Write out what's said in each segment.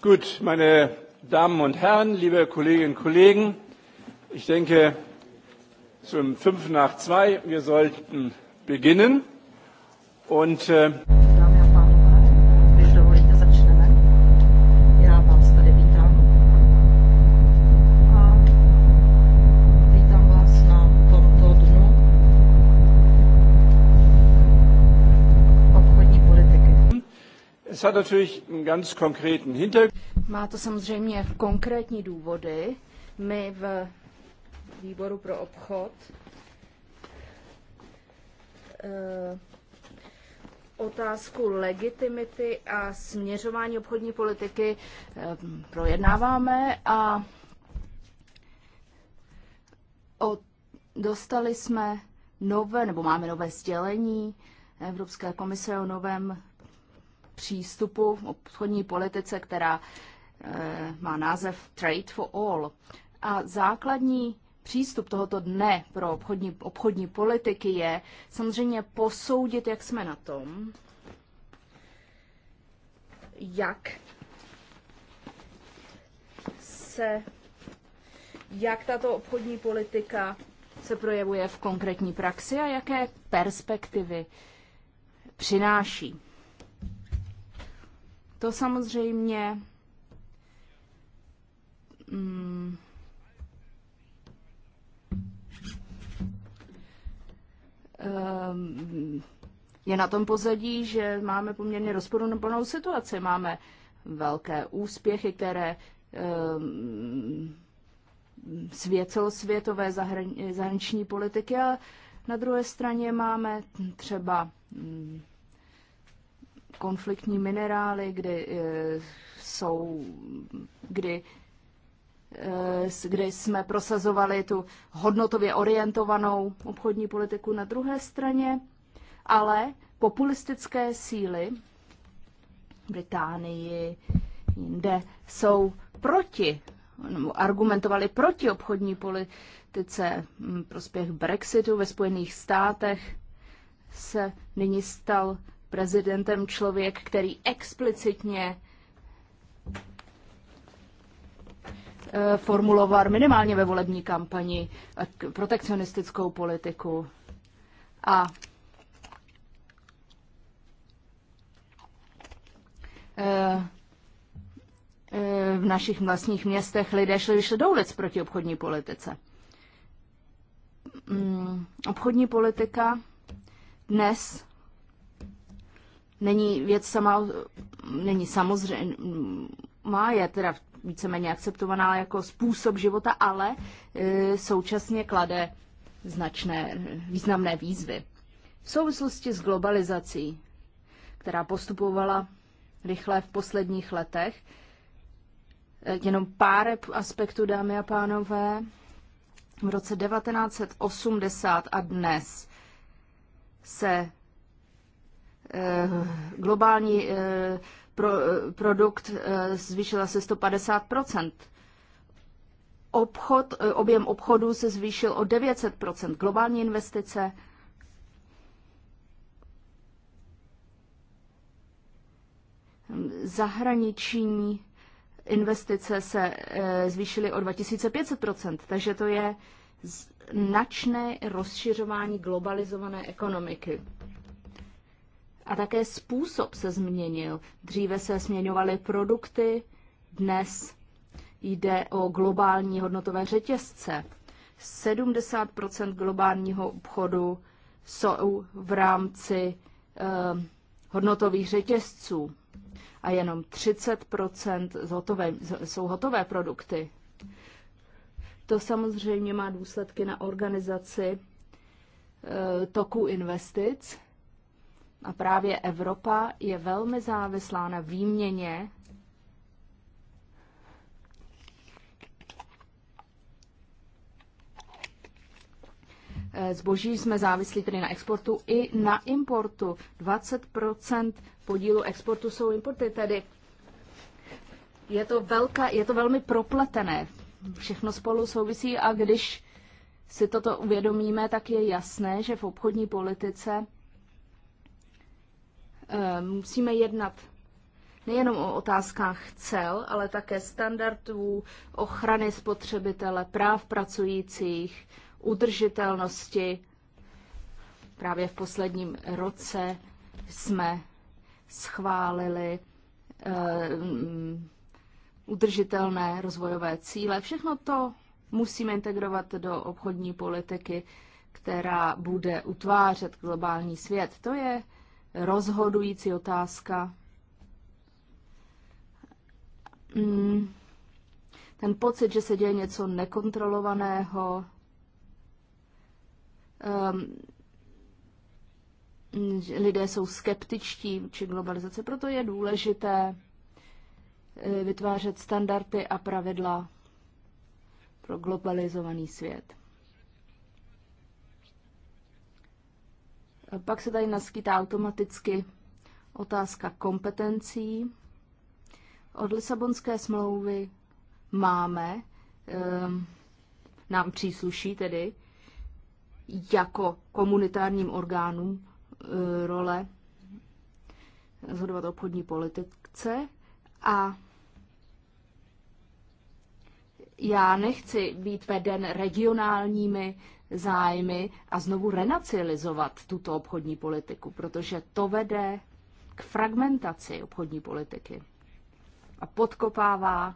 Gut, meine Damen und Herren, liebe Kolleginnen und Kollegen, ich denke, zum fünf nach zwei, wir sollten beginnen. Und äh hat natürlich einen ganz konkreten Hintergrund. Má to samozřejmě konkrétní důvody. My v výboru pro obchod eh, otázku legitimity a směřování obchodní politiky eh, projednáváme a dostali jsme nové, nebo máme nové sdělení Evropské komise o novém přístupu v obchodní politice, která eh, má název Trade for All. A základní přístup tohoto dne pro obchodní, obchodní politiky je samozřejmě posoudit, jak jsme na tom, jak se, jak tato obchodní politika se projevuje v konkrétní praxi a jaké perspektivy přináší. To samozřejmě mm, ehm, je na tom pozadí, že máme poměrně rozporuplnou situaci. Máme velké úspěchy, které ehm, svět, celosvětové zahraniční politiky a na druhé straně máme třeba mm, konfliktní minerály, kdy eh, jsou, kdy eh, kdy jsme prosazovali tu hodnotově orientovanou obchodní politiku na druhé straně, ale populistické síly Británii, jinde jsou proti, argumentovali proti obchodní politice hm, prospěch Brexitu ve Spojených státech se nyní stal prezidentem člověk, který explicitně eh, formuloval minimálně ve volební kampani eh, protekcionistickou politiku. A eh, v našich vlastních městech lidé šli, šli do ulic proti obchodní politice. Mm, obchodní politika dnes není věc sama, není samozřejmě, má je teda víceméně akceptovaná jako způsob života, ale e, současně klade značné významné výzvy. V souvislosti s globalizací, která postupovala rychle v posledních letech, e, jenom pár aspektů, dámy a pánové, v roce 1980 a dnes se Eh, globální eh, pro, eh, produkt zvýšila se 150 Obchod, objem obchodu se zvýšil o 900 Globální investice zahraniční investice se zvýšily o 2500 takže to je značné rozšiřování globalizované ekonomiky. A také způsob se změnil. Dříve se směňovaly produkty, dnes jde o globální hodnotové řetězce. 70 globálního obchodu jsou v rámci eh, hodnotových řetězců a jenom 30 hotové, jsou hotové produkty. To samozřejmě má důsledky na organizaci eh, toku investic a právě Evropa je velmi závislá na výměně Zboží jsme závislí tedy na exportu i na importu. 20 podílu exportu jsou importy, tedy je to, velká, je to velmi propletené. Všechno spolu souvisí a když si toto uvědomíme, tak je jasné, že v obchodní politice Eh, musíme jednat nejenom o otázkách cel, ale také standardů ochrany spotřebitele, práv pracujících, udržitelnosti. Právě v posledním roce jsme schválili uh, udržitelné rozvojové cíle. Všechno to musíme integrovat do obchodní politiky, která bude utvářet globální svět. To je rozhodující otázka. Mm, ten pocit, že se děje něco nekontrolovaného, ehm, lidé jsou skeptičtí vůči globalizaci, proto je důležité eh, vytvářet standardy a pravidla pro globalizovaný svět. Pak se tady naskytá automaticky otázka kompetencí. Od Lisabonské smlouvy máme, ehm, nám přísluší tedy, jako komunitárním orgánům eh, role zhodovat obchodní politice a já nechci být veden regionálními zájmy a znovu renacionalizovat tuto obchodní politiku, protože to vede k fragmentaci obchodní politiky a podkopává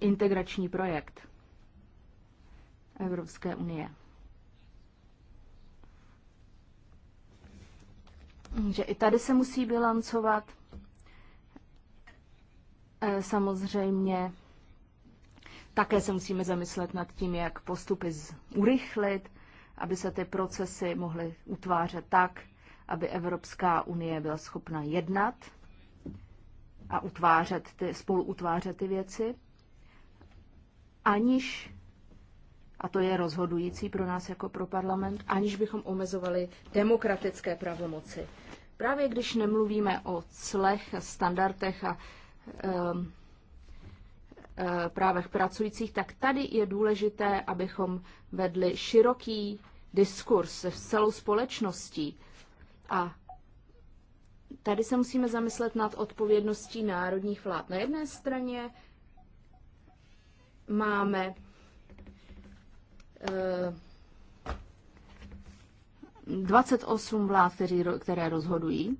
integrační projekt Evropské unie. Že i tady se musí bilancovat e, samozřejmě také se musíme zamyslet nad tím, jak postupy urychlit, aby se ty procesy mohly utvářet tak, aby Evropská unie byla schopna jednat a utvářet ty, spolu utvářet ty věci, aniž, a to je rozhodující pro nás jako pro parlament, aniž bychom omezovali demokratické pravomoci. Právě když nemluvíme o clech, standardech a um, Eh, právech pracujících, tak tady je důležité, abychom vedli široký diskurs s celou společností. A tady se musíme zamyslet nad odpovědností národních vlád. Na jedné straně máme uh, eh, 28 vlád, kteří, které rozhodují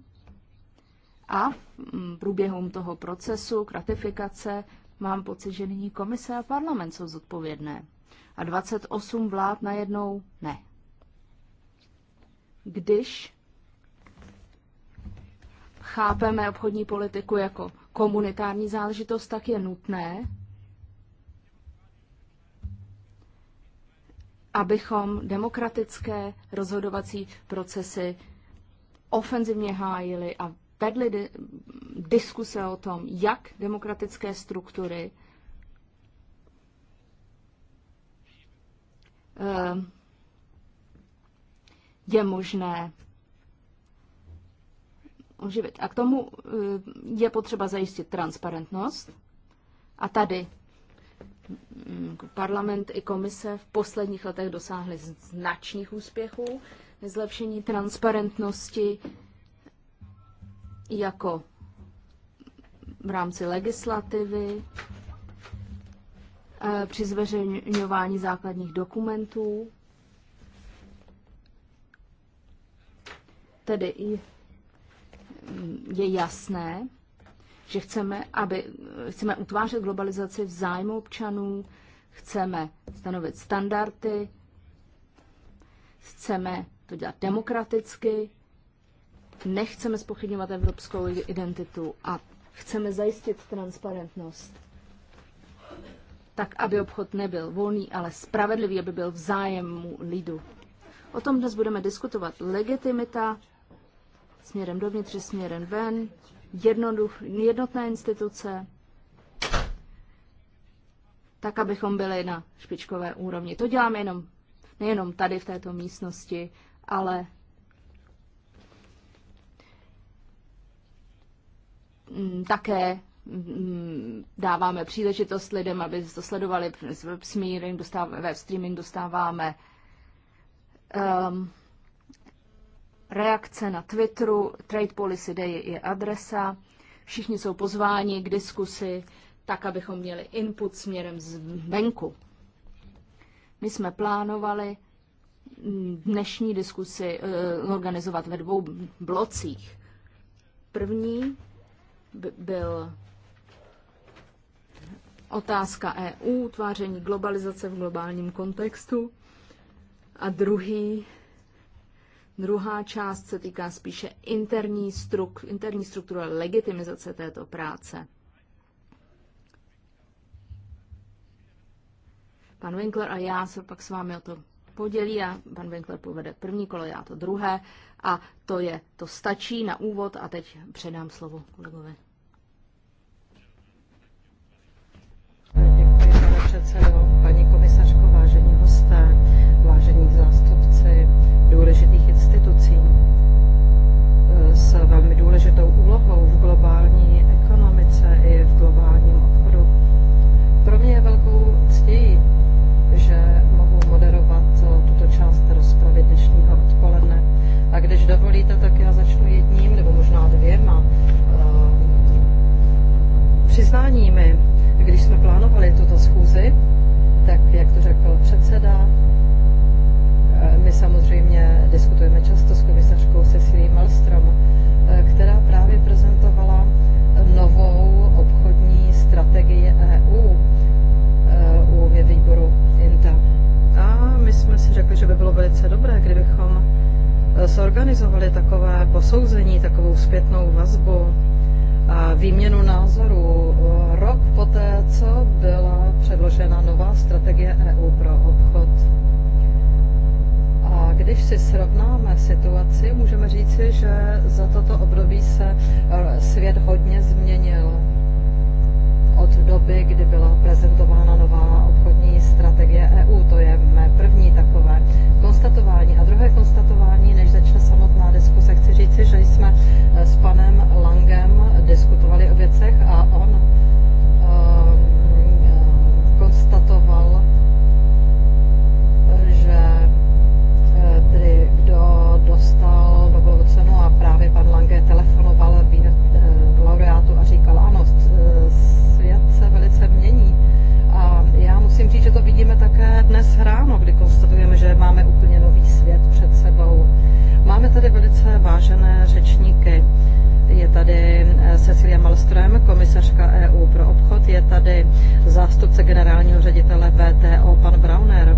a v mm, průběhu toho procesu k ratifikace Mám pocit, že nyní komise a parlament jsou zodpovědné. A 28 vlád najednou ne. Když chápeme obchodní politiku jako komunitární záležitost, tak je nutné, abychom demokratické rozhodovací procesy ofenzivně hájili a vedli diskuse o tom, jak demokratické struktury eh, je možné oživit. A k tomu eh, je potřeba zajistit transparentnost. A tady mm, parlament i komise v posledních letech dosáhly značných úspěchů, zlepšení transparentnosti jako v rámci legislativy, eh, při zveřejňování základních dokumentů, tedy i mm, je jasné, že chceme, aby, chceme utvářet globalizaci v zájmu občanů, chceme stanovit standardy, chceme to dělat demokraticky, nechceme spochybňovat evropskou identitu a Chceme zajistit transparentnost. Tak, aby obchod nebyl volný, ale spravedlivý, aby byl v zájemu lidu. O tom dnes budeme diskutovat. Legitimita směrem dovnitř, směrem ven, jednoduch, jednotné instituce, tak, abychom byli na špičkové úrovni. To děláme jenom, nejenom tady v této místnosti, ale Mm, také mm, dáváme příležitost lidem, aby to sledovali web streaming, dostáváme, web streaming dostáváme um, reakce na Twitteru, Trade Policy Day je adresa, všichni jsou pozváni k diskusi, tak, abychom měli input směrem zvenku. My jsme plánovali mm, dnešní diskusi eh, organizovat ve dvou blocích. První byl otázka EU, utváření globalizace v globálním kontextu. A druhý, druhá část se týká spíše interní, struk, interní struktury legitimizace této práce. Pan Winkler a já se pak s vámi o to podělí a pan Winkler povede první kolo, já to druhé. A to je, to stačí na úvod a teď předám slovo kolegovi. předsedo, paní komisařko, vážení hosté, vážení zástupci důležitých institucí e, s velmi důležitou úlohou v globální ekonomice i v globálním obchodu. Pro mě je velkou ctí, že mohu moderovat tuto část rozpravy dnešního odpoledne. A když dovolíte, tak já začnu jedním nebo možná dvěma e, přiznáními když jsme plánovali tuto schůzi, tak jak to řekl předseda, eh, my samozřejmě diskutujeme často s komisařkou Cecilí Malstrom, eh, která právě prezentovala novou obchodní strategii EU eh, u výboru INTA. A my jsme si řekli, že by bylo velice dobré, kdybychom zorganizovali takové posouzení, takovou zpětnou vazbu výměnu názorů rok poté, co byla předložena nová strategie EU pro obchod. A když si srovnáme situaci, můžeme říci, že za toto období se e, svět hodně změnil od doby, kdy byla prezentována nová obchodní strategie EU. To je mé první takové konstatování. A druhé konstatování, než začne samotná diskuse, chci říci, že jsme eh, s panem Langem diskutovali o věcech a on um, konstatoval, Cecilia Malström, komisařka EU pro obchod, je tady zástupce generálního ředitele VTO pan Brauner,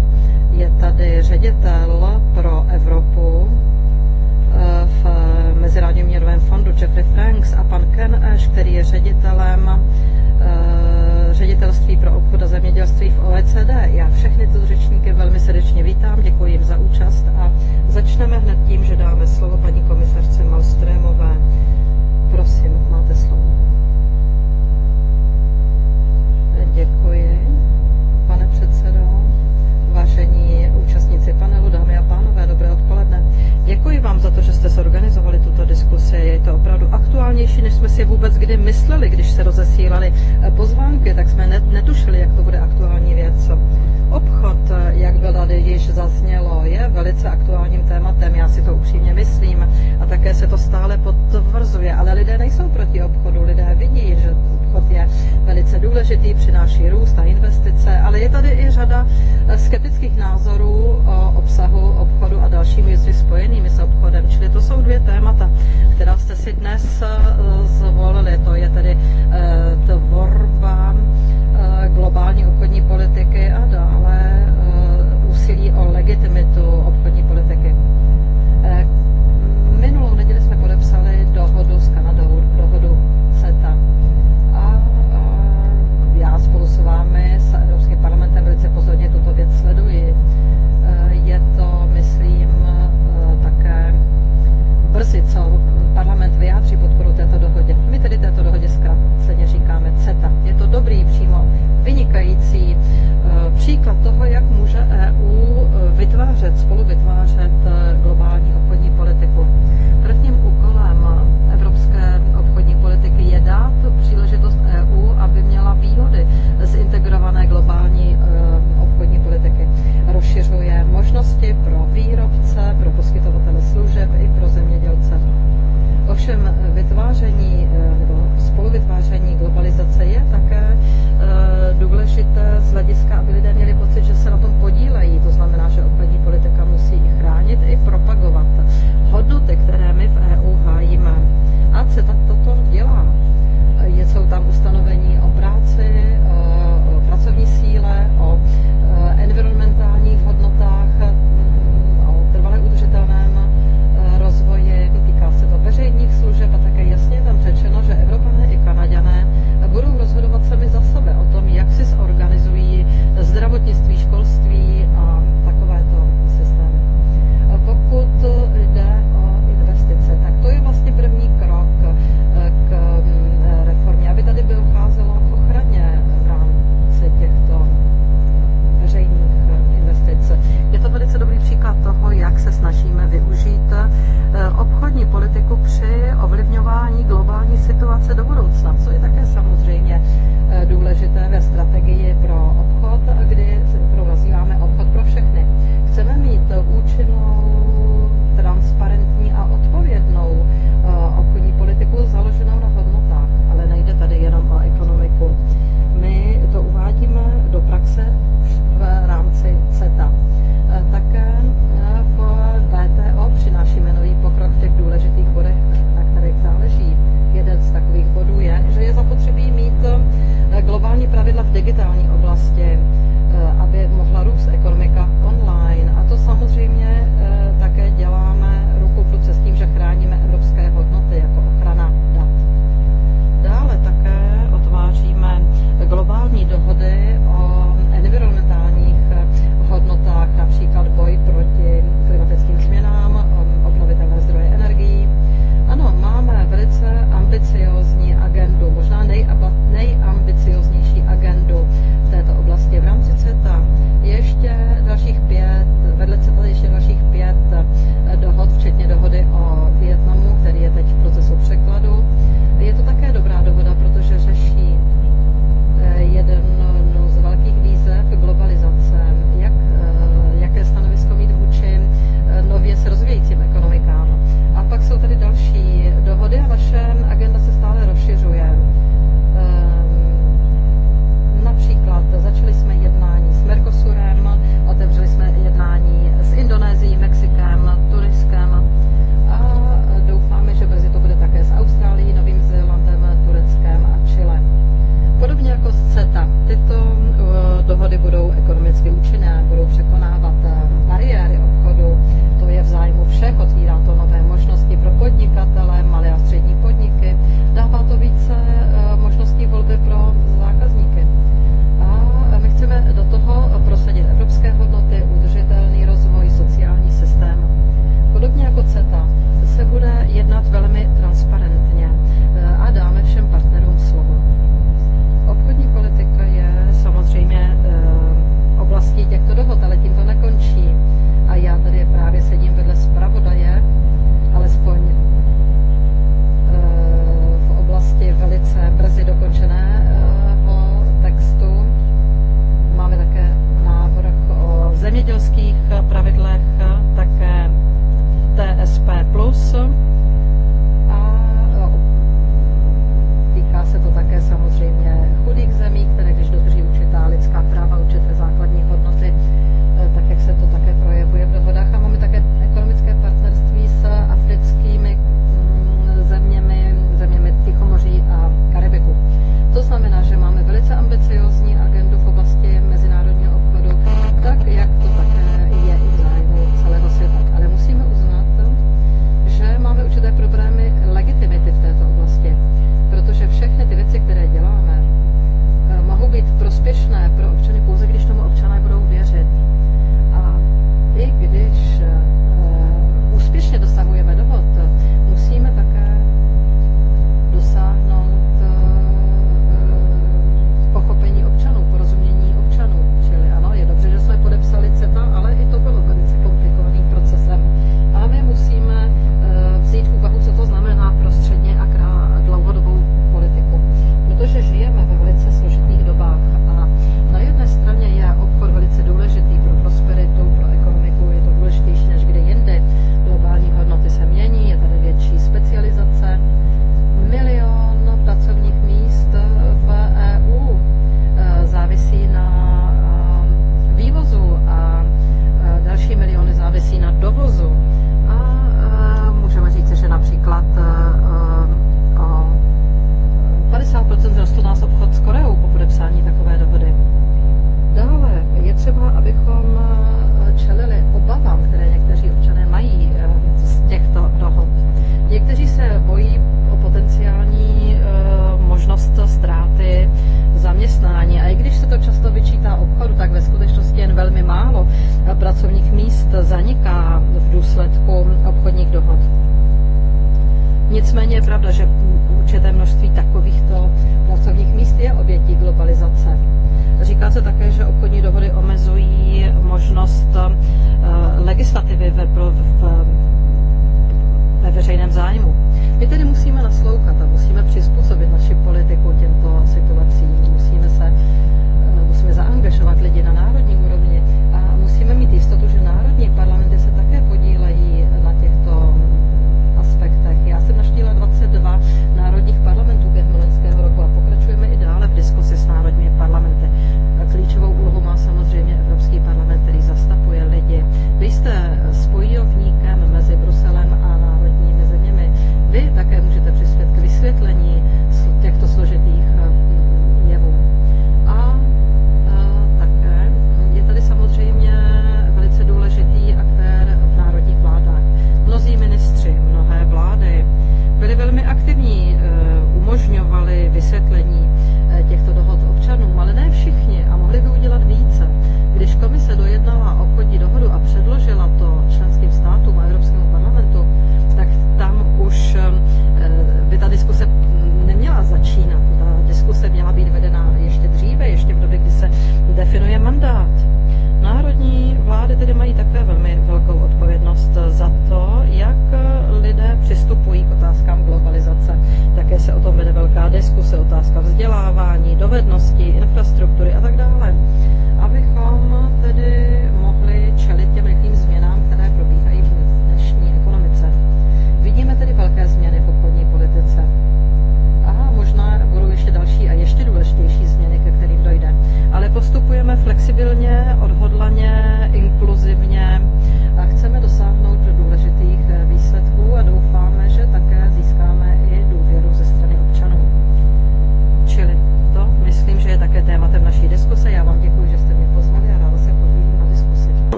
je tady ředitel pro Evropu eh, v Mezinárodním měnovém fondu Jeffrey Franks a pan Ken Ash, který je ředitelem eh, ředitelství pro obchod a zemědělství v OECD. Já všechny tyto řečníky velmi srdečně vítám, děkuji jim za účast a začneme hned tím, že dáme slovo paní komisařce Malstrémové Prosím, máte slovo. Děkuji, pane předsedo. Vážení účastníci panelu, dámy a pánové, dobré odpoledne. Děkuji vám za to, že jste zorganizovali tuto diskusi. Je to opravdu aktuálnější, než jsme si vůbec kdy mysleli, když se rozesílali eh, pozvánky, tak jsme netušili, jak to bude aktuální věc. Obchod, eh, jak byl tady již zaznělo, je velice aktuálním tématem, já si to upřímně myslím a také se to stále potvrzuje, ale lidé nejsou proti obchodu, lidé vidí, že obchod je velice důležitý, přináší růst a investice, ale je tady i řada eh, skeptických názorů o obsahu obchodu a dalším věci spojenými s obchodem. Čili to jsou dvě témata, která jste si dnes eh, zvolili. To je tedy eh, tvorba globální obchodní politiky a Klíčem eh, vytváření eh, nebo spoluvytváření globalizace je také eh, důležité z hlediska, aby lidé měli pocit, že se na tom podílejí. To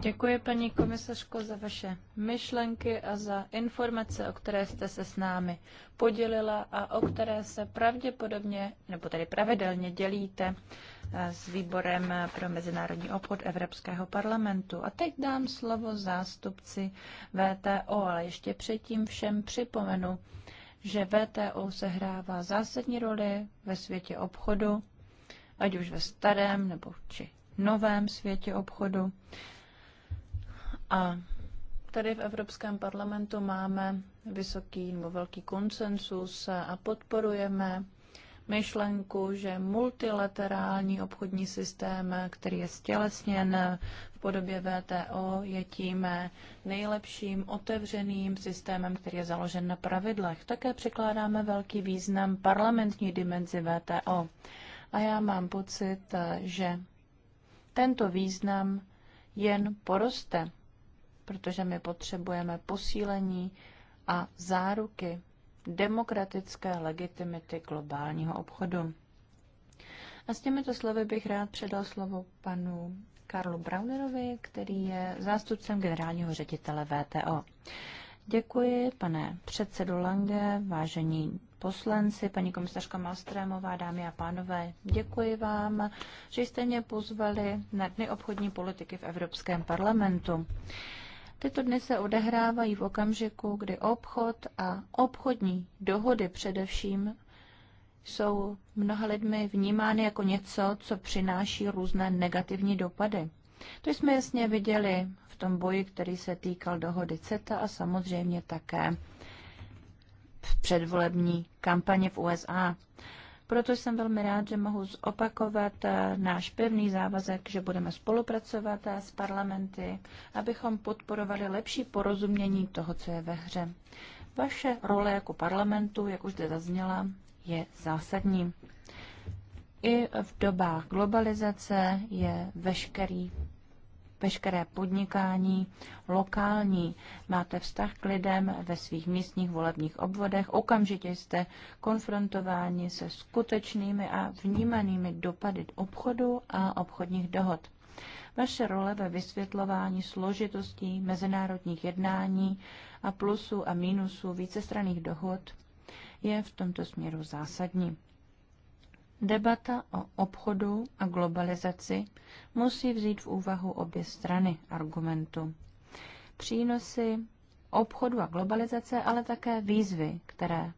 Děkuji, paní komisařko, za vaše myšlenky a za informace, o které jste se s námi podělila a o které se pravděpodobně, nebo tedy pravidelně dělíte eh, s výborem pro mezinárodní obchod Evropského parlamentu. A teď dám slovo zástupci VTO, ale ještě předtím všem připomenu, že VTO sehrává zásadní roli ve světě obchodu, ať už ve starém nebo či novém světě obchodu. A tady v Evropském parlamentu máme vysoký nebo velký konsensus a podporujeme myšlenku, že multilaterální obchodní systém, který je stělesněn v podobě VTO, je tím nejlepším otevřeným systémem, který je založen na pravidlech. Také překládáme velký význam parlamentní dimenzi VTO. A já mám pocit, že tento význam jen poroste protože my potřebujeme posílení a záruky demokratické legitimity globálního obchodu. A s těmito slovy bych rád předal slovo panu Karlu Braunerovi, který je zástupcem generálního ředitele VTO. Děkuji, pane předsedu Lange, vážení poslanci, paní komisařka Malstrémová, dámy a pánové, děkuji vám, že jste mě pozvali na Dny obchodní politiky v Evropském parlamentu. Tyto dny se odehrávají v okamžiku, kdy obchod a obchodní dohody především jsou mnoha lidmi vnímány jako něco, co přináší různé negativní dopady. To jsme jasně viděli v tom boji, který se týkal dohody CETA a samozřejmě také v předvolební kampani v USA. Proto jsem velmi rád, že mohu zopakovat eh, náš pevný závazek, že budeme spolupracovat eh, s parlamenty, abychom podporovali lepší porozumění toho, co je ve hře. Vaše role jako parlamentu, jak už zde zazněla, je zásadní. I v dobách globalizace je veškerý veškeré podnikání lokální. Máte vztah k lidem ve svých místních volebních obvodech, okamžitě jste konfrontováni se skutečnými a vnímanými dopady obchodu a obchodních dohod. Vaše role ve vysvětlování složitostí mezinárodních jednání a plusů a mínusů vícestranných dohod je v tomto směru zásadní. Debata o obchodu a globalizaci musí vzít v úvahu obě strany argumentu. Přínosy obchodu a globalizace, ale také výzvy, které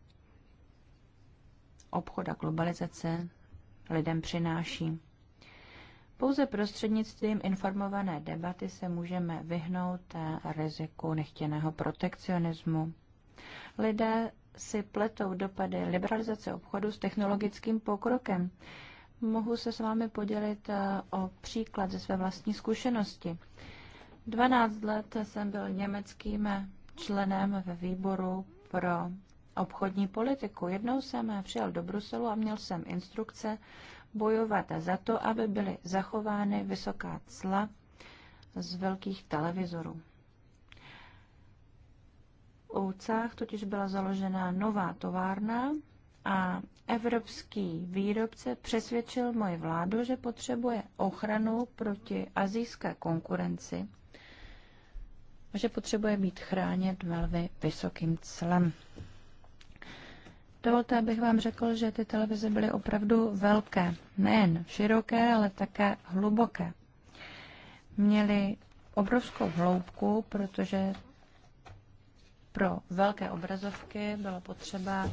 obchod a globalizace lidem přináší. Pouze prostřednictvím informované debaty se můžeme vyhnout riziku nechtěného protekcionismu. Lidé si pletou dopady liberalizace obchodu s technologickým pokrokem. Mohu se s vámi podělit eh, o příklad ze své vlastní zkušenosti. 12 let jsem byl německým členem ve výboru pro obchodní politiku. Jednou jsem přijel do Bruselu a měl jsem instrukce bojovat za to, aby byly zachovány vysoká cla z velkých televizorů. Oucách totiž byla založena nová továrna a evropský výrobce přesvědčil moje vládu, že potřebuje ochranu proti azijské konkurenci a že potřebuje být chráněn velmi vysokým clem. Dovolte, abych vám řekl, že ty televize byly opravdu velké, nejen široké, ale také hluboké. Měly obrovskou hloubku, protože pro velké obrazovky bylo potřeba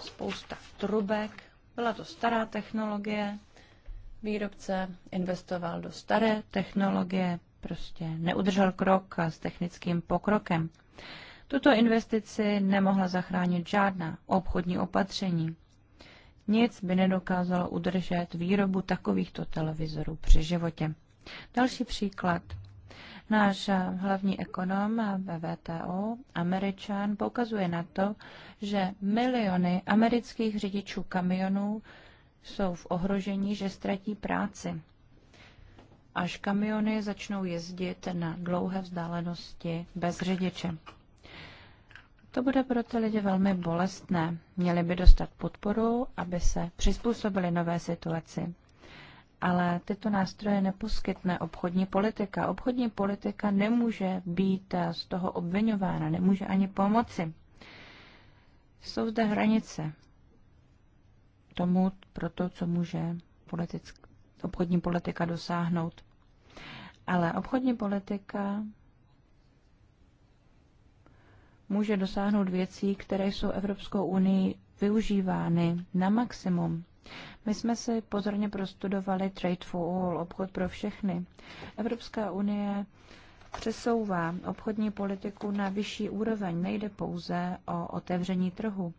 spousta trubek, byla to stará technologie, výrobce investoval do staré technologie, prostě neudržel krok s technickým pokrokem. Tuto investici nemohla zachránit žádná obchodní opatření. Nic by nedokázalo udržet výrobu takovýchto televizorů při životě. Další příklad. Náš hlavní ekonom ve VTO, američan, poukazuje na to, že miliony amerických řidičů kamionů jsou v ohrožení, že ztratí práci. Až kamiony začnou jezdit na dlouhé vzdálenosti bez řidiče. To bude pro ty lidi velmi bolestné. Měli by dostat podporu, aby se přizpůsobili nové situaci ale tyto nástroje neposkytne obchodní politika. Obchodní politika nemůže být z toho obvinována, nemůže ani pomoci. Jsou zde hranice tomu, pro to, co může politick, obchodní politika dosáhnout. Ale obchodní politika může dosáhnout věcí, které jsou Evropskou unii využívány na maximum. My jsme si pozorně prostudovali Trade for All, obchod pro všechny. Evropská unie přesouvá obchodní politiku na vyšší úroveň, nejde pouze o otevření trhu.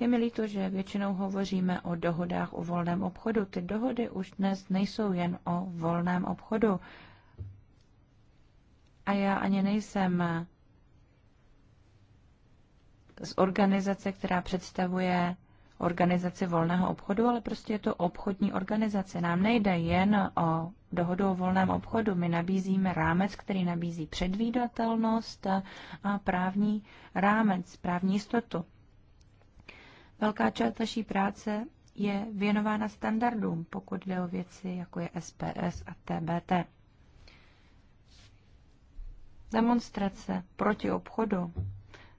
Je mi líto, že většinou hovoříme o dohodách o volném obchodu. Ty dohody už dnes nejsou jen o volném obchodu. A já ani nejsem z organizace, která představuje organizaci volného obchodu, ale prostě je to obchodní organizace. Nám nejde jen o dohodu o volném obchodu. My nabízíme rámec, který nabízí předvídatelnost a právní rámec, právní jistotu. Velká část naší práce je věnována standardům, pokud jde o věci, jako je SPS a TBT. Demonstrace proti obchodu,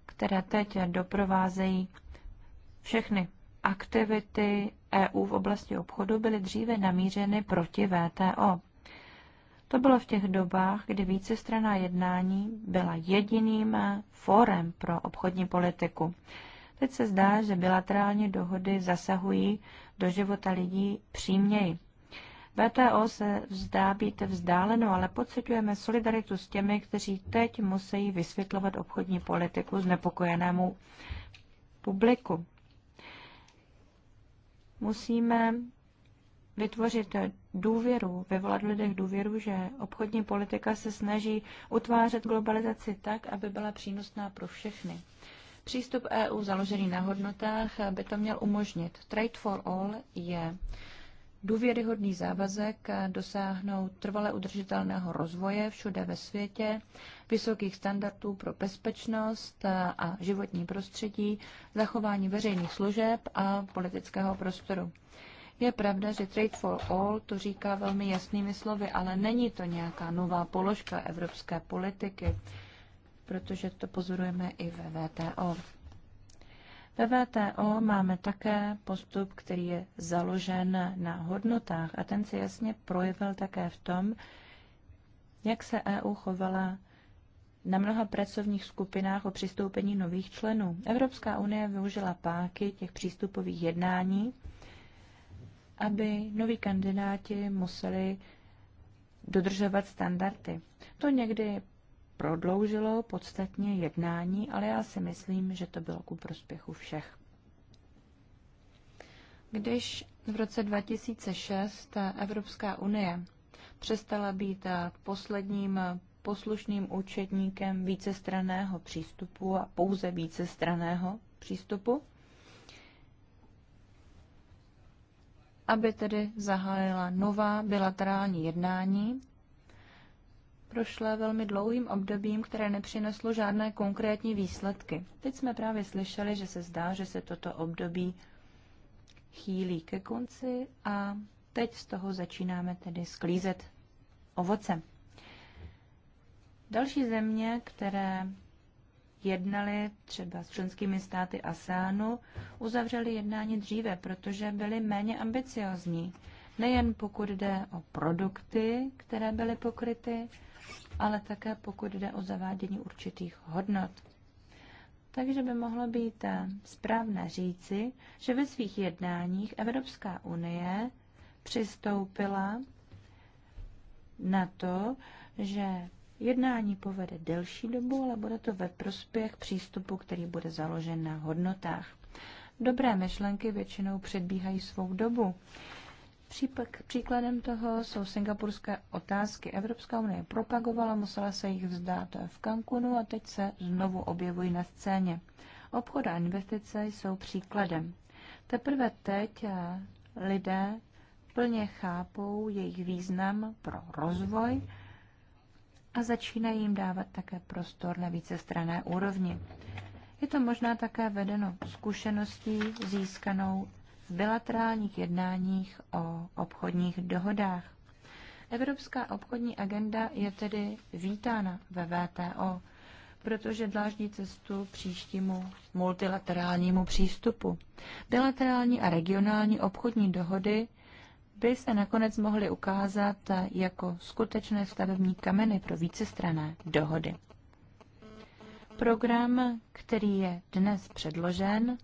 které teď doprovázejí všechny aktivity EU v oblasti obchodu byly dříve namířeny proti VTO. To bylo v těch dobách, kdy vícestraná jednání byla jediným fórem pro obchodní politiku. Teď se zdá, že bilaterální dohody zasahují do života lidí příměji. VTO se vzdá být vzdáleno, ale pocitujeme solidaritu s těmi, kteří teď musí vysvětlovat obchodní politiku znepokojenému publiku. Musíme vytvořit důvěru, vyvolat v lidech důvěru, že obchodní politika se snaží utvářet globalizaci tak, aby byla přínosná pro všechny. Přístup EU založený na hodnotách by to měl umožnit. Trade for all je důvěryhodný závazek dosáhnout trvale udržitelného rozvoje všude ve světě, vysokých standardů pro bezpečnost a životní prostředí, zachování veřejných služeb a politického prostoru. Je pravda, že Trade for All to říká velmi jasnými slovy, ale není to nějaká nová položka evropské politiky, protože to pozorujeme i ve VTO. Ve VTO máme také postup, který je založen na hodnotách a ten se jasně projevil také v tom, jak se EU chovala na mnoha pracovních skupinách o přistoupení nových členů. Evropská unie využila páky těch přístupových jednání, aby noví kandidáti museli dodržovat standardy. To někdy prodloužilo podstatně jednání, ale já si myslím, že to bylo ku prospěchu všech. Když v roce 2006 Evropská unie přestala být posledním poslušným účetníkem vícestraného přístupu a pouze vícestraného přístupu, aby tedy zahájila nová bilaterální jednání prošla velmi dlouhým obdobím, které nepřineslo žádné konkrétní výsledky. Teď jsme právě slyšeli, že se zdá, že se toto období chýlí ke konci a teď z toho začínáme tedy sklízet ovoce. Další země, které jednali třeba s členskými státy ASEANu, uzavřeli jednání dříve, protože byly méně ambiciozní. Nejen pokud jde o produkty, které byly pokryty, ale také pokud jde o zavádění určitých hodnot. Takže by mohlo být eh, správné říci, že ve svých jednáních Evropská unie přistoupila na to, že jednání povede delší dobu, ale bude to ve prospěch přístupu, který bude založen na hodnotách. Dobré myšlenky většinou předbíhají svou dobu příkladem toho jsou singapurské otázky. Evropská unie propagovala, musela se jich vzdát v Cancunu a teď se znovu objevují na scéně. Obchod a investice jsou příkladem. Teprve teď eh, lidé plně chápou jejich význam pro rozvoj a začínají jim dávat také prostor na více strané úrovni. Je to možná také vedeno zkušeností získanou v bilaterálních jednáních o obchodních dohodách. Evropská obchodní agenda je tedy vítána ve VTO, protože dláždí cestu příštímu multilaterálnímu přístupu. Bilaterální a regionální obchodní dohody by se nakonec mohly ukázat jako skutečné stavební kameny pro vícestrané dohody. Program, který je dnes předložen,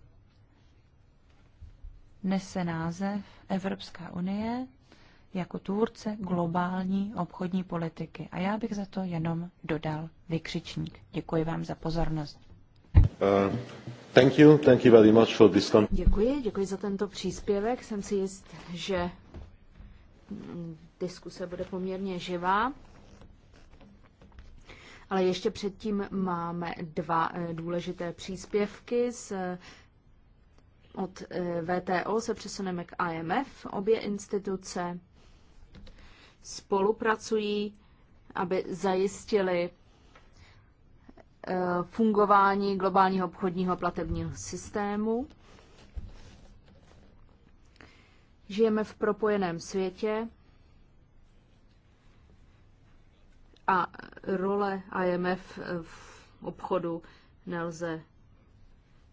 nese název Evropská unie jako tvůrce globální obchodní politiky. A já bych za to jenom dodal vykřičník. Děkuji vám za pozornost. Uh, thank you, thank you very much for this děkuji, děkuji za tento příspěvek. Jsem si jist, že mm, diskuse bude poměrně živá. Ale ještě předtím máme dva eh, důležité příspěvky z od eh, VTO se přesuneme k IMF. Obě instituce spolupracují, aby zajistili eh, fungování globálního obchodního platebního systému. Žijeme v propojeném světě a role IMF v obchodu nelze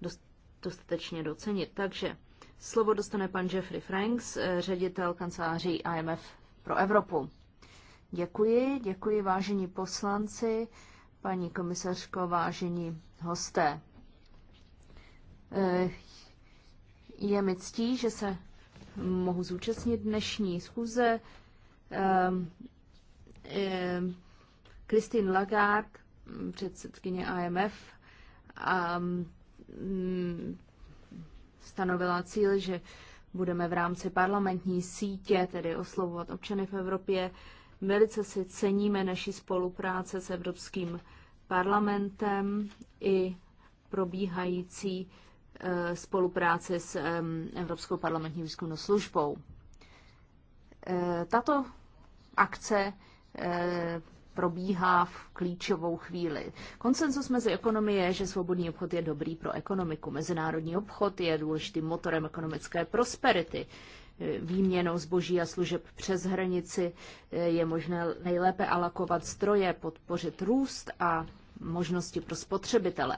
dost dostatečně docenit. Takže slovo dostane pan Jeffrey Franks, eh, ředitel kanceláří IMF pro Evropu. Děkuji, děkuji vážení poslanci, paní komisařko, vážení hosté. Eh, je mi ctí, že se mohu zúčastnit dnešní schůze. Ehm, ehm, Christine Lagarde, předsedkyně IMF, ehm, Mm, stanovila cíl, že budeme v rámci parlamentní sítě, tedy oslovovat občany v Evropě. Velice si ceníme naší spolupráce s Evropským parlamentem i probíhající eh, spolupráci s Evropskou parlamentní výzkumnou službou. Eh, tato akce eh, probíhá v klíčovou chvíli. Konsenzus mezi ekonomie je, že svobodný obchod je dobrý pro ekonomiku. Mezinárodní obchod je důležitým motorem ekonomické prosperity. Výměnou zboží a služeb přes hranici je možné nejlépe alakovat stroje, podpořit růst a možnosti pro spotřebitele.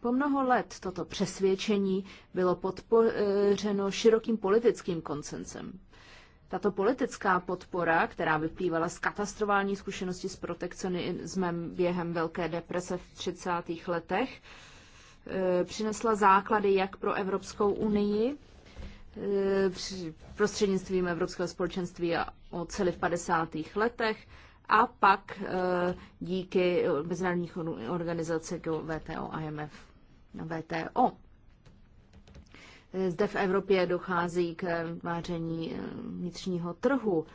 Po mnoho let toto přesvědčení bylo podpořeno širokým politickým koncensem. Tato politická podpora, která vyplývala z katastrofální zkušenosti s protekcionismem během Velké deprese v 30. letech, eh, přinesla základy jak pro Evropskou unii, eh, prostřednictvím Evropského společenství a oceli v 50. letech a pak eh, díky mezinárodních organizací jako VTO a IMF VTO zde v Evropě dochází k váření eh, vnitřního trhu.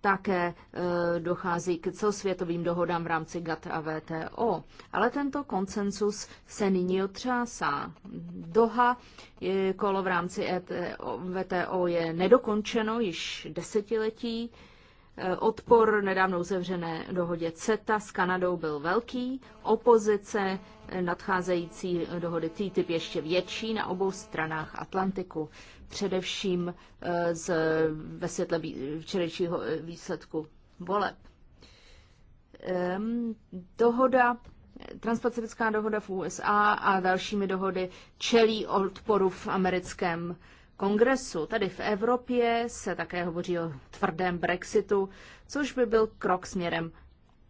Také eh, dochází k celosvětovým dohodám v rámci GATT a VTO. Ale tento konsensus se nyní otřásá. Doha eh, kolo v rámci VTO e je nedokončeno již desetiletí. Eh, odpor nedávno uzavřené dohodě CETA s Kanadou byl velký, opozice eh, nadcházející eh, dohody TTIP ještě větší na obou stranách Atlantiku, především z, ve světle včerejšího výsledku voleb. Ehm, dohoda Transpacifická dohoda v USA a dalšími dohody čelí odporu v americkém kongresu. Tady v Evropě se také hovoří o tvrdém Brexitu, což by byl krok směrem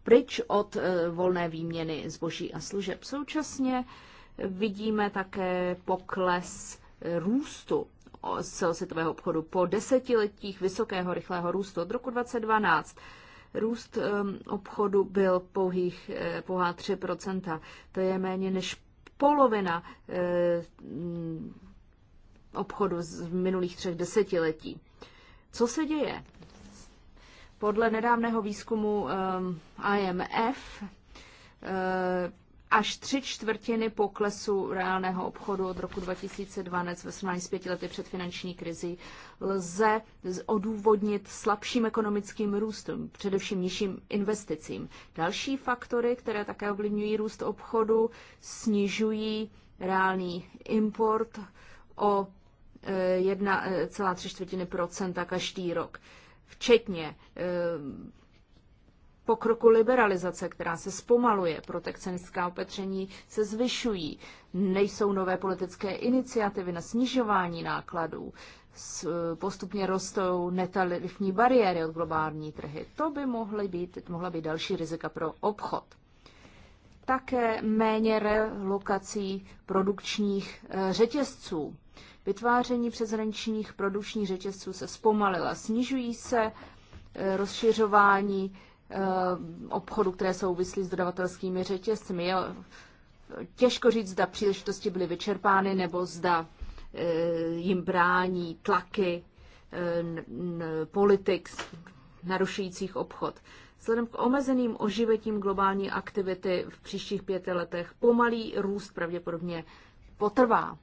pryč od eh, volné výměny zboží a služeb. Současně vidíme také pokles eh, růstu z celosvětového obchodu po desetiletích vysokého rychlého růstu od roku 2012. Růst ehm, obchodu byl pouhých, eh, pouhá 3%. To je méně než polovina obchodu z minulých třech desetiletí. Co se děje? Podle nedávného výzkumu um, IMF uh, až tři čtvrtiny poklesu reálného obchodu od roku 2012 ve srovnání s pěti lety před finanční krizi lze odůvodnit slabším ekonomickým růstem, především nižším investicím. Další faktory, které také ovlivňují růst obchodu, snižují reálný import o 1,3 eh, eh, čtvrtiny procenta každý rok, včetně eh, pokroku liberalizace, která se zpomaluje, protekcionistická opatření se zvyšují, nejsou nové politické iniciativy na snižování nákladů, postupně rostou netarifní bariéry od globální trhy. To by mohly být, mohla být další rizika pro obchod. Také méně relokací produkčních řetězců Vytváření přeshraničních produční řetězců se zpomalila, snižují se e, rozšiřování e, obchodu, které souvislí s dodavatelskými řetězcemi. Je těžko říct, zda příležitosti byly vyčerpány nebo zda e, jim brání tlaky politik narušujících obchod. Vzhledem k omezeným oživetím globální aktivity v příštích pěti letech pomalý růst pravděpodobně potrvá.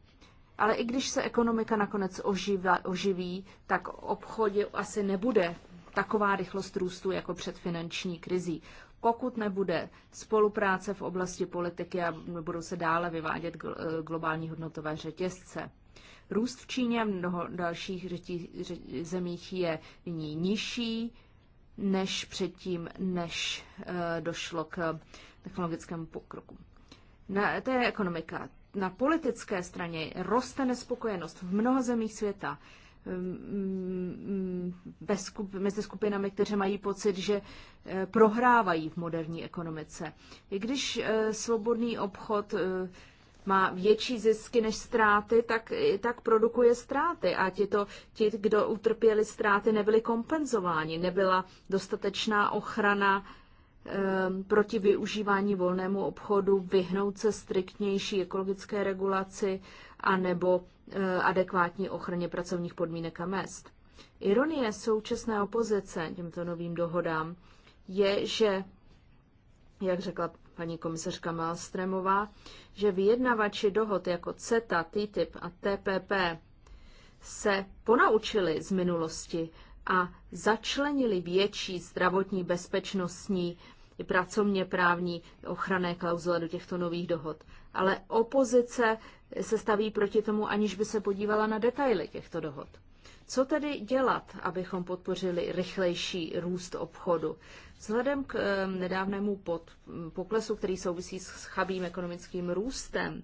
Ale i když se ekonomika nakonec oživla, oživí, tak obchodě asi nebude taková rychlost růstu jako před finanční krizí. Pokud nebude spolupráce v oblasti politiky a budou se dále vyvádět eh, globální hodnotové řetězce. Růst v Číně a mnoho dalších řetí, řet, zemích je nyní nižší než předtím, než e, došlo k technologickému pokroku. Na, to je ekonomika na politické straně roste nespokojenost v mnoha zemích světa ehm, ehm, mezi skupinami, kteří mají pocit, že eh, prohrávají v moderní ekonomice. I když eh, svobodný obchod eh, má větší zisky než ztráty, tak, tak produkuje ztráty. A ti, to, ti, kdo utrpěli ztráty, nebyli kompenzováni. Nebyla dostatečná ochrana Ehm, proti využívání volnému obchodu, vyhnout se striktnější ekologické regulaci a nebo eh, adekvátní ochraně pracovních podmínek a mest. Ironie současné opozice těmto novým dohodám je, že, jak řekla paní komisařka Malstremová, že vyjednavači dohod jako CETA, TTIP a TPP se ponaučili z minulosti a začlenili větší zdravotní bezpečnostní i pracovně právní ochranné klauzule do těchto nových dohod. Ale opozice se staví proti tomu, aniž by se podívala na detaily těchto dohod. Co tedy dělat, abychom podpořili rychlejší růst obchodu? Vzhledem k eh, nedávnému pod, poklesu, který souvisí s chabým ekonomickým růstem,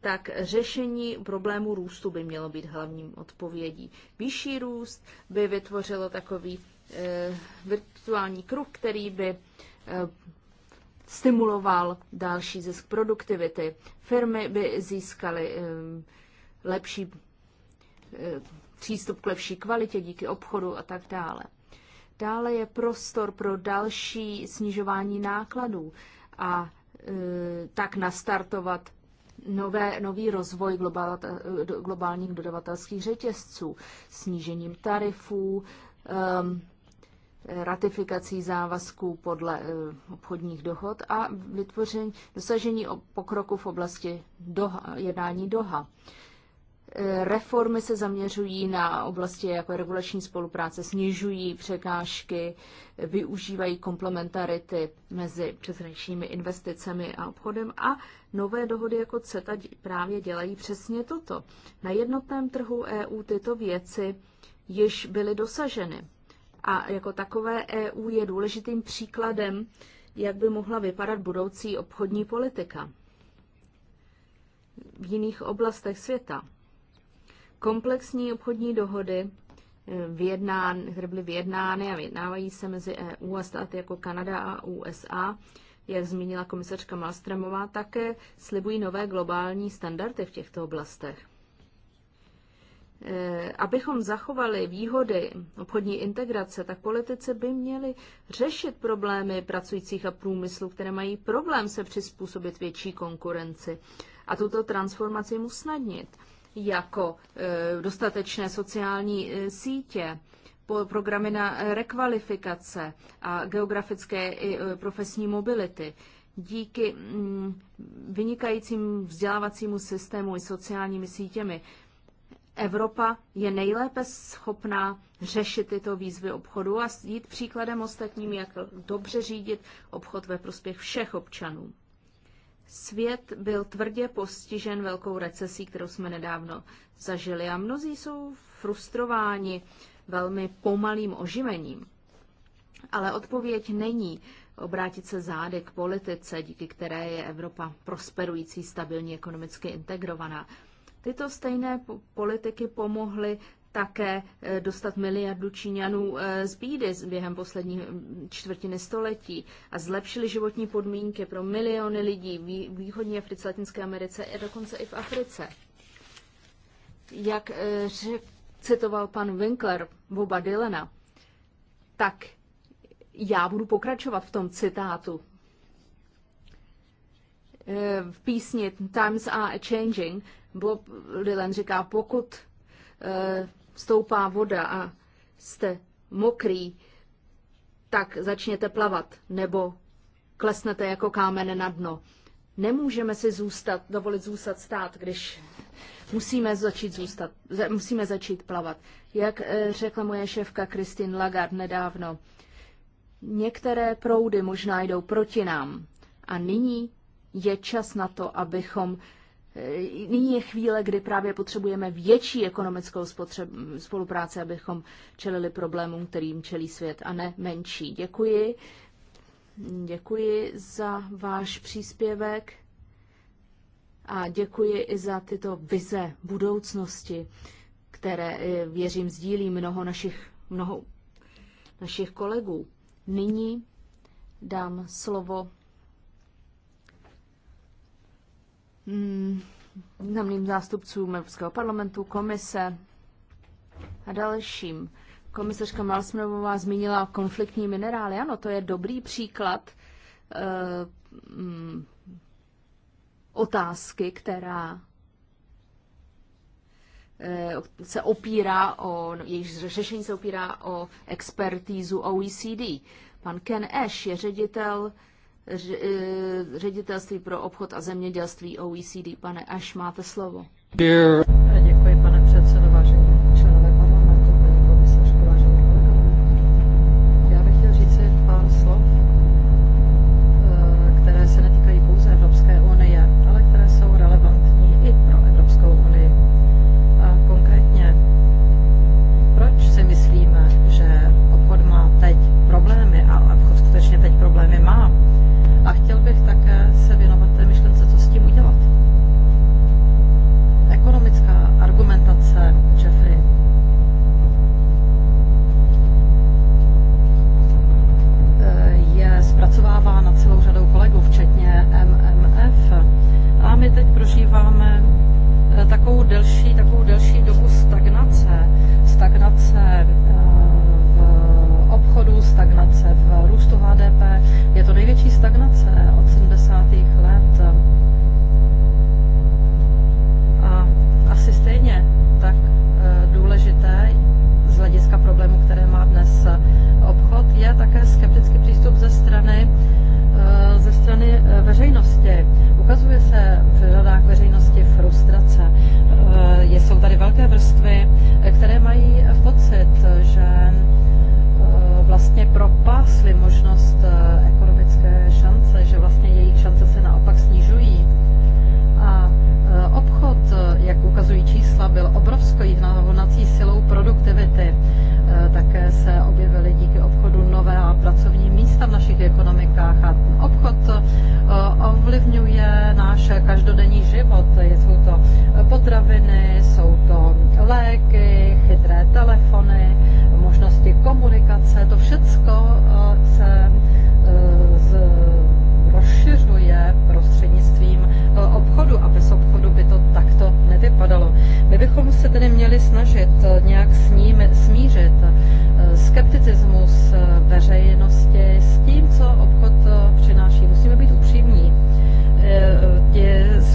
tak řešení problému růstu by mělo být hlavním odpovědí. Vyšší růst by vytvořilo takový e, virtuální kruh, který by Eh, stimuloval další zisk produktivity. Firmy by získaly eh, lepší eh, přístup k lepší kvalitě díky obchodu a tak dále. Dále je prostor pro další snižování nákladů a tak nastartovat nové, nový rozvoj globál, globálních dodavatelských řetězců, snížením tarifů, um, ratifikací závazků podle eh, obchodních dohod a vytvoření, dosažení pokroku v oblasti doha, jednání Doha. Eh, reformy se zaměřují na oblasti jako regulační spolupráce, snižují překážky, využívají komplementarity mezi přeshraničními investicemi a obchodem a nové dohody jako CETA právě dělají přesně toto. Na jednotném trhu EU tyto věci již byly dosaženy. A jako takové EU je důležitým příkladem, jak by mohla vypadat budoucí obchodní politika v jiných oblastech světa. Komplexní obchodní dohody, eh, vyjednán, které byly vyjednány a vyjednávají se mezi EU a státy jako Kanada a USA, jak zmínila komisařka Malstremová, také slibují nové globální standardy v těchto oblastech. Eh, abychom zachovali výhody obchodní integrace, tak politici by měli řešit problémy pracujících a průmyslu, které mají problém se přizpůsobit větší konkurenci a tuto transformaci usnadnit, jako eh, dostatečné sociální eh, sítě, programy na rekvalifikace a geografické i profesní mobility díky mm, vynikajícímu vzdělávacímu systému i sociálními sítěmi Evropa je nejlépe schopná řešit tyto výzvy obchodu a jít příkladem ostatním, jak dobře řídit obchod ve prospěch všech občanů. Svět byl tvrdě postižen velkou recesí, kterou jsme nedávno zažili a mnozí jsou frustrováni velmi pomalým oživením. Ale odpověď není obrátit se zády k politice, díky které je Evropa prosperující, stabilní, ekonomicky integrovaná. Tyto stejné politiky pomohly také eh, dostat miliardu Číňanů eh, z bídy během poslední hm, čtvrtiny století a zlepšili životní podmínky pro miliony lidí v východní Africe, Latinské Americe a dokonce i v Africe. Jak eh, citoval pan Winkler Boba Dylena, tak já budu pokračovat v tom citátu Eh, v písni Times are changing Bob Dylan říká, pokud eh, stoupá voda a jste mokrý, tak začněte plavat nebo klesnete jako kámen na dno. Nemůžeme si zůstat, dovolit zůstat stát, když musíme začít zůstat, musíme začít plavat. Jak eh, řekla moje šéfka Christine Lagarde nedávno, některé proudy možná jdou proti nám a nyní je čas na to, abychom eh, Nyní je chvíle, kdy právě potřebujeme větší ekonomickou spotřeb, spolupráci, abychom čelili problémům, kterým čelí svět, a ne menší. Děkuji. Děkuji za váš příspěvek a děkuji i za tyto vize budoucnosti, které, eh, věřím, sdílí mnoho našich, mnoho našich kolegů. Nyní dám slovo Mm, významným zástupcům Evropského parlamentu, komise a dalším. Komisařka Malsmrovová zmínila konfliktní minerály. Ano, to je dobrý příklad e, otázky, která e, se opírá o, jejíž řešení se opírá o expertízu OECD. Pan Ken Ash je ředitel e, E, ředitelství pro obchod a zemědělství OECD. Pane Až, máte slovo. Děkuji. skeptický přístup ze strany, eh, ze strany eh, veřejnosti. Ukazuje se v řadách veřejnosti frustrace. Eh, jsou tady velké vrstvy, které mají pocit, že vlastně propásly možnost cestách a obchod eh, ovlivňuje náš každodenní život. Jsou to eh, potraviny, jsou to léky, chytré telefony, možnosti komunikace, to všecko eh, se z rozšiřuje prostřednictvím obchodu a bez obchodu by to takto nevypadalo. My bychom se tedy měli snažit nějak s ním smířit skepticismus veřejnosti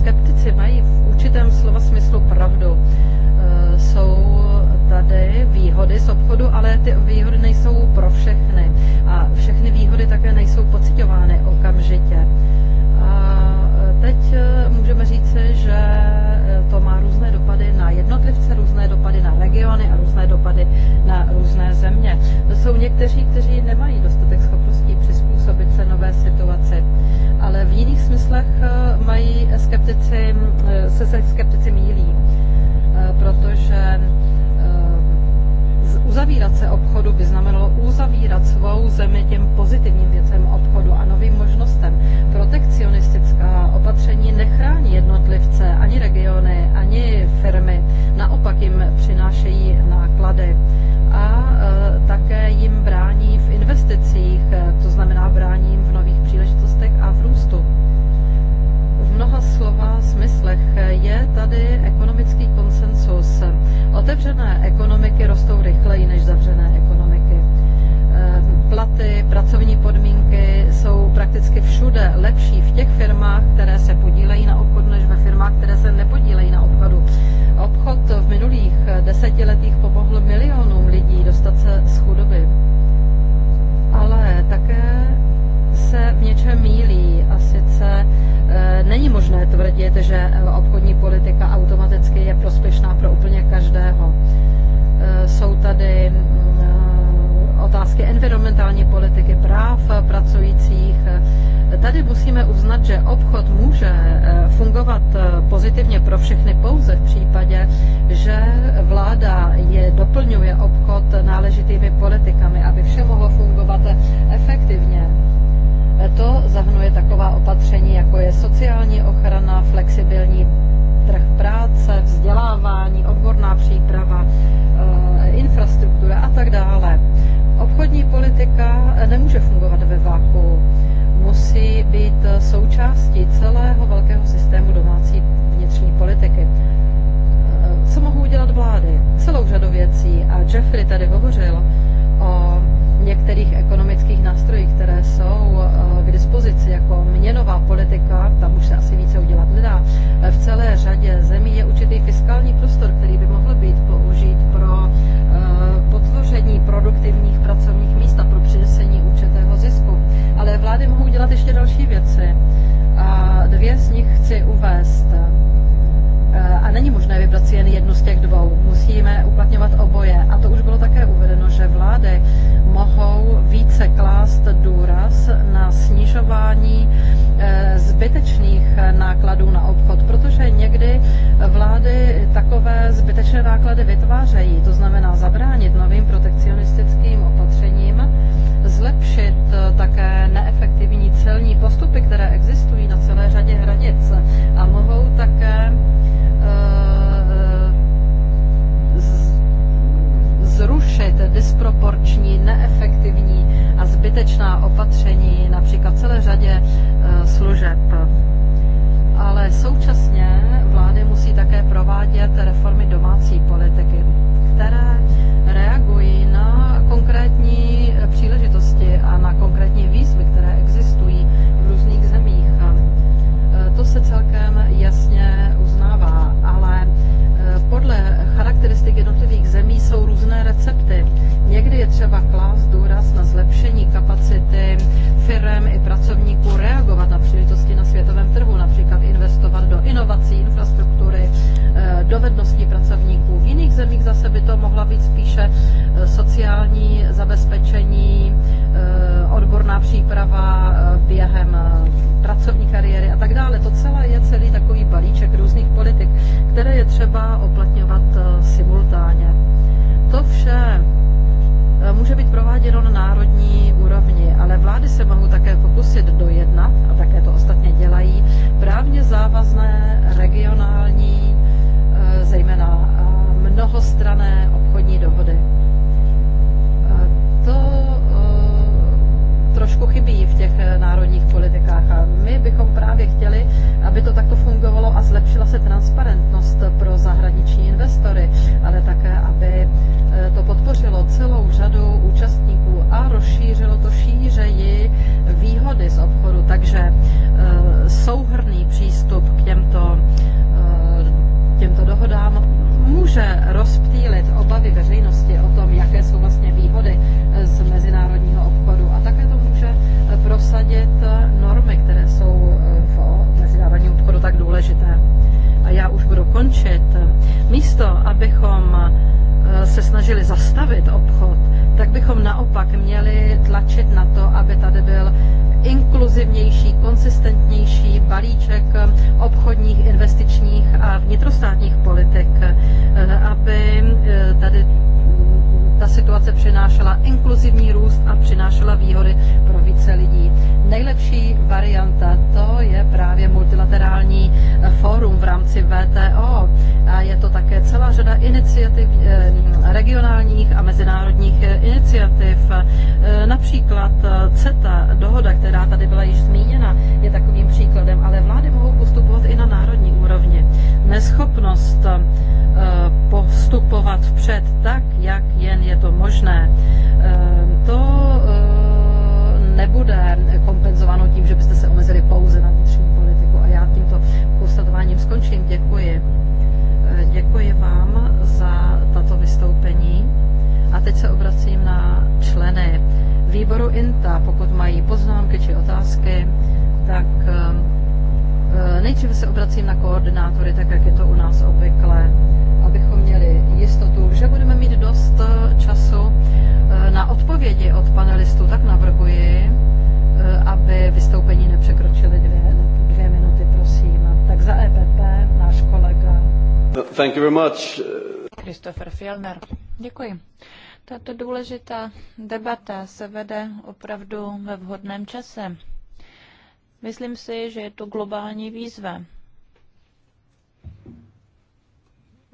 skeptici mají v určitém slova smyslu pravdu. E, jsou tady výhody z obchodu, ale ty výhody nejsou pro všechny. A všechny výhody také nejsou pocitovány okamžitě. A e, teď e, můžeme říct, že to má různé dopady na jednotlivce, různé dopady na regiony a různé dopady na různé země. Jsou někteří, kteří nemají dostatek schopnosti smyslech eh, mají skeptici, eh, se, se skeptici mílí, eh, protože uzavírat se obchodu by znamenalo uzavírat svou zemi těm pozitivním věcem obchodu a novým možnostem. Protekcionistická opatření nechrání jednotlivce, ani regiony, ani firmy. Naopak jim přinášejí náklady a také jim brání v investicích, to znamená brání jim v nových příležitostech a v růstu mnoha slova smyslech je tady ekonomický konsensus. Otevřené ekonomiky rostou rychleji než zavřené ekonomiky. Eh, platy, pracovní podmínky jsou prakticky všude lepší v těch firmách, které se podílejí na obchodu, než ve firmách, které se nepodílejí na obchodu. Obchod v minulých desetiletích pomohl milionům lidí dostat se z chudoby. Ale také se v něčem mílí a sice eh, není možné tvrdit, že obchodní politika automaticky je prospěšná pro úplně každého. Eh, jsou tady mm, eh, otázky environmentální politiky, práv pracujících. Tady musíme uznat, že obchod může fungovat pozitivně pro všechny pouze v případě, že vláda je doplňuje obchod náležitými politikami, aby vše mohlo fungovat efektivně. To zahrnuje taková opatření, jako je sociální ochrana, flexibilní trh práce, vzdělávání, odborná příprava, eh, infrastruktura a tak dále. Obchodní politika eh, nemůže fungovat ve váku. Musí být eh, součástí celého velkého systému domácí vnitřní politiky. Co mohou dělat vlády? Celou řadu věcí. A Jeffrey tady hovořil o některých ekonomických jako měnová politika, tam už se asi více udělat nedá, v celé řadě zemí je určitý fiskální prostor, který by mohl být použít pro eh, potvoření produktivních pracovních míst a pro přinesení určitého zisku. Ale vlády mohou dělat ještě další věci. A dvě z nich chci uvést. Eh, a není možné vybrat si jen jednu z těch dvou. Musíme uplatňovat oboje. A to už bylo také uvedeno že vlády mohou více klást důraz na snižování eh, zbytečných nákladů na obchod, protože někdy vlády takové zbytečné náklady vytvářejí. To znamená zabránit novým protekcionistickým opatřením, zlepšit eh, také neefektivní celní postupy, které existují na celé řadě hranic a mohou také eh, zrušit disproporční, neefektivní a zbytečná opatření, například celé řadě e, služeb. Ale současně vlády musí také provádět reformy domácí politiky, které reagují na konkrétní příležitosti a na konkrétní výzvy, které existují v různých zemích. E, to se celkem jasně uznává, ale e, podle jsou různé recepty. Někdy je třeba klást důraz na zlepšení kapacity firm i pracovníků reagovat na příležitosti dovedností pracovníků. V jiných zemích zase by to mohla být spíše eh, sociální zabezpečení, eh, odborná příprava eh, během pracovní kariéry a tak dále. To celé je celý takový balíček různých politik, které je třeba oplatňovat simultánně. To vše může být prováděno na národní úrovni, ale vlády se mohou také pokusit dojednat, a také to ostatně dělají, právně závazné regionální Eh, zejména eh, mnohostrané obchodní dohody. Eh, to trošku chybí v těch národních politikách a my bychom právě chtěli, aby to takto fungovalo a zlepšila se transparentnost pro zahraniční investory, ale také, aby to podpořilo celou řadu účastníků a rozšířilo to šířeji výhody z obchodu. Takže souhrný přístup k těmto těmto dohodám může rozptýlit obavy veřejnosti o tom, jaké jsou vlastně výhody eh, z mezinárodního obchodu a také to může eh, prosadit eh, normy, které jsou v mezinárodním obchodu tak důležité. A já už budu končit. Místo, abychom se snažili zastavit obchod, tak bychom naopak měli tlačit na to, aby tady byl inkluzivnější, konsistentnější balíček eh, obchodních, investičních a vnitrostátních politik, eh, aby eh, tady mm, ta situace přinášela inkluzivní růst a přinášela výhody pro více lidí. Nejlepší varianta to je právě multilaterální eh, fórum v rámci VTO a je to také celá řada iniciativ, eh, regionálních a mezinárodních eh, iniciativ. Například CETA, dohoda, která tady byla již zmíněna, je takovým příkladem, ale vlády mohou postupovat i na národní úrovni. Neschopnost postupovat vpřed tak, jak jen je to možné, to nebude kompenzováno tím, že byste se omezili pouze na vnitřní politiku. A já tímto konstatováním skončím. Děkuji. Eh, děkuji vám za tato vystoupení. A teď se obracím na členy výboru INTA. Pokud mají poznámky či otázky, tak eh, eh, nejdříve se obracím na koordinátory, tak jak je to u nás obvykle, abychom měli jistotu, že budeme mít dost času Eh, na odpovědi od panelistů, tak navrhuji, eh, aby vystoupení nepřekročily dvě, dvě minuty, prosím. Tak za EPP náš kolega. No, thank you very much. Christopher Fielner. Děkuji. Tato důležitá debata se vede opravdu ve vhodném čase. Myslím si, že je to globální výzva.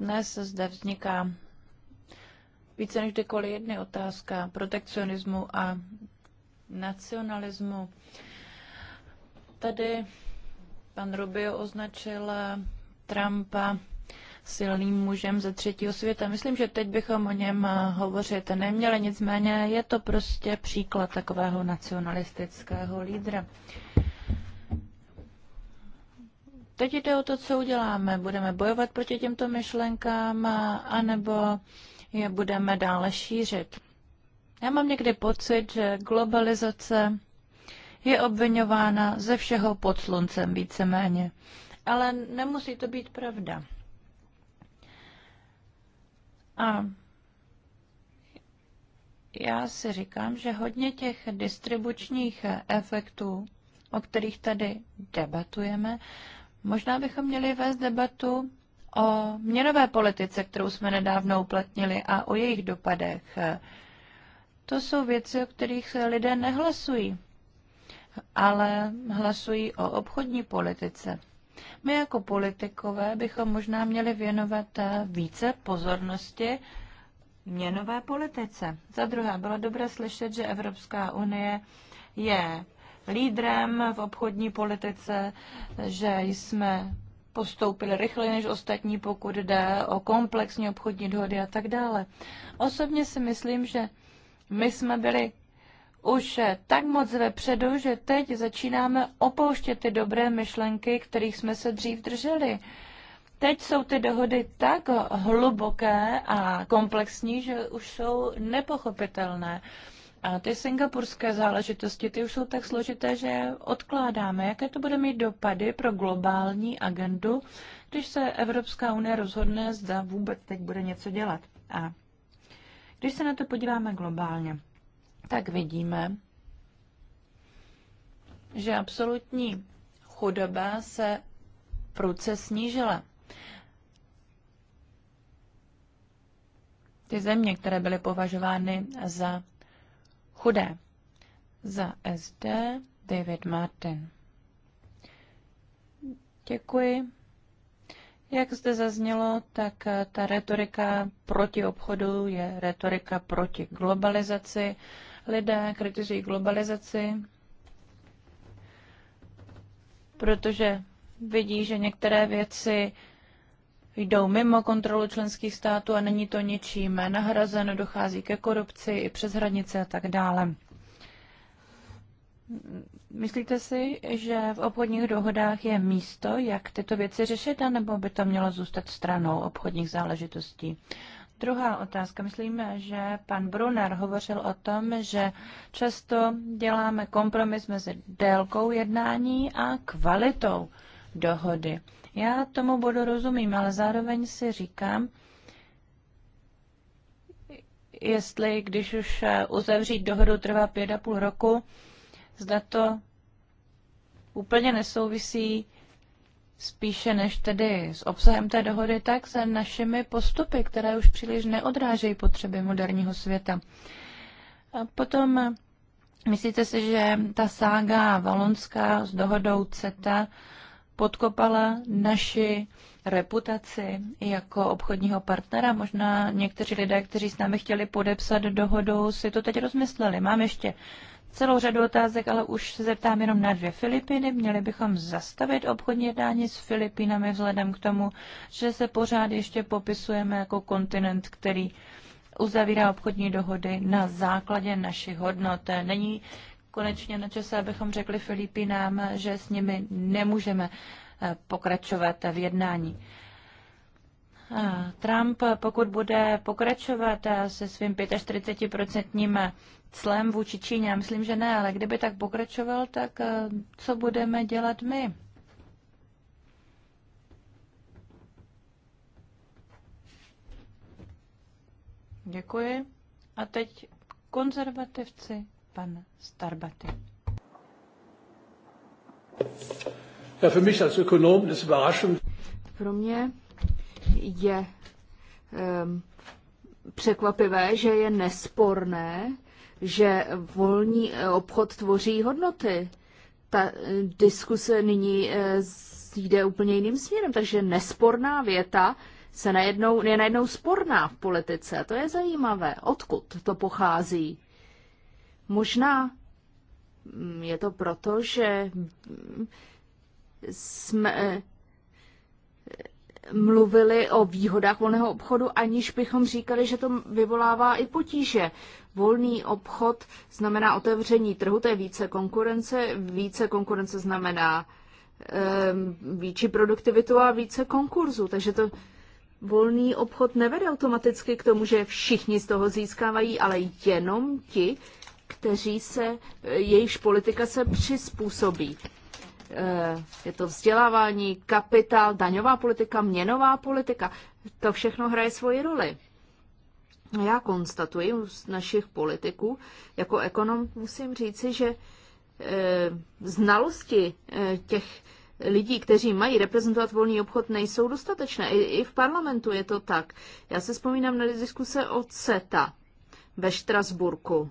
Dnes zde vzniká více než kdekoliv jedny otázka protekcionismu a nacionalismu. Tady pan Rubio označil Trumpa silným mužem ze třetího světa. Myslím, že teď bychom o něm hovořit neměli, nicméně je to prostě příklad takového nacionalistického lídra. Teď jde o to, co uděláme. Budeme bojovat proti těmto myšlenkám, anebo je budeme dále šířit. Já mám někdy pocit, že globalizace je obvinována ze všeho pod sluncem víceméně. Ale nemusí to být pravda. A já si říkám, že hodně těch distribučních efektů, o kterých tady debatujeme, možná bychom měli vést debatu o měnové politice, kterou jsme nedávno uplatnili a o jejich dopadech. To jsou věci, o kterých lidé nehlasují, ale hlasují o obchodní politice. My jako politikové bychom možná měli věnovat více pozornosti měnové politice. Za druhé, bylo dobré slyšet, že Evropská unie je lídrem v obchodní politice, že jsme postoupili rychleji než ostatní, pokud jde o komplexní obchodní dohody a tak dále. Osobně si myslím, že my jsme byli už tak moc vepředu, že teď začínáme opouštět ty dobré myšlenky, kterých jsme se dřív drželi. Teď jsou ty dohody tak hluboké a komplexní, že už jsou nepochopitelné. A ty singapurské záležitosti, ty už jsou tak složité, že odkládáme. Jaké to bude mít dopady pro globální agendu, když se Evropská unie rozhodne, zda vůbec teď bude něco dělat. A když se na to podíváme globálně, tak vidíme, že absolutní chudoba se prudce snížila. Ty země, které byly považovány za chudé. Za SD David Martin. Děkuji. Jak zde zaznělo, tak ta retorika proti obchodu je retorika proti globalizaci. Lidé kritizují globalizaci, protože vidí, že některé věci jdou mimo kontrolu členských států a není to ničím nahrazeno, dochází ke korupci i přes hranice a tak dále. Myslíte si, že v obchodních dohodách je místo, jak tyto věci řešit, nebo by to mělo zůstat stranou obchodních záležitostí? Druhá otázka. Myslíme, že pan Brunner hovořil o tom, že často děláme kompromis mezi délkou jednání a kvalitou dohody. Já tomu bodu rozumím, ale zároveň si říkám, jestli když už eh, uzavřít dohodu trvá pět a půl roku, zda to úplně nesouvisí spíše než tedy s obsahem té dohody, tak se našimi postupy, které už příliš neodrážejí potřeby moderního světa. A potom eh, myslíte si, že ta sága valonská s dohodou CETA podkopala naši reputaci jako obchodního partnera. Možná někteří lidé, kteří s námi chtěli podepsat dohodu, si to teď rozmysleli. Mám ještě celou řadu otázek, ale už se zeptám jenom na dvě Filipiny. Měli bychom zastavit obchodní jednání s Filipínami vzhledem k tomu, že se pořád ještě popisujeme jako kontinent, který uzavírá obchodní dohody na základě našich hodnot. Není konečně na čase, abychom řekli Filipínám, že s nimi nemůžeme eh, pokračovat v jednání. Eh, Trump, pokud bude pokračovat eh, se svým 45% clem vůči Číně, já myslím, že ne, ale kdyby tak pokračoval, tak co budeme dělat my? Děkuji. A teď konzervativci pan Starbaty. Ja, für mich als Ökonom ist überraschend. Pro mě je um, překvapivé, že je nesporné, že volný e, obchod tvoří hodnoty. Ta e, diskuse nyní e, jde úplně jiným směrem, takže nesporná věta se najednou, je najednou sporná v politice. To je zajímavé. Odkud to pochází? Možná mm, je to proto, že jsme eh, mluvili o výhodách volného obchodu, aniž bychom říkali, že to vyvolává i potíže. Volný obchod znamená otevření trhu, to je více konkurence, více konkurence znamená um, větší produktivitu a více konkurzu. Takže to volný obchod nevede automaticky k tomu, že všichni z toho získávají, ale jenom ti, kteří se, jejichž politika se přizpůsobí. Eh, je to vzdělávání, kapitál, daňová politika, měnová politika. To všechno hraje svoji roli. Já konstatuji z našich politiků, jako ekonom musím říci, že eh, znalosti eh, těch lidí, kteří mají reprezentovat volný obchod, nejsou dostatečné. I, v parlamentu je to tak. Já se vzpomínám na diskuse o CETA ve Štrasburku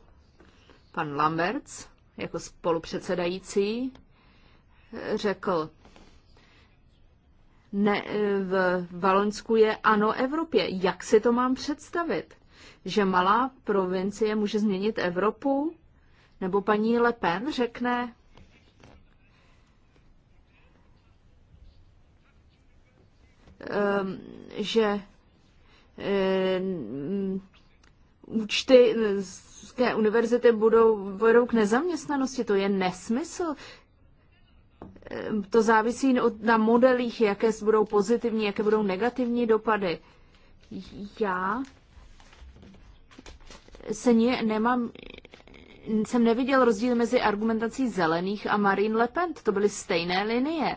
pan Lamberts jako spolupředsedající řekl, ne, v Valonsku je ano Evropě. Jak si to mám představit? Že malá provincie může změnit Evropu? Nebo paní Le Pen řekne, ehm, že ehm, účty české univerzity budou, vedou k nezaměstnanosti. To je nesmysl. Ehm, to závisí na modelích, jaké budou pozitivní, jaké budou negativní dopady. Já se ně nemám, jsem neviděl rozdíl mezi argumentací zelených a Marine Le Pen. To byly stejné linie.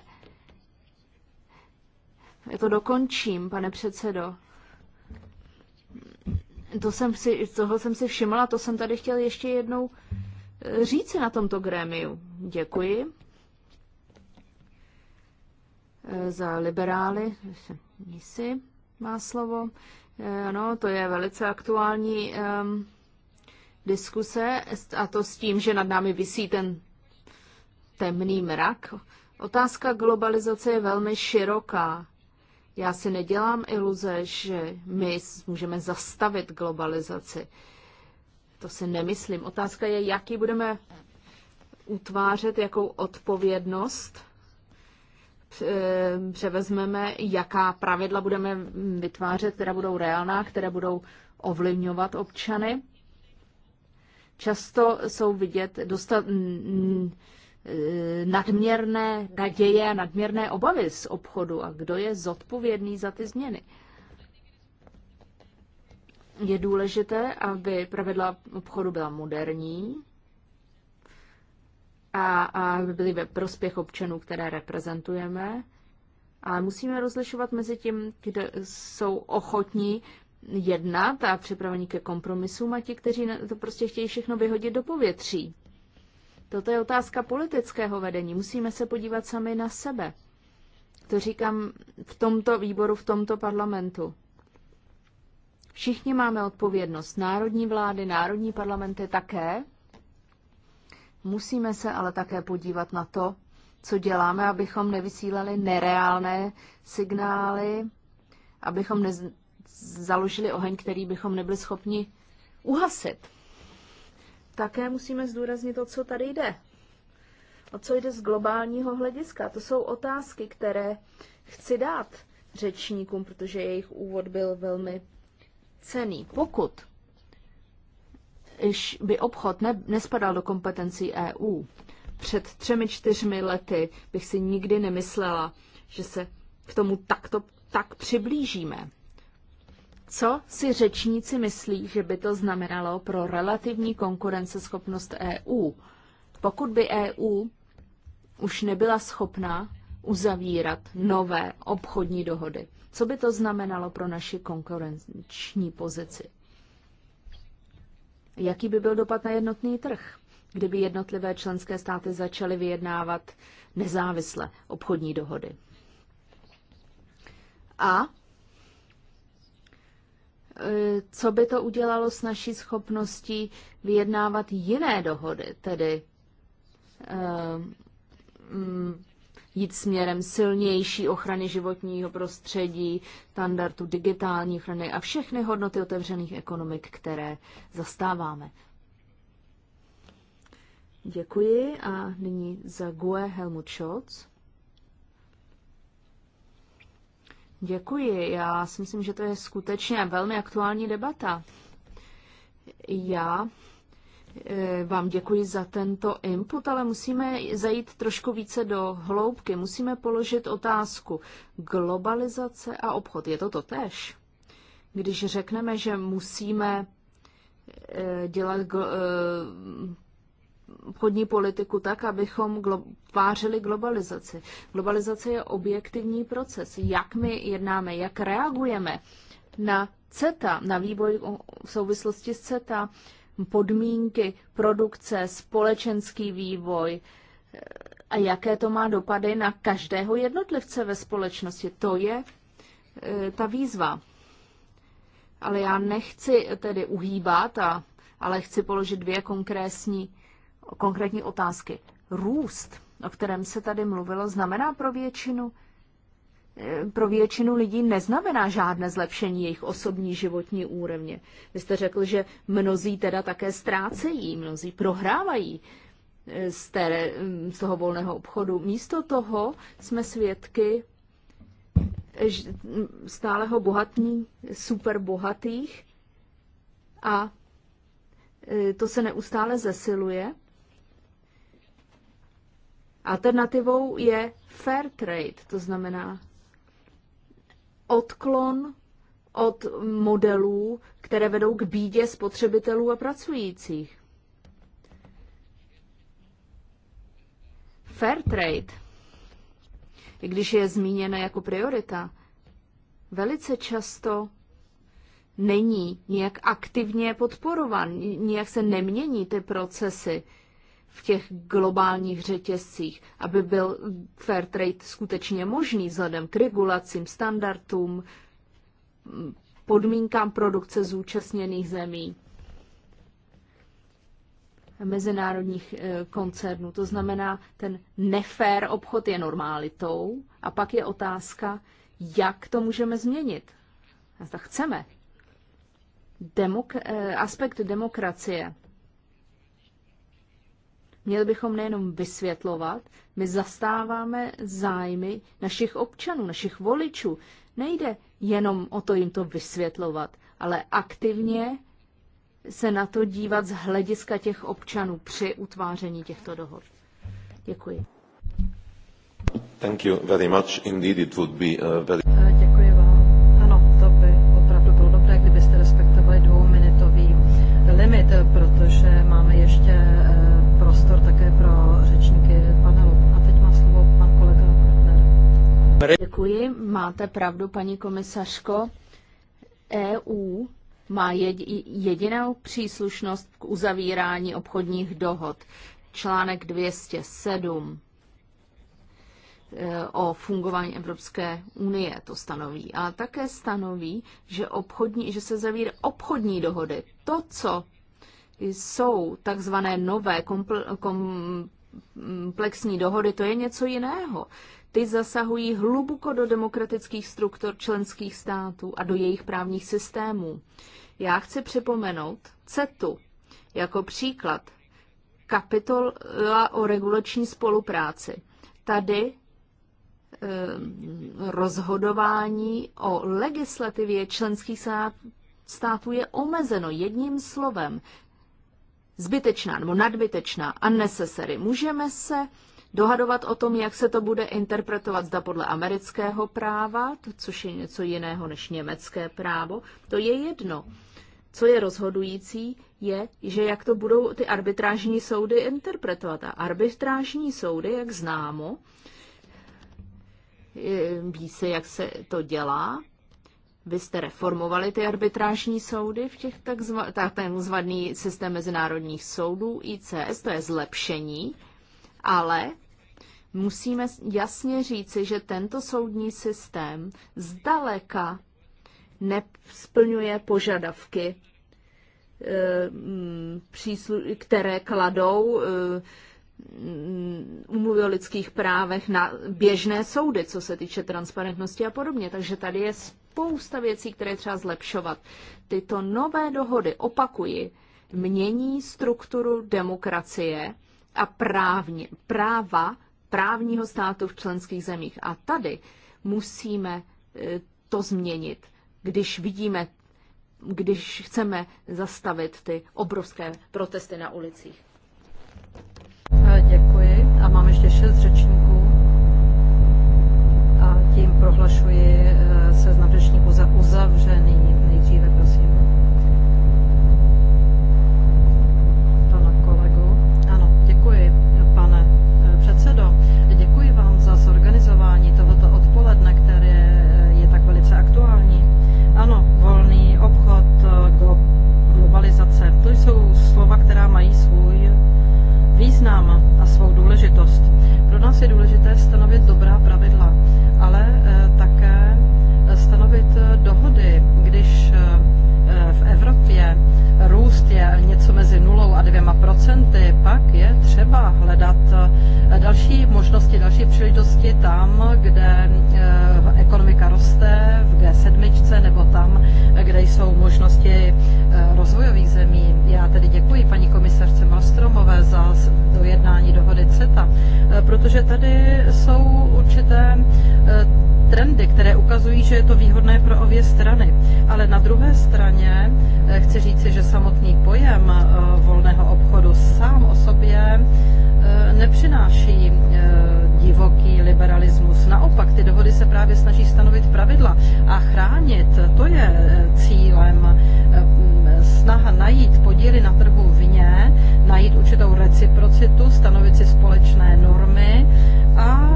Já to dokončím, pane předsedo. To jsem si, toho jsem si všimla, to jsem tady chtěl ještě jednou eh, říci na tomto grémiu. Děkuji eh, za liberály. Misi má slovo. Eh, ano, to je velice aktuální um, diskuse a to s tím, že nad námi visí ten temný mrak. Otázka globalizace je velmi široká. Já si nedělám iluze, že my můžeme zastavit globalizaci. To si nemyslím. Otázka je, jaký budeme utvářet, jakou odpovědnost eh, převezmeme, jaká pravidla budeme vytvářet, která budou reálná, které budou ovlivňovat občany. Často jsou vidět dostat Eh, nadměrné naděje a nadměrné obavy z obchodu a kdo je zodpovědný za ty změny. Je důležité, aby pravidla obchodu byla moderní a, aby byly ve prospěch občanů, které reprezentujeme. Ale musíme rozlišovat mezi tím, kde jsou ochotní jednat a připravení ke kompromisům a ti, kteří to prostě chtějí všechno vyhodit do povětří. Toto je otázka politického vedení. Musíme se podívat sami na sebe. To říkám v tomto výboru, v tomto parlamentu. Všichni máme odpovědnost. Národní vlády, národní parlamenty také. Musíme se ale také podívat na to, co děláme, abychom nevysílali nereálné signály, abychom založili oheň, který bychom nebyli schopni uhasit také musíme zdůraznit, o co tady jde. O co jde z globálního hlediska. To jsou otázky, které chci dát řečníkům, protože jejich úvod byl velmi cený. Pokud by obchod ne, nespadal do kompetencí EU, před třemi, čtyřmi lety bych si nikdy nemyslela, že se k tomu takto tak přiblížíme co si řečníci myslí, že by to znamenalo pro relativní konkurenceschopnost EU? Pokud by EU už nebyla schopná uzavírat nové obchodní dohody, co by to znamenalo pro naši konkurenční pozici? Jaký by byl dopad na jednotný trh, kdyby jednotlivé členské státy začaly vyjednávat nezávisle obchodní dohody? A E, co by to udělalo s naší schopností vyjednávat jiné dohody, tedy e, mm, jít směrem silnější ochrany životního prostředí, standardu digitální ochrany a všechny hodnoty otevřených ekonomik, které zastáváme. Děkuji a nyní za GUE Helmut Scholz. Děkuji. Já si myslím, že to je skutečně velmi aktuální debata. Já e, vám děkuji za tento input, ale musíme zajít trošku více do hloubky. Musíme položit otázku globalizace a obchod. Je to to tež? Když řekneme, že musíme e, dělat e, obchodní politiku tak, abychom glo- vářili globalizaci. Globalizace je objektivní proces. Jak my jednáme, jak reagujeme na CETA, na vývoj v souvislosti s CETA, podmínky produkce, společenský vývoj eh, a jaké to má dopady na každého jednotlivce ve společnosti. To je eh, ta výzva. Ale já nechci tedy uhýbat, a, ale chci položit dvě konkrétní konkrétní otázky. Růst, o kterém se tady mluvilo, znamená pro většinu eh, pro většinu lidí neznamená žádné zlepšení jejich osobní životní úrovně. Vy jste řekl, že mnozí teda také ztrácejí, mnozí prohrávají eh, z, té, mm, z toho volného obchodu. Místo toho jsme svědky eh, mm, stáleho bohatní, superbohatých a to se neustále zesiluje. Alternativou je fair trade, to znamená odklon od modelů, které vedou k bídě spotřebitelů a pracujících. Fair trade, i když je zmíněna jako priorita, velice často není nějak aktivně podporovan, nějak se nemění ty procesy v těch globálních řetězcích, aby byl fair trade skutečně možný vzhledem k regulacím, standardům, podmínkám produkce zúčastněných zemí mezinárodních eh, koncernů. To znamená, ten nefér obchod je normálitou a pak je otázka, jak to můžeme změnit. A to chceme. Demok- eh, aspekt demokracie Měli bychom nejenom vysvětlovat, my zastáváme zájmy našich občanů, našich voličů. Nejde jenom o to jim to vysvětlovat, ale aktivně se na to dívat z hlediska těch občanů při utváření těchto dohod. Děkuji. Thank you very much. Indeed, it would be a uh, very... Eh, Děkuji, máte pravdu, paní komisařko. EU má jedinou příslušnost k uzavírání obchodních dohod. Článek 207 e, o fungování Evropské unie to stanoví. A také stanoví, že, obchodní, že se zavírají obchodní dohody. To, co jsou takzvané nové komplexní dohody, to je něco jiného. Ty zasahují hluboko do demokratických struktur členských států a do jejich právních systémů. Já chci připomenout CETu jako příklad kapitola o regulační spolupráci. Tady ehm, rozhodování o legislativě členských států je omezeno jedním slovem zbytečná nebo nadbytečná, unnecessary. Můžeme se dohadovat o tom, jak se to bude interpretovat, zda podle amerického práva, to, což je něco jiného než německé právo, to je jedno. Co je rozhodující, je, že jak to budou ty arbitrážní soudy interpretovat. A arbitrážní soudy, jak známo, ví se, jak se to dělá. Vy jste reformovali ty arbitrážní soudy v těch takzvaný systém mezinárodních soudů, ICS, to je zlepšení ale musíme jasně říci, že tento soudní systém zdaleka nesplňuje požadavky, eh, mm, které kladou umluvy eh, mm, o lidských právech na běžné soudy, co se týče transparentnosti a podobně. Takže tady je spousta věcí, které třeba zlepšovat. Tyto nové dohody, opakuji, mění strukturu demokracie a právně, práva právního státu v členských zemích. A tady musíme e, to změnit, když vidíme, když chceme zastavit ty obrovské protesty na ulicích. Děkuji a mám ještě šest řečníků a tím prohlašuji e, se řečníků za uzavřený. příležitosti tam, kde eh, ekonomika roste, v G7 nebo tam, kde jsou možnosti eh, rozvojových zemí. Já tedy děkuji paní komisařce Malstromové za dojednání dohody CETA Eh, protože tady jsou určité eh, trendy, které ukazují, že je to výhodné pro obě strany. Ale na druhé straně eh, chci říci, že samotný pojem volného obchodu sám o sobě nepřináší divoký liberalismus. Naopak, ty dohody se právě snaží stanovit pravidla a chránit. To je cílem snaha najít podíly na trhu vině, najít určitou reciprocitu, stanovit si společné normy a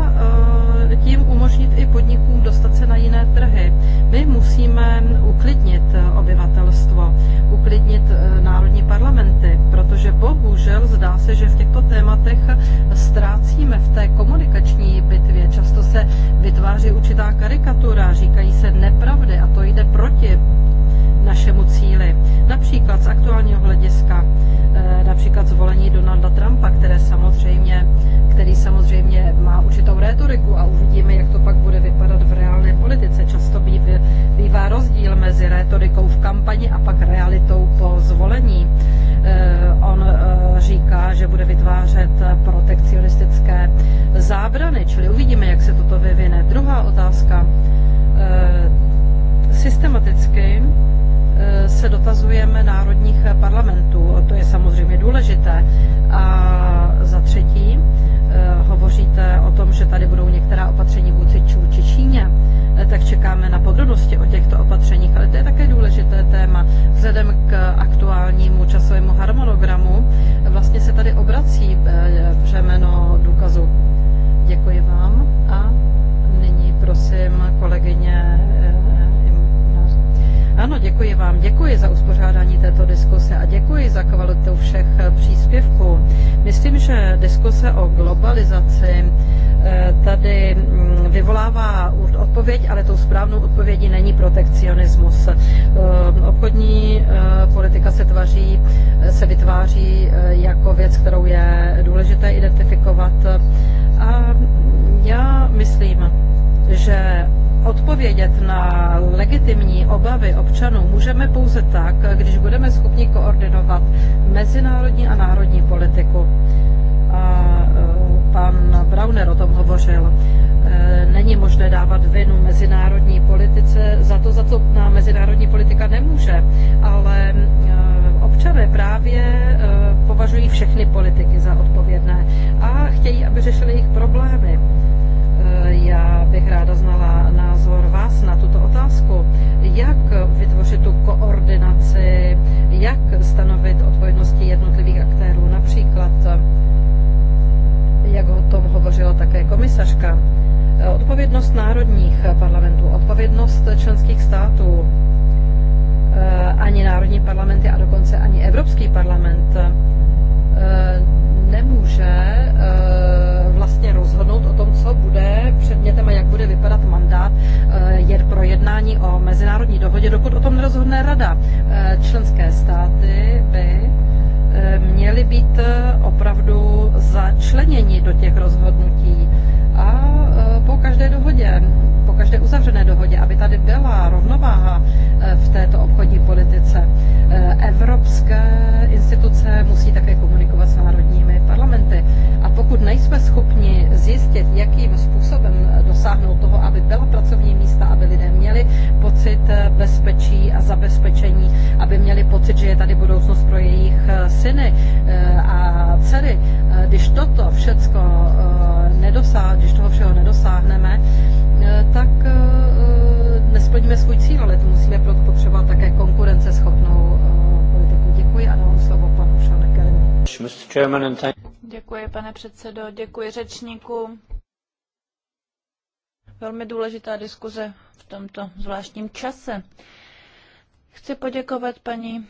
eh, tím umožnit i podnikům dostat se na jiné trhy. My musíme uklidnit eh, obyvatelstvo, uklidnit eh, národní parlamenty, protože bohužel zdá se, že v těchto tématech ztrácíme v té komunikační bitvě. Často se vytváří určitá karikatura, říkají se nepravdy a to jde proti našemu cíli. Například z aktuálního hlediska, eh, například zvolení Donalda Trumpa, které samozřejmě, který samozřejmě má určitou rétoriku a uvidíme, jak to pak bude vypadat v reálné politice. Často bývá rozdíl mezi rétorikou v kampani a pak realitou po zvolení. Eh, on eh, říká, že bude vytvářet protekcionistické zábrany, čili uvidíme, jak se toto vyvine. Druhá otázka systematicky Eh, se dotazujeme národních parlamentů. To je samozřejmě důležité. A za třetí, eh, hovoříte o tom, že tady budou některá opatření vůči či Číně, eh, tak čekáme na podrobnosti o těchto opatřeních, ale to je také důležité téma. Vzhledem k aktuálnímu časovému harmonogramu vlastně se tady obrací břemeno důkazu. Děkuji vám a nyní prosím kolegyně ano, děkuji vám, děkuji za uspořádání této diskuse a děkuji za kvalitu všech eh, příspěvků. Myslím, že diskuse o globalizaci eh, tady mm, vyvolává odpověď, ale tou správnou odpovědí není protekcionismus. Eh, obchodní politika se tvaří, se vytváří jako věc, kterou je důležité identifikovat. A já myslím, že odpovědět na legitimní obavy občanů můžeme pouze tak, když budeme schopni koordinovat mezinárodní a národní politiku. A eh, pan Brauner o tom hovořil. Eh, není možné dávat vinu mezinárodní politice za to, za co nám mezinárodní politika nemůže, ale eh, občané právě považují všechny politiky za odpovědné a chtějí, aby řešili jejich problémy já bych ráda znala názor vás na tuto otázku. Jak vytvořit tu koordinaci, jak stanovit odpovědnosti jednotlivých aktérů, například, jak o tom hovořila také komisařka, odpovědnost národních parlamentů, odpovědnost členských států, eh, ani národní parlamenty a dokonce ani Evropský parlament eh, nemůže eh, vlastně rozhodnout o tom, co bude předmětem a jak bude vypadat mandát eh, je pro jednání o mezinárodní dohodě, dokud o tom nerozhodne rada. Eh, členské státy by měly být opravdu začleněni do těch rozhodnutí a po každé dohodě, po každé uzavřené dohodě, aby tady byla rovnováha v zjistit, jakým způsobem eh, dosáhnout toho, aby byla pracovní místa, aby lidé měli pocit eh, bezpečí a zabezpečení, aby měli pocit, že je tady budoucnost pro jejich eh, syny a dcery. Když toto všecko nedosáh, když toho všeho nedosáhneme, tak nesplníme svůj cíl, ale to musíme potřebovat také konkurenceschopnou politiku. Děkuji a dávám slovo panu Šadek. Děkuji, pane předsedo, děkuji řečníku. Velmi důležitá diskuze v tomto zvláštním čase. Chci poděkovat paní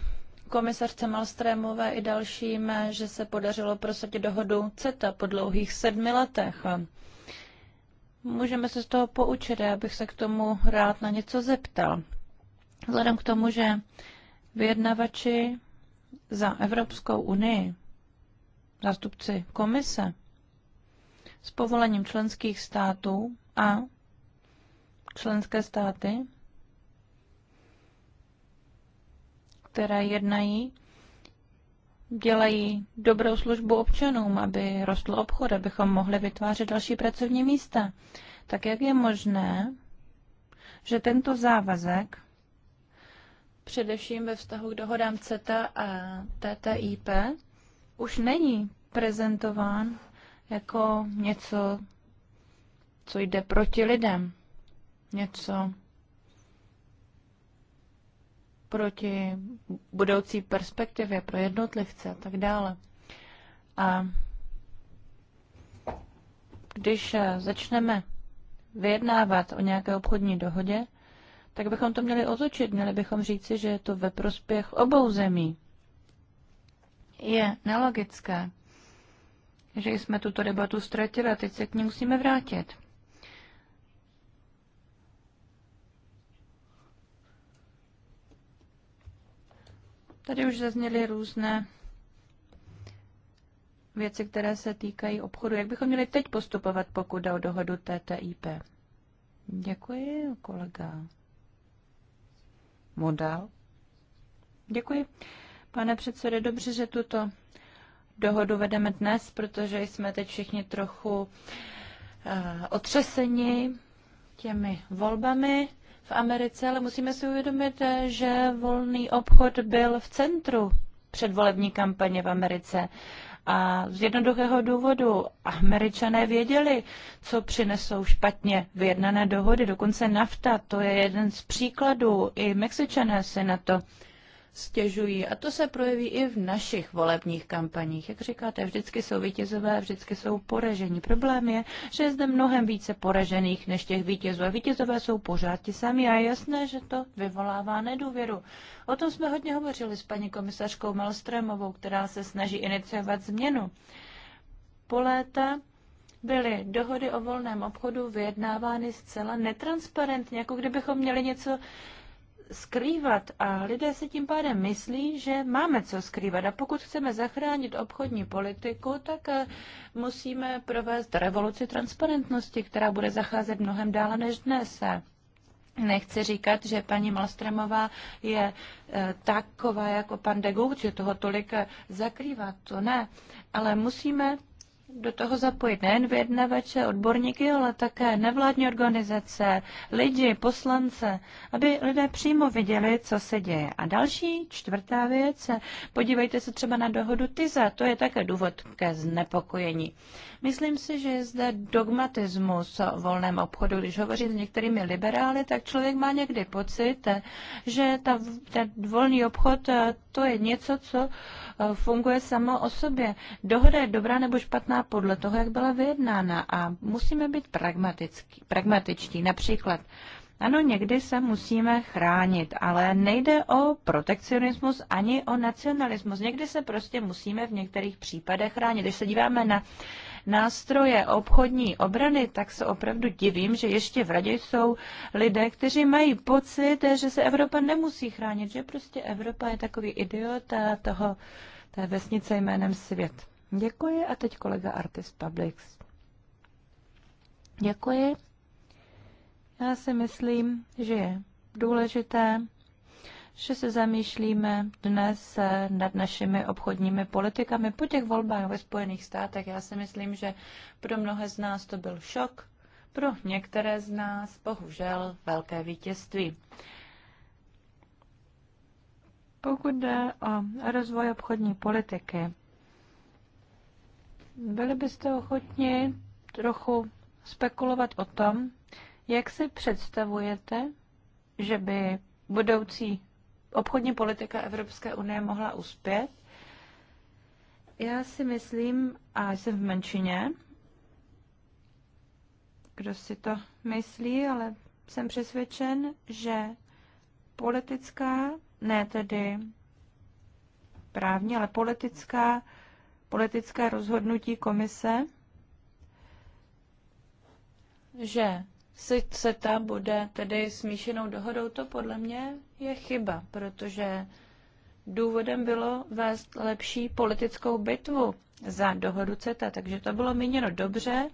komisařce Malstrémové i dalším, že se podařilo prosadit dohodu CETA po dlouhých sedmi letech. Můžeme se z toho poučit, já bych se k tomu rád na něco zeptal. Vzhledem k tomu, že vyjednavači za Evropskou unii zástupci komise s povolením členských států a členské státy, které jednají, dělají dobrou službu občanům, aby rostl obchod, abychom mohli vytvářet další pracovní místa. Tak jak je možné, že tento závazek, především ve vztahu k dohodám CETA a TTIP, už není prezentován jako něco, co jde proti lidem, něco proti budoucí perspektivě pro jednotlivce a tak dále. A když začneme vyjednávat o nějaké obchodní dohodě, tak bychom to měli otočit. Měli bychom říci, že je to ve prospěch obou zemí je nelogické, že jsme tuto debatu ztratili a teď se k ní musíme vrátit. Tady už zazněly různé věci, které se týkají obchodu. Jak bychom měli teď postupovat, pokud jde o dohodu TTIP? Děkuji, kolega Modal. Děkuji. Pane předsedo, dobře, že tuto dohodu vedeme dnes, protože jsme teď všichni trochu uh, otřeseni těmi volbami v Americe, ale musíme si uvědomit, eh, že volný obchod byl v centru předvolební kampaně v Americe. A z jednoduchého důvodu američané věděli, co přinesou špatně vyjednané dohody, dokonce nafta, to je jeden z příkladů. I mexičané si na to stěžují. A to se projeví i v našich volebních kampaních. Jak říkáte, vždycky jsou vítězové, vždycky jsou poražení. Problém je, že je zde mnohem více poražených než těch vítězů. A vítězové jsou pořád ti sami a je jasné, že to vyvolává nedůvěru. O tom jsme hodně hovořili s paní komisařkou Malstremovou, která se snaží iniciovat změnu. Po léta byly dohody o volném obchodu vyjednávány zcela netransparentně, jako kdybychom měli něco skrývat a lidé se tím pádem myslí, že máme co skrývat. A pokud chceme zachránit obchodní politiku, tak eh, musíme provést revoluci transparentnosti, která bude zacházet mnohem dále než dnes. Nechci říkat, že paní Malstremová je eh, taková jako pan de že toho tolik eh, zakrývá, to ne. Ale musíme do toho zapojit nejen vědnavače, odborníky, ale také nevládní organizace, lidi, poslance, aby lidé přímo viděli, co se děje. A další, čtvrtá věc, podívejte se třeba na dohodu TISA, to je také důvod ke znepokojení. Myslím si, že je zde dogmatismus o volném obchodu. Když hovořím s některými liberály, tak člověk má někdy pocit, že ta, ten volný obchod to je něco, co funguje samo o sobě. Dohoda je dobrá nebo špatná podle toho, jak byla vyjednána a musíme být pragmatický, pragmatičtí. Například, ano, někdy se musíme chránit, ale nejde o protekcionismus ani o nacionalismus. Někdy se prostě musíme v některých případech chránit. Když se díváme na nástroje obchodní obrany, tak se opravdu divím, že ještě v radě jsou lidé, kteří mají pocit, že se Evropa nemusí chránit, že prostě Evropa je takový idiot a toho té vesnice jménem svět. Děkuji a teď kolega Artis Publix. Děkuji. Já si myslím, že je důležité, že se zamýšlíme dnes nad našimi obchodními politikami po těch volbách ve Spojených státech. Já si myslím, že pro mnohé z nás to byl šok, pro některé z nás bohužel velké vítězství. Pokud jde o rozvoj obchodní politiky, byli byste ochotni trochu spekulovat o tom, jak si představujete, že by budoucí obchodní politika Evropské unie mohla uspět? Já si myslím, a jsem v menšině, kdo si to myslí, ale jsem přesvědčen, že politická, ne tedy právní, ale politická politické rozhodnutí komise, že CETA bude tedy smíšenou dohodou, to podle mě je chyba, protože důvodem bylo vést lepší politickou bitvu za dohodu CETA, takže to bylo míněno dobře,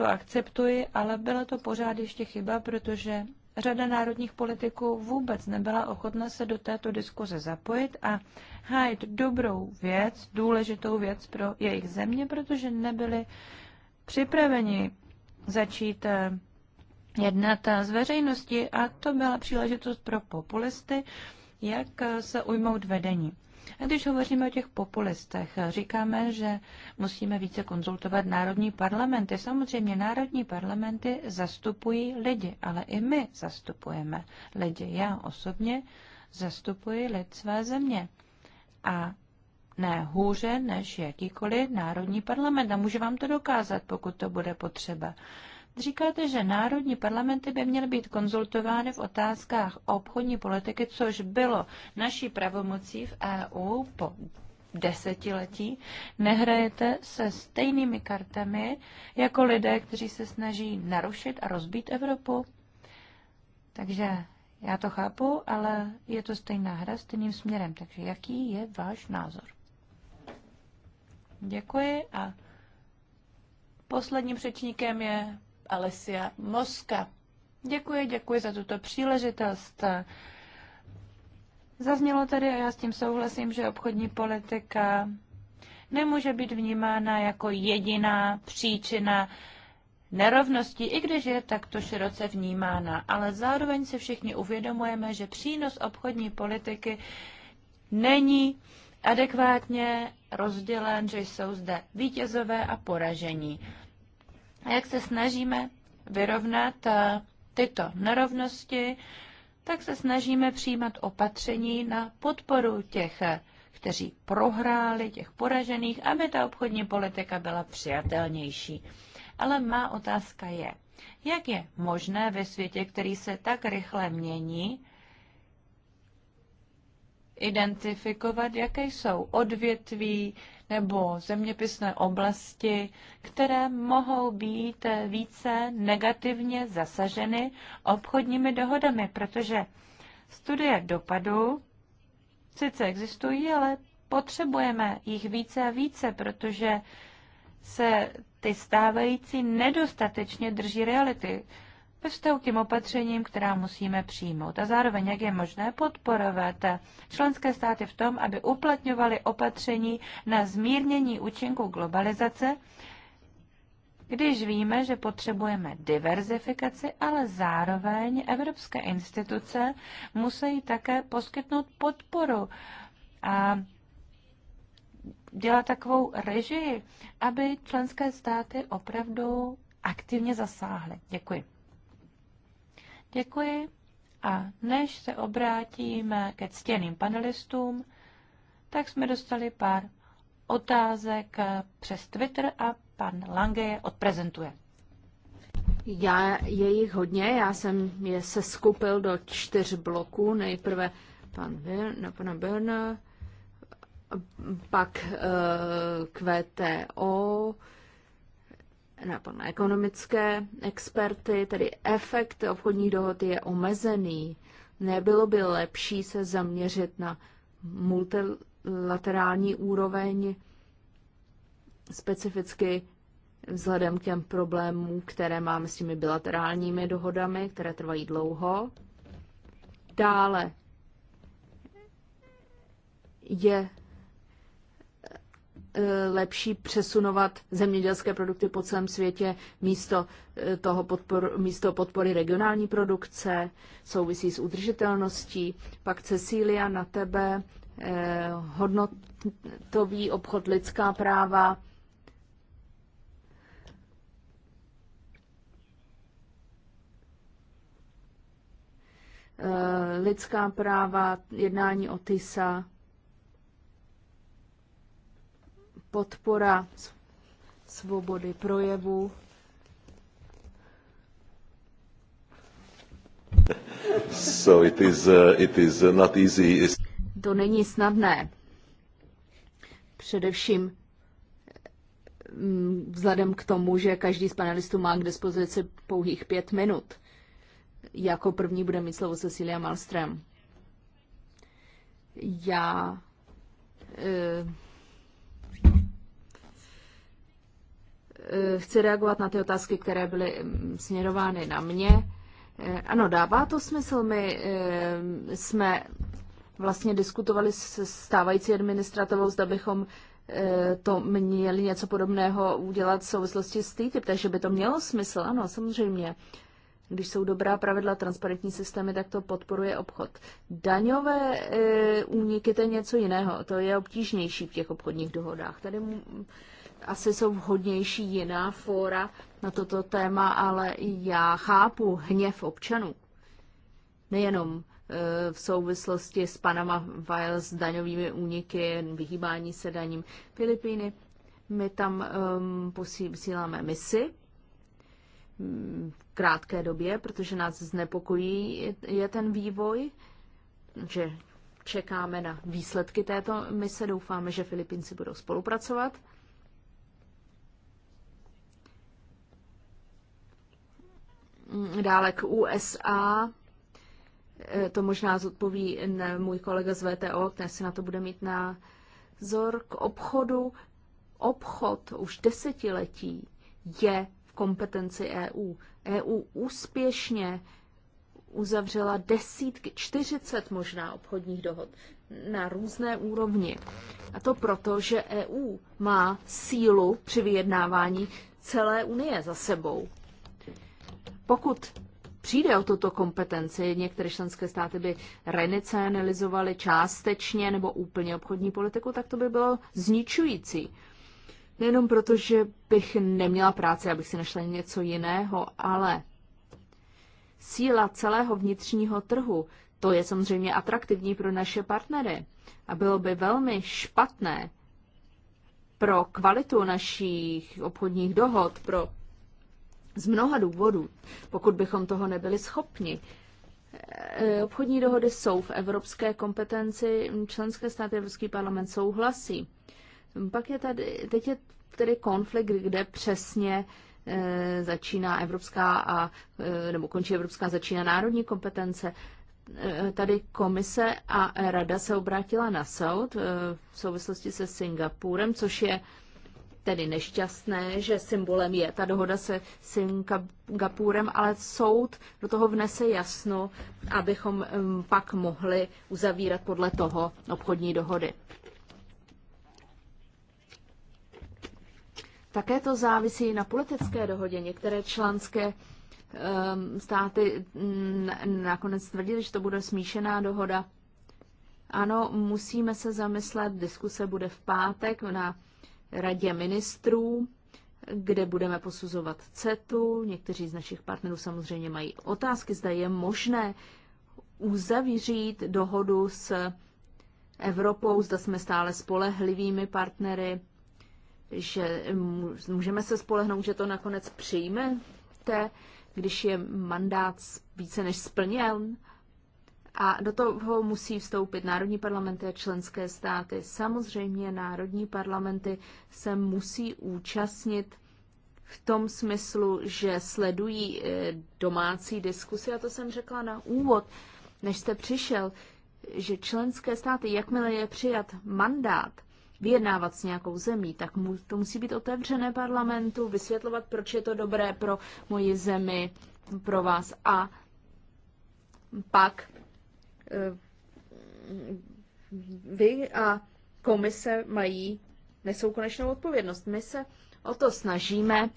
to akceptuji, ale byla to pořád ještě chyba, protože řada národních politiků vůbec nebyla ochotna se do této diskuze zapojit a hájit dobrou věc, důležitou věc pro jejich země, protože nebyli připraveni začít eh, jednat eh, z veřejnosti a to byla příležitost pro populisty, jak eh, se ujmout vedení. A když hovoříme o těch populistech, říkáme, že musíme více konzultovat národní parlamenty. Samozřejmě národní parlamenty zastupují lidi, ale i my zastupujeme lidi. Já osobně zastupuji lid své země. A ne hůře než jakýkoliv národní parlament. A můžu vám to dokázat, pokud to bude potřeba. Říkáte, že národní parlamenty by měly být konzultovány v otázkách obchodní politiky, což bylo naší pravomocí v EU po desetiletí. Nehrajete se stejnými kartami jako lidé, kteří se snaží narušit a rozbít Evropu. Takže já to chápu, ale je to stejná hra stejným směrem. Takže jaký je váš názor? Děkuji a posledním řečníkem je Alessia Moska. Děkuji, děkuji za tuto příležitost. Zaznělo tady, a já s tím souhlasím, že obchodní politika nemůže být vnímána jako jediná příčina nerovností, i když je takto široce vnímána. Ale zároveň si všichni uvědomujeme, že přínos obchodní politiky není adekvátně rozdělen, že jsou zde vítězové a poražení a jak se snažíme vyrovnat eh, tyto nerovnosti, tak se snažíme přijímat opatření na podporu těch, eh, kteří prohráli, těch poražených, aby ta obchodní politika byla přijatelnější. Ale má otázka je, jak je možné ve světě, který se tak rychle mění, identifikovat, jaké jsou odvětví nebo zeměpisné oblasti, které mohou být více negativně zasaženy obchodními dohodami, protože studie dopadu sice existují, ale potřebujeme jich více a více, protože se ty stávající nedostatečně drží reality ve vztahu k těm opatřením, která musíme přijmout a zároveň, jak je možné podporovat členské státy v tom, aby uplatňovaly opatření na zmírnění účinku globalizace, když víme, že potřebujeme diverzifikaci, ale zároveň evropské instituce musí také poskytnout podporu a dělat takovou režii, aby členské státy opravdu aktivně zasáhly. Děkuji. Děkuji a než se obrátíme ke ctěným panelistům, tak jsme dostali pár otázek přes Twitter a pan Lange je odprezentuje. Já, je jich hodně, já jsem je se skupil do čtyř bloků. Nejprve pan Birn, no, pana Birna, pak uh, eh, QTO, nápad na ekonomické experty, tedy efekt obchodní dohody je omezený. Nebylo by lepší se zaměřit na multilaterální úroveň, specificky vzhledem k těm problémům, které máme s těmi bilaterálními dohodami, které trvají dlouho. Dále je Eh, lepší přesunovat zemědělské produkty po celém světě místo, eh, toho podpor, místo podpory regionální produkce, souvisí s udržitelností. Pak Cecília na tebe, eh, hodnotový obchod lidská práva. Eh, lidská práva, jednání o TISA. podpora svobody projevu. So it is, uh, it is not easy. To není snadné. Především mm, vzhledem k tomu, že každý z panelistů má k dispozici pouhých pět minut. Jako první bude mít slovo Cecilia Malström. Já eh, Eh, chci reagovat na ty otázky, které byly mm, směrovány na mě. Eh, ano, dává to smysl. My eh, jsme vlastně diskutovali s stávající administrativou, zda bychom to měli něco podobného udělat v souvislosti s TTIP, takže by to mělo smysl, ano, samozřejmě. Když jsou dobrá pravidla, transparentní systémy, tak to podporuje obchod. Daňové e, úniky, to je něco jiného, to je obtížnější v těch obchodních dohodách. Tady asi jsou vhodnější jiná fóra na toto téma, ale já chápu hněv občanů. Nejenom e, v souvislosti s Panama Files, daňovými úniky, vyhýbání se daním Filipíny. My tam um, posíláme misi mm, v krátké době, protože nás znepokojí je ten vývoj, že čekáme na výsledky této mise. Doufáme, že Filipínci budou spolupracovat. Mm, dále k USA. E, to možná zodpoví můj kolega z VTO, který si na to bude mít názor. K obchodu. Obchod už desetiletí je v kompetenci EU. EU úspěšně uzavřela desítky, 40 možná obchodních dohod na různé úrovni. A to proto, že EU má sílu při vyjednávání celé Unie za sebou. Pokud přijde o tuto kompetenci, některé členské státy by renacionalizovaly částečně nebo úplně obchodní politiku, tak to by bylo zničující. Nejenom proto, že bych neměla práci, abych si našla něco jiného, ale síla celého vnitřního trhu, to je samozřejmě atraktivní pro naše partnery. A bylo by velmi špatné pro kvalitu našich obchodních dohod, pro z mnoha důvodů, pokud bychom toho nebyli schopni. E, obchodní dohody jsou v evropské kompetenci, členské státy Evropský parlament souhlasí. Pak je tady, teď je tedy konflikt, kde přesně e, začíná evropská a, e, nebo končí evropská, začíná národní kompetence. tady komise a rada se obrátila na soud v souvislosti se Singapurem, což je tedy nešťastné, že symbolem je ta dohoda se Singapurem, ale soud do toho vnese jasno, abychom um, pak mohli uzavírat podle toho obchodní dohody. Také to závisí na politické dohodě. Některé členské um, státy mm, nakonec tvrdili, že to bude smíšená dohoda. Ano, musíme se zamyslet, diskuse bude v pátek na radě ministrů, kde budeme posuzovat CETu. Někteří z našich partnerů samozřejmě mají otázky, zda je možné uzavřít dohodu s Evropou, zda jsme stále spolehlivými partnery, že můžeme se spolehnout, že to nakonec přijmete, když je mandát více než splněn. A do toho musí vstoupit národní parlamenty a členské státy. Samozřejmě národní parlamenty se musí účastnit v tom smyslu, že sledují eh, domácí diskusy, a to jsem řekla na úvod, než jste přišel, že členské státy, jakmile je přijat mandát vyjednávat s nějakou zemí, tak to musí být otevřené parlamentu, vysvětlovat, proč je to dobré pro moji zemi, pro vás. A pak Eh, vy a komise mají, nesou konečnou odpovědnost. My se o to snažíme,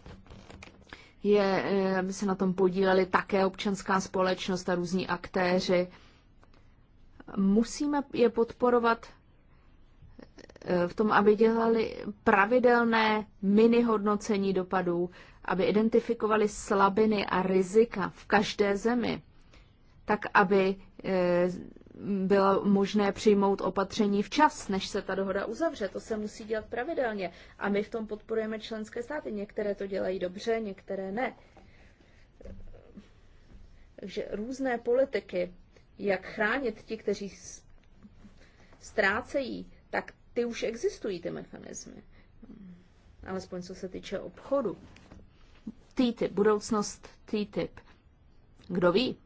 je, eh, aby se na tom podíleli také občanská společnost a různí aktéři. Musíme je podporovat eh, v tom, aby dělali pravidelné mini hodnocení dopadů, aby identifikovali slabiny a rizika v každé zemi, tak aby Eh, bylo možné přijmout opatření včas, než se ta dohoda uzavře. To se musí dělat pravidelně. A my v tom podporujeme členské státy. Některé to dělají dobře, některé ne. Takže různé politiky, jak chránit ti, kteří ztrácejí, tak ty už existují, ty mechanismy. Alespoň co se týče obchodu. TTIP, budoucnost TTIP. Kdo ví?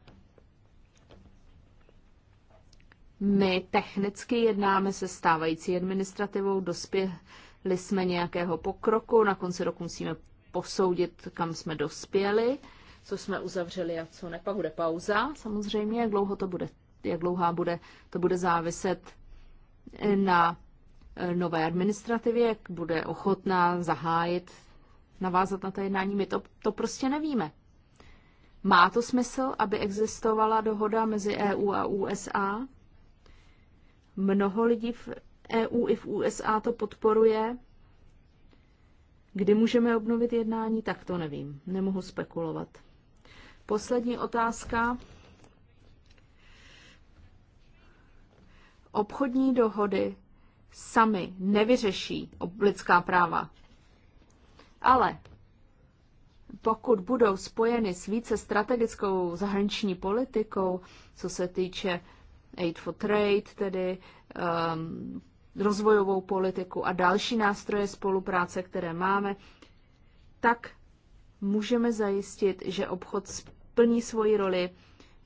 My technicky jednáme se stávající administrativou, dospěli jsme nějakého pokroku, na konci roku musíme posoudit, kam jsme dospěli, co jsme uzavřeli a co ne. Pak bude pauza samozřejmě, jak dlouho to bude, jak dlouhá bude, to bude záviset na eh, nové administrativě, jak bude ochotná zahájit, navázat na to jednání. My to, to prostě nevíme. Má to smysl, aby existovala dohoda mezi EU a USA? Mnoho lidí v EU i v USA to podporuje. Kdy můžeme obnovit jednání, tak to nevím. Nemohu spekulovat. Poslední otázka. Obchodní dohody sami nevyřeší lidská práva. Ale pokud budou spojeny s více strategickou zahraniční politikou, co se týče Aid for Trade, tedy um, rozvojovou politiku a další nástroje spolupráce, které máme, tak můžeme zajistit, že obchod splní svoji roli,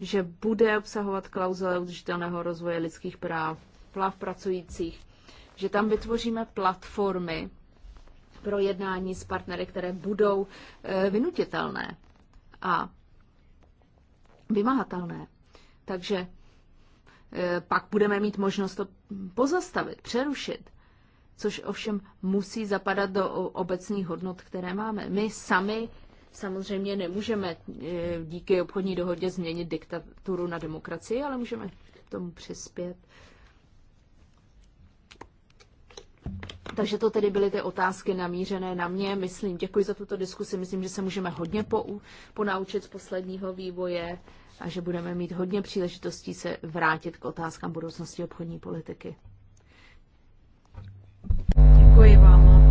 že bude obsahovat klauzule udržitelného rozvoje lidských práv, práv pracujících, že tam vytvoříme platformy pro jednání s partnery, které budou eh, vynutitelné a vymahatelné. Takže Eh, pak budeme mít možnost to pozastavit, přerušit. Což ovšem musí zapadat do obecných hodnot, které máme. My sami samozřejmě nemůžeme eh, díky obchodní dohodě změnit diktaturu na demokracii, ale můžeme k tomu přispět. Takže to tedy byly ty otázky namířené na mě. Myslím, děkuji za tuto diskusi. Myslím, že se můžeme hodně pou, ponaučit z posledního vývoje a že budeme mít hodně příležitostí se vrátit k otázkám budoucnosti obchodní politiky. Děkuji vám.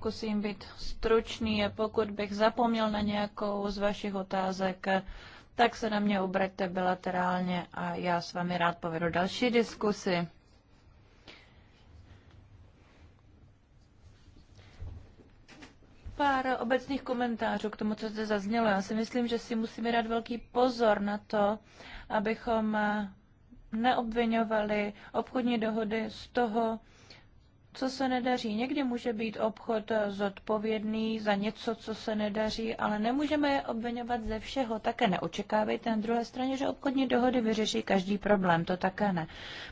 pokusím být stručný a pokud bych zapomněl na nějakou z vašich otázek, tak se na mě obraťte bilaterálně a já s vámi rád povedu další diskusy. Pár obecných komentářů k tomu, co zde zaznělo. Já si myslím, že si musíme dát velký pozor na to, abychom neobvinovali obchodní dohody z toho, co se nedaří. Někdy může být obchod eh, zodpovědný za něco, co se nedaří, ale nemůžeme je obvinovat ze všeho. Také neočekávejte na druhé straně, že obchodní dohody vyřeší každý problém. To také ne.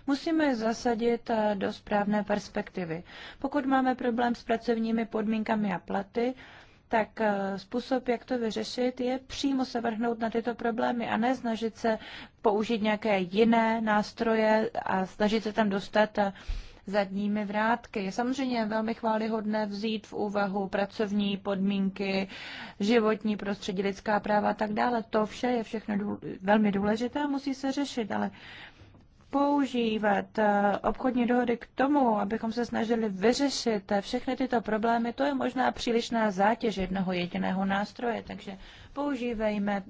Musíme je zasadit eh, do správné perspektivy. Pokud máme problém s pracovními podmínkami a platy, tak eh, způsob, jak to vyřešit, je přímo se vrhnout na tyto problémy a ne snažit se použít nějaké jiné nástroje a snažit se tam dostat zadními vrátky. Samozřejmě je velmi chválihodné vzít v úvahu pracovní podmínky, životní prostředí, lidská práva a tak dále. To vše je všechno důl, velmi důležité a musí se řešit, ale používat eh, obchodní dohody k tomu, abychom se snažili vyřešit eh, všechny tyto problémy, to je možná přílišná zátěž jednoho jediného nástroje, takže používejme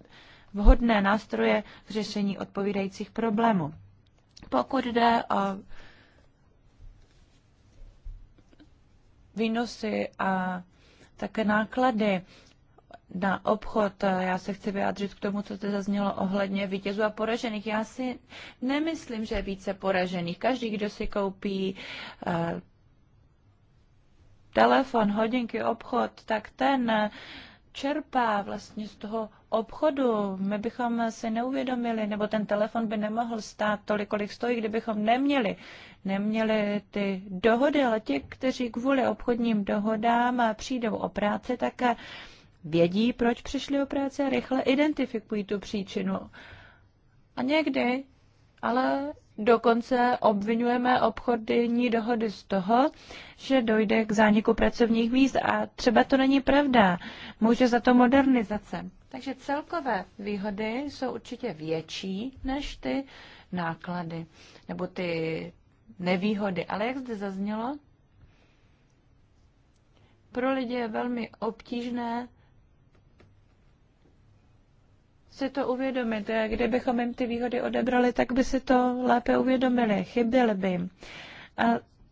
vhodné nástroje k řešení odpovídajících problémů. Pokud jde o výnosy a také náklady na obchod. Já se chci vyjádřit k tomu, co se zaznělo ohledně vítězů a poražených. Já si nemyslím, že je více poražených. Každý, kdo si koupí eh, telefon, hodinky, obchod, tak ten čerpá vlastně z toho obchodu. My bychom si neuvědomili, nebo ten telefon by nemohl stát tolik, kolik stojí, kdybychom neměli. Neměli ty dohody, ale ti, kteří kvůli obchodním dohodám přijdou o práci, tak vědí, proč přišli o práci a rychle identifikují tu příčinu. A někdy ale Dokonce obvinujeme obchodní dohody z toho, že dojde k zániku pracovních míst a třeba to není pravda. Může za to modernizace. Takže celkové výhody jsou určitě větší než ty náklady nebo ty nevýhody. Ale jak zde zaznělo, pro lidi je velmi obtížné si to uvědomit. Kdybychom jim ty výhody odebrali, tak by si to lépe uvědomili, Chyběl by jim. A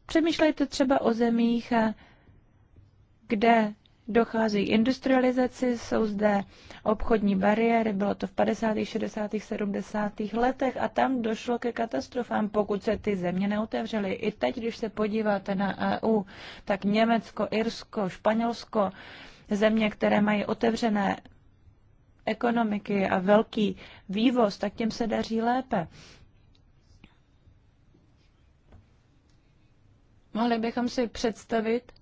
přemýšlejte třeba o zemích, kde dochází k industrializaci, jsou zde obchodní bariéry, bylo to v 50., 60., 70. letech a tam došlo ke katastrofám, pokud se ty země neotevřely. I teď, když se podíváte na EU, tak Německo, Irsko, Španělsko, země, které mají otevřené ekonomiky a velký vývoz, tak těm se daří lépe. Mohli bychom si představit,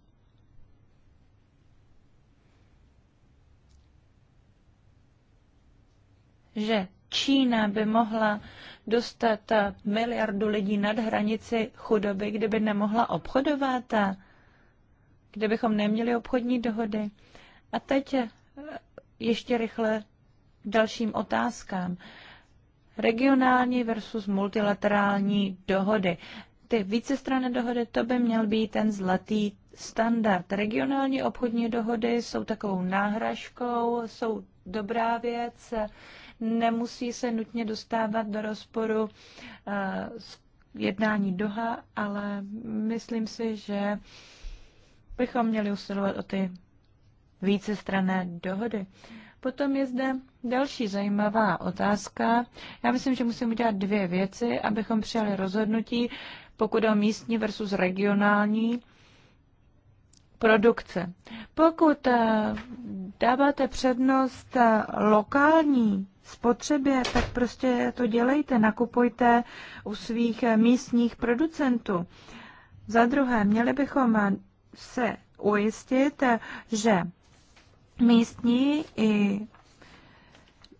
že Čína by mohla dostat miliardu lidí nad hranici chudoby, kdyby nemohla obchodovat a kdybychom neměli obchodní dohody. A teď ještě rychle dalším otázkám. Regionální versus multilaterální dohody. Ty vícestranné dohody, to by měl být ten zlatý standard. Regionální obchodní dohody jsou takovou náhražkou, jsou dobrá věc, nemusí se nutně dostávat do rozporu eh, s jednání Doha, ale myslím si, že bychom měli usilovat o ty vícestranné dohody. Potom je zde Další zajímavá otázka. Já myslím, že musíme udělat dvě věci, abychom přijali rozhodnutí, pokud o místní versus regionální produkce. Pokud eh, dáváte přednost eh, lokální spotřebě, tak prostě to dělejte, nakupujte u svých eh, místních producentů. Za druhé, měli bychom se ujistit, že místní i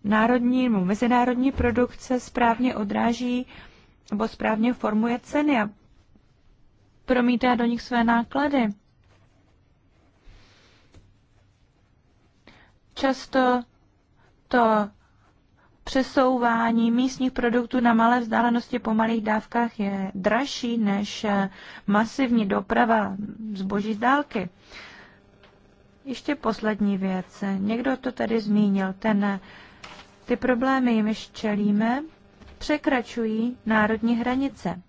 národní nebo mezinárodní produkce správně odráží nebo správně formuje ceny a promítá do nich své náklady. Často to přesouvání místních produktů na malé vzdálenosti po malých dávkách je dražší než masivní doprava zboží z dálky. Ještě poslední věc. Někdo to tady zmínil, ten ty problémy, jimž čelíme, překračují národní hranice.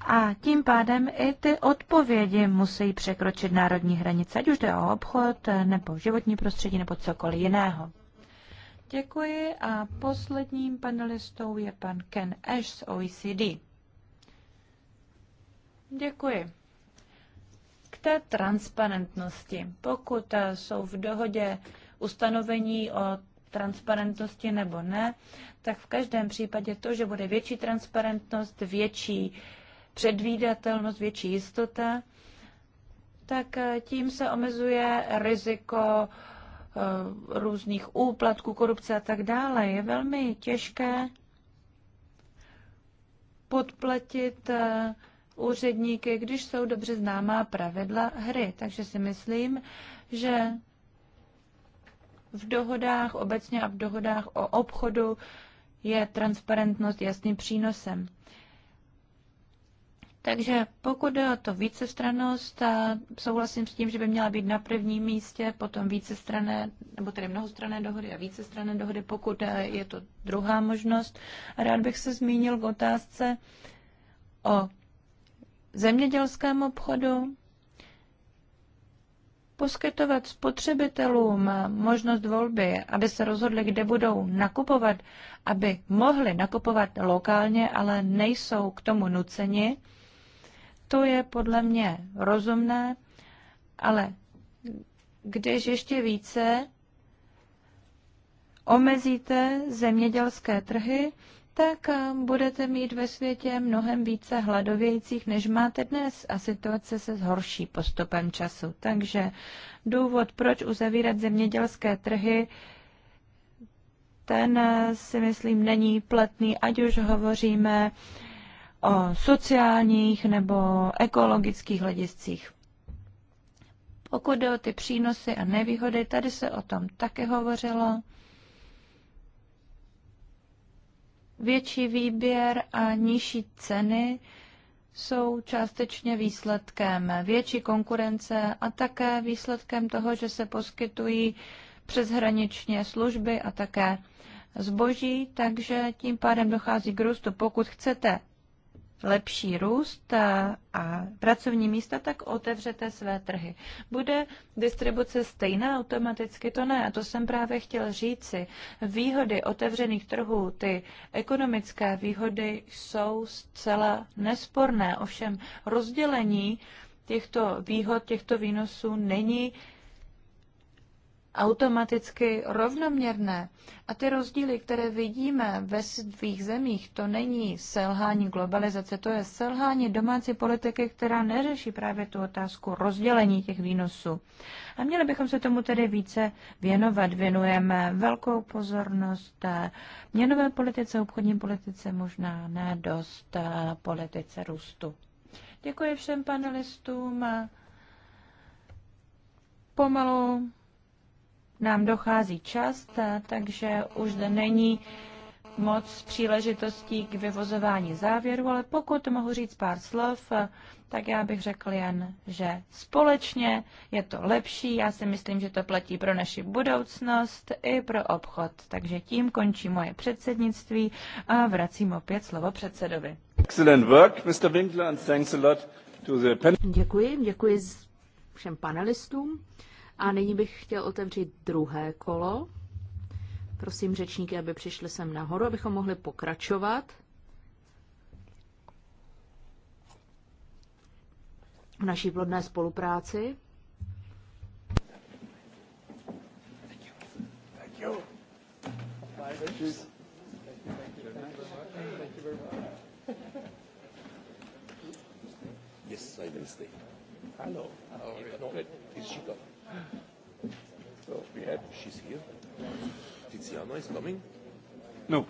A tím pádem i ty odpovědi musí překročit národní hranice, ať už jde o obchod, nebo životní prostředí, nebo cokoliv jiného. Děkuji a posledním panelistou je pan Ken Ash z OECD. Děkuji. K té transparentnosti. Pokud jsou v dohodě ustanovení o transparentnosti nebo ne, tak v každém případě to, že bude větší transparentnost, větší předvídatelnost, větší jistota, tak eh, tím se omezuje riziko eh, různých úplatků, korupce a tak dále. Je velmi těžké podplatit eh, úředníky, když jsou dobře známá pravidla hry. Takže si myslím, že v dohodách obecně a v dohodách o obchodu je transparentnost jasným přínosem. Takže pokud je to vícestrannost, a souhlasím s tím, že by měla být na prvním místě, potom vícestrané, nebo tedy mnohostrané dohody a vícestrané dohody, pokud eh, je to druhá možnost. Rád bych se zmínil k otázce o zemědělském obchodu poskytovat spotřebitelům možnost volby, aby se rozhodli, kde budou nakupovat, aby mohli nakupovat lokálně, ale nejsou k tomu nuceni, to je podle mě rozumné, ale když ještě více omezíte zemědělské trhy, tak eh, budete mít ve světě mnohem více hladovějících, než máte dnes a situace se zhorší postupem času. Takže důvod, proč uzavírat zemědělské trhy, ten eh, si myslím není platný, ať už hovoříme o sociálních nebo ekologických hlediscích. Pokud jde o ty přínosy a nevýhody, tady se o tom také hovořilo. Větší výběr a nižší ceny jsou částečně výsledkem větší konkurence a také výsledkem toho, že se poskytují přeshraničně služby a také zboží, takže tím pádem dochází k růstu. Pokud chcete lepší růst a pracovní místa, tak otevřete své trhy. Bude distribuce stejná automaticky? To ne. A to jsem právě chtěl říci. Výhody otevřených trhů, ty ekonomické výhody jsou zcela nesporné. Ovšem rozdělení těchto výhod, těchto výnosů není uh, automaticky rovnoměrné. A ty rozdíly, které vidíme ve svých zemích, to není selhání globalizace, to je selhání domácí politiky, která neřeší právě tu otázku rozdělení těch výnosů. A měli bychom se tomu tedy více věnovat. Věnujeme velkou pozornost měnové politice, obchodní politice, možná ne dost eh, politice růstu. Děkuji všem panelistům. Pomalu nám dochází čas, takže už zde není moc příležitostí k vyvozování závěru, ale pokud mohu říct pár slov, eh, tak já bych řekl jen, že společně je to lepší. Já si myslím, že to platí pro naši budoucnost i pro obchod. Takže tím končí moje předsednictví a vracím opět slovo předsedovi. Excellent work, Mr. Winkler, and thanks a lot to the Děkuji, děkuji všem panelistům. A nyní bych chtěl otevřít druhé kolo. Prosím řečníky, aby přišli sem nahoru, abychom mohli pokračovat. v naší plodné spolupráci. Yes, I will stay. Hello. How ah, are no, you? It's So, we have, she's here. Tiziana is coming? No.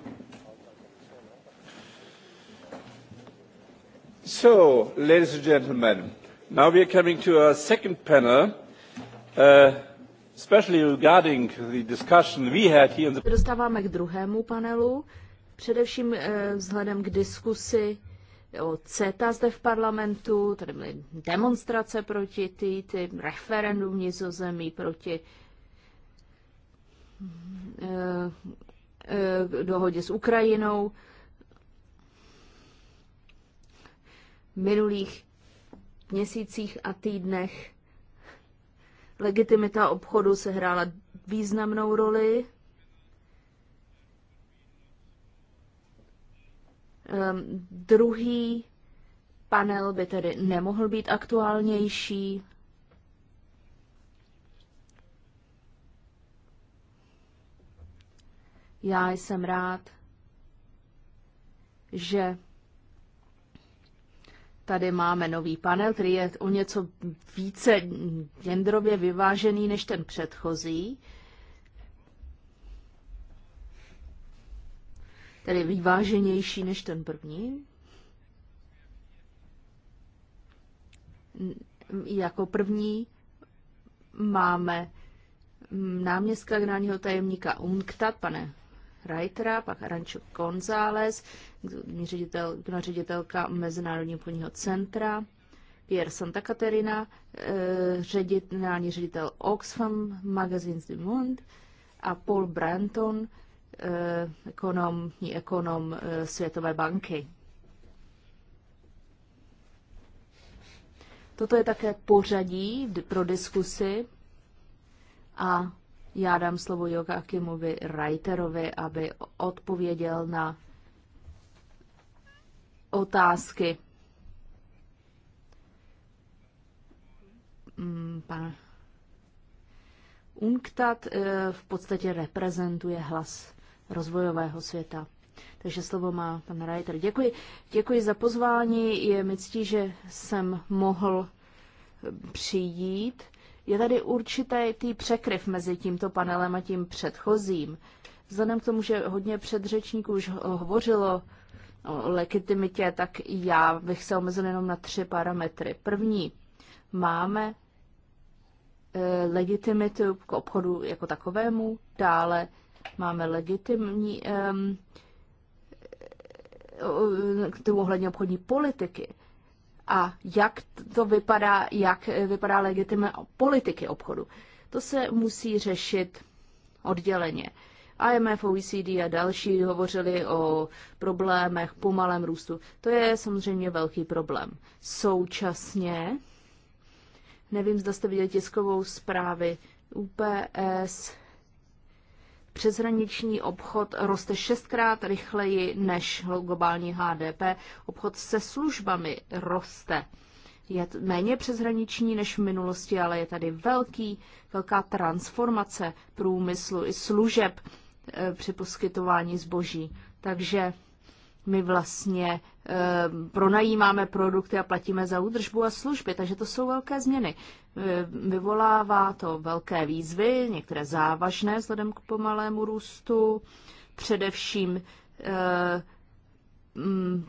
So, ladies and gentlemen, now we are coming to our second panel, uh, especially regarding the discussion we had here in the... Dostáváme k druhému panelu, především eh, vzhledem k diskusi o CETA zde v parlamentu, tady byly demonstrace proti ty, ty referendum nizozemí proti eh, eh, dohodě s Ukrajinou. V minulých měsících a týdnech legitimita obchodu se hrála významnou roli. Um, druhý panel by tedy nemohl být aktuálnější. Já jsem rád, že tady máme nový panel, který je o něco více genderově vyvážený než ten předchozí. tedy vyváženější než ten první. Jako první máme mm, náměstka generálního tajemníka UNCTAD, pane Reitera, pak Rancho González, ředitel, ředitelka Mezinárodního obchodního centra, Pierre Santa Caterina, eh, ředitel, ředitel Oxfam, Magazines du Monde a Paul Branton, ekonomní eh, ekonom eh, Světové banky. Toto je také pořadí pro diskusy a já dám slovo Joachimovi Reiterovi, aby odpověděl na otázky mm, Pan Unktad eh, v podstatě reprezentuje hlas rozvojového světa. Takže slovo má pan Reiter. Děkuji. Děkuji za pozvání. Je mi ctí, že jsem mohl eh, přijít. Je tady určitý překryv mezi tímto panelem a tím předchozím. Vzhledem k tomu, že hodně předřečníků už hovořilo o legitimitě, tak já bych se omezil jenom na tři parametry. První, máme eh, legitimitu k obchodu jako takovému, dále Máme legitimní um, ohledně obchodní politiky a jak to vypadá, jak vypadá legitimní politiky obchodu. To se musí řešit odděleně. IMF, OECD a další hovořili o problémech pomalém růstu. To je samozřejmě velký problém. Současně, nevím, zda jste viděli tiskovou zprávy UPS, Přeshraniční obchod roste šestkrát rychleji než globální HDP. Obchod se službami roste. Je méně přeshraniční než v minulosti, ale je tady velký, velká transformace průmyslu i služeb eh, při poskytování zboží. Takže my vlastně e, pronajímáme produkty a platíme za údržbu a služby, takže to jsou velké změny. E, vyvolává to velké výzvy, některé závažné vzhledem k pomalému růstu, především e, eh, m,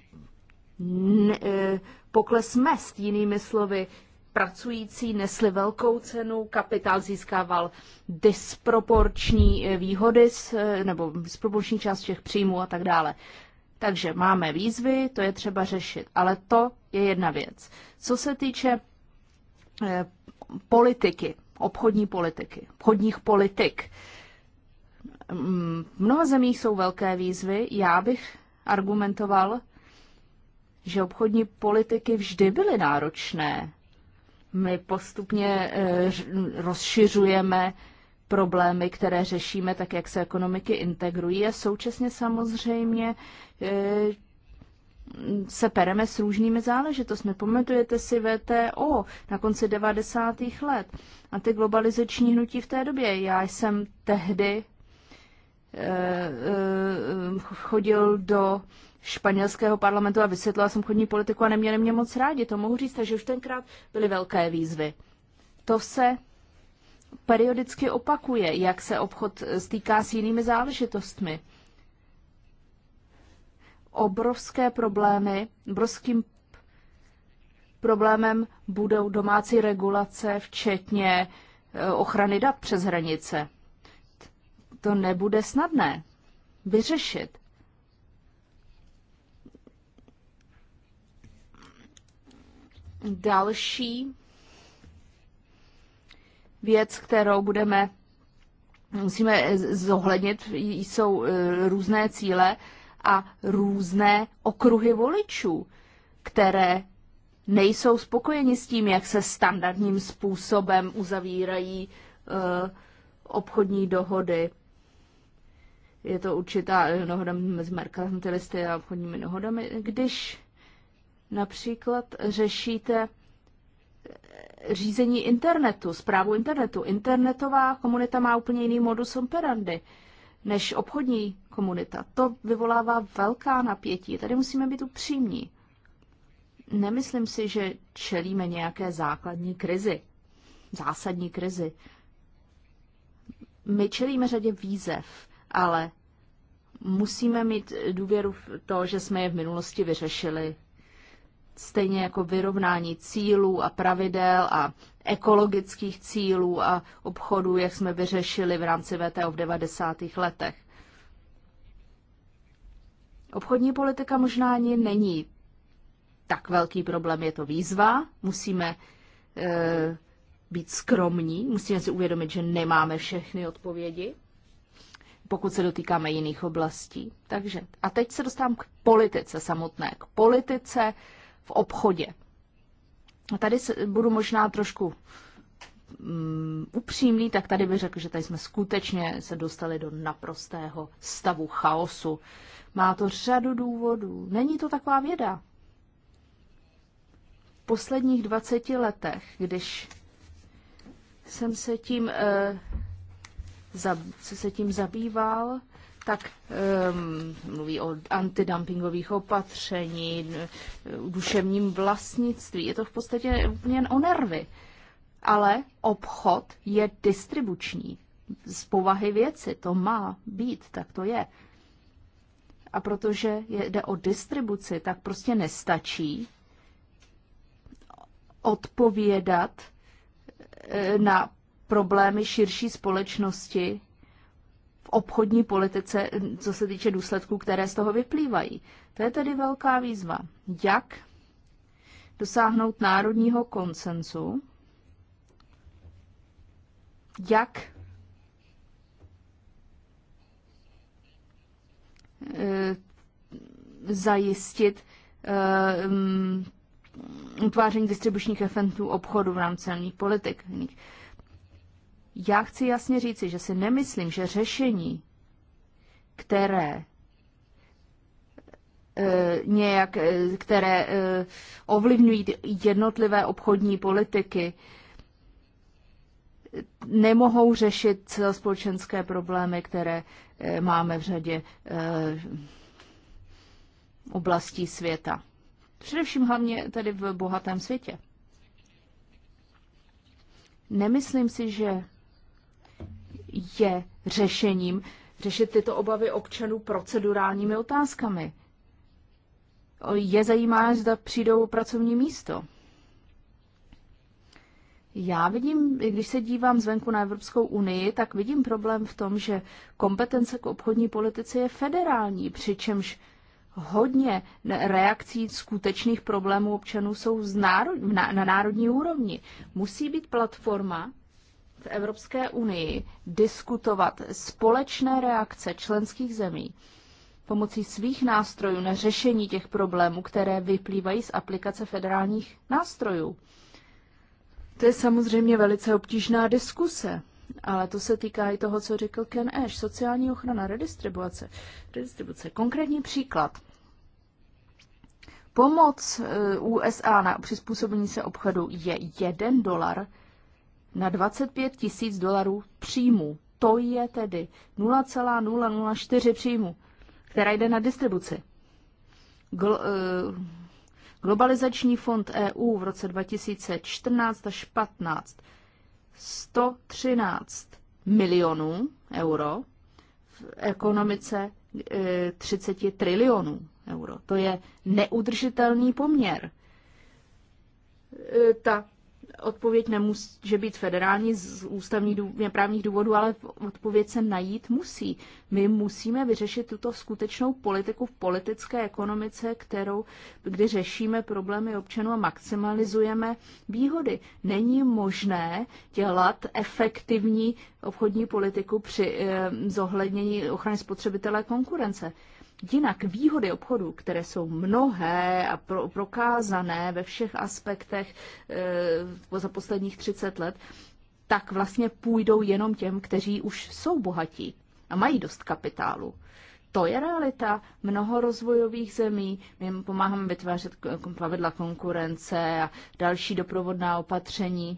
mm, ne, e, pokles mest, jinými slovy, pracující nesli velkou cenu, kapitál získával disproporční výhody nebo disproporční část všech příjmů a tak dále. Takže máme výzvy, to je třeba řešit, ale to je jedna věc. Co se týče eh, politiky, obchodní politiky, obchodních politik, mm, v mnoha zemích jsou velké výzvy. Já bych argumentoval, že obchodní politiky vždy byly náročné. My postupně eh, rozšiřujeme problémy, které řešíme, tak jak se ekonomiky integrují a současně samozřejmě eh, se pereme s různými záležitostmi. Pamatujete si VTO na konci 90. let a ty globalizační hnutí v té době. Já jsem tehdy eh, eh, chodil do španělského parlamentu a vysvětlila jsem chodní politiku a neměli mě moc rádi, to mohu říct, takže už tenkrát byly velké výzvy. To se periodicky opakuje, jak se obchod stýká s jinými záležitostmi. Obrovské problémy, obrovským problémem budou domácí regulace, včetně e, ochrany dat přes hranice. To nebude snadné vyřešit. Další věc, kterou budeme musíme zohlednit, jsou e, různé cíle a různé okruhy voličů, které nejsou spokojeni s tím, jak se standardním způsobem uzavírají e, obchodní dohody. Je to určitá dohoda mezi merkantilisty a obchodními dohodami. Když například řešíte řízení internetu, zprávu internetu. Internetová komunita má úplně jiný modus operandi než obchodní komunita. To vyvolává velká napětí. Tady musíme být upřímní. Nemyslím si, že čelíme nějaké základní krizi, zásadní krizi. My čelíme řadě výzev, ale musíme mít důvěru v to, že jsme je v minulosti vyřešili stejně jako vyrovnání cílů a pravidel a ekologických cílů a obchodů, jak jsme vyřešili v rámci VTO v 90. letech. Obchodní politika možná ani není tak velký problém, je to výzva. Musíme e, být skromní, musíme si uvědomit, že nemáme všechny odpovědi, pokud se dotýkáme jiných oblastí. Takže, a teď se dostávám k politice samotné, k politice, e, v obchodě. A tady se, budu možná trošku mm, upřímný, tak tady bych řekl, že tady jsme skutečně se dostali do naprostého stavu chaosu. Má to řadu důvodů. Není to taková věda. V posledních 20 letech, když jsem se tím, eh, zab, se tím zabýval, tak um, mluví o antidumpingových opatření, eh, duševním vlastnictví. Je to v podstatě jen o nervy. Ale obchod je distribuční. Z povahy věci to má být, tak to je. A protože jde o distribuci, tak prostě nestačí odpovědat eh, na problémy širší společnosti obchodní politice, co se týče důsledků, které z toho vyplývají. To je tedy velká výzva. Jak dosáhnout národního konsenzu? Jak eh, zajistit eh, mm, utváření distribučních efektů obchodu v rámci celních politik? Já chci jasně říci, že si nemyslím, že řešení, které eh, nějak, eh, které eh, ovlivňují jednotlivé obchodní politiky, nemohou řešit celospolečenské problémy, které máme v řadě oblastí světa. Především hlavně tady v bohatém světě. Nemyslím si, že je řešením řešit tyto obavy občanů procedurálními otázkami. Je zajímá, zda přijdou pracovní místo. Já vidím, když se dívám zvenku na Evropskou unii, tak vidím problém v tom, že kompetence k obchodní politice je federální, přičemž hodně reakcí skutečných problémů občanů jsou z národ, na, na národní úrovni. Musí být platforma, v Evropské unii diskutovat společné reakce členských zemí pomocí svých nástrojů na řešení těch problémů, které vyplývají z aplikace federálních nástrojů. To je samozřejmě velice obtížná diskuse, ale to se týká i toho, co řekl Ken Ash, sociální ochrana, redistribuce. redistribuce. Konkrétní příklad. Pomoc eh, USA na přizpůsobení se obchodu je 1 dolar na 25 tisíc dolarů příjmu. To je tedy 0,004 příjmu, která jde na distribuci. Gl- uh, eh, globalizační fond EU v roce 2014 až 15 113 milionů euro v ekonomice uh, eh, 30 trilionů euro. To je neudržitelný poměr. Uh, ta odpověď nemůže být federální z ústavních právních důvodů, ale odpověď se najít musí. My musíme vyřešit tuto skutečnou politiku v politické ekonomice, kterou, kdy řešíme problémy občanů a maximalizujeme výhody. Není možné dělat efektivní obchodní politiku při eh, zohlednění ochrany spotřebitele konkurence. Jinak výhody obchodu, které jsou mnohé a pro, prokázané ve všech aspektech e, za posledních 30 let, tak vlastně půjdou jenom těm, kteří už jsou bohatí a mají dost kapitálu. To je realita mnoho rozvojových zemí. My jim pomáháme vytvářet pravidla konkurence a další doprovodná opatření,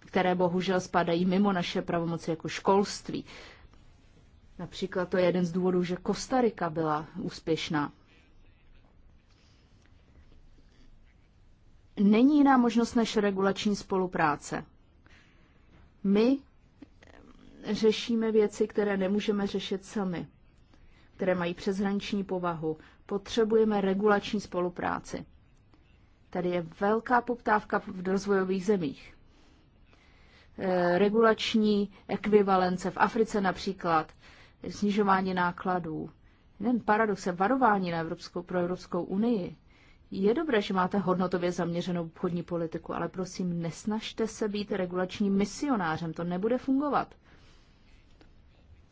které bohužel spadají mimo naše pravomoci jako školství. Například to je jeden z důvodů, že Kostarika byla úspěšná. Není jiná možnost než regulační spolupráce. My řešíme věci, které nemůžeme řešit sami, které mají přeshraniční povahu. Potřebujeme regulační spolupráci. Tady je velká poptávka v rozvojových zemích. Eh, regulační ekvivalence v Africe například snižování nákladů. Jeden paradox je varování na Evropskou, pro Evropskou unii. Je dobré, že máte hodnotově zaměřenou obchodní politiku, ale prosím, nesnažte se být regulačním misionářem, to nebude fungovat.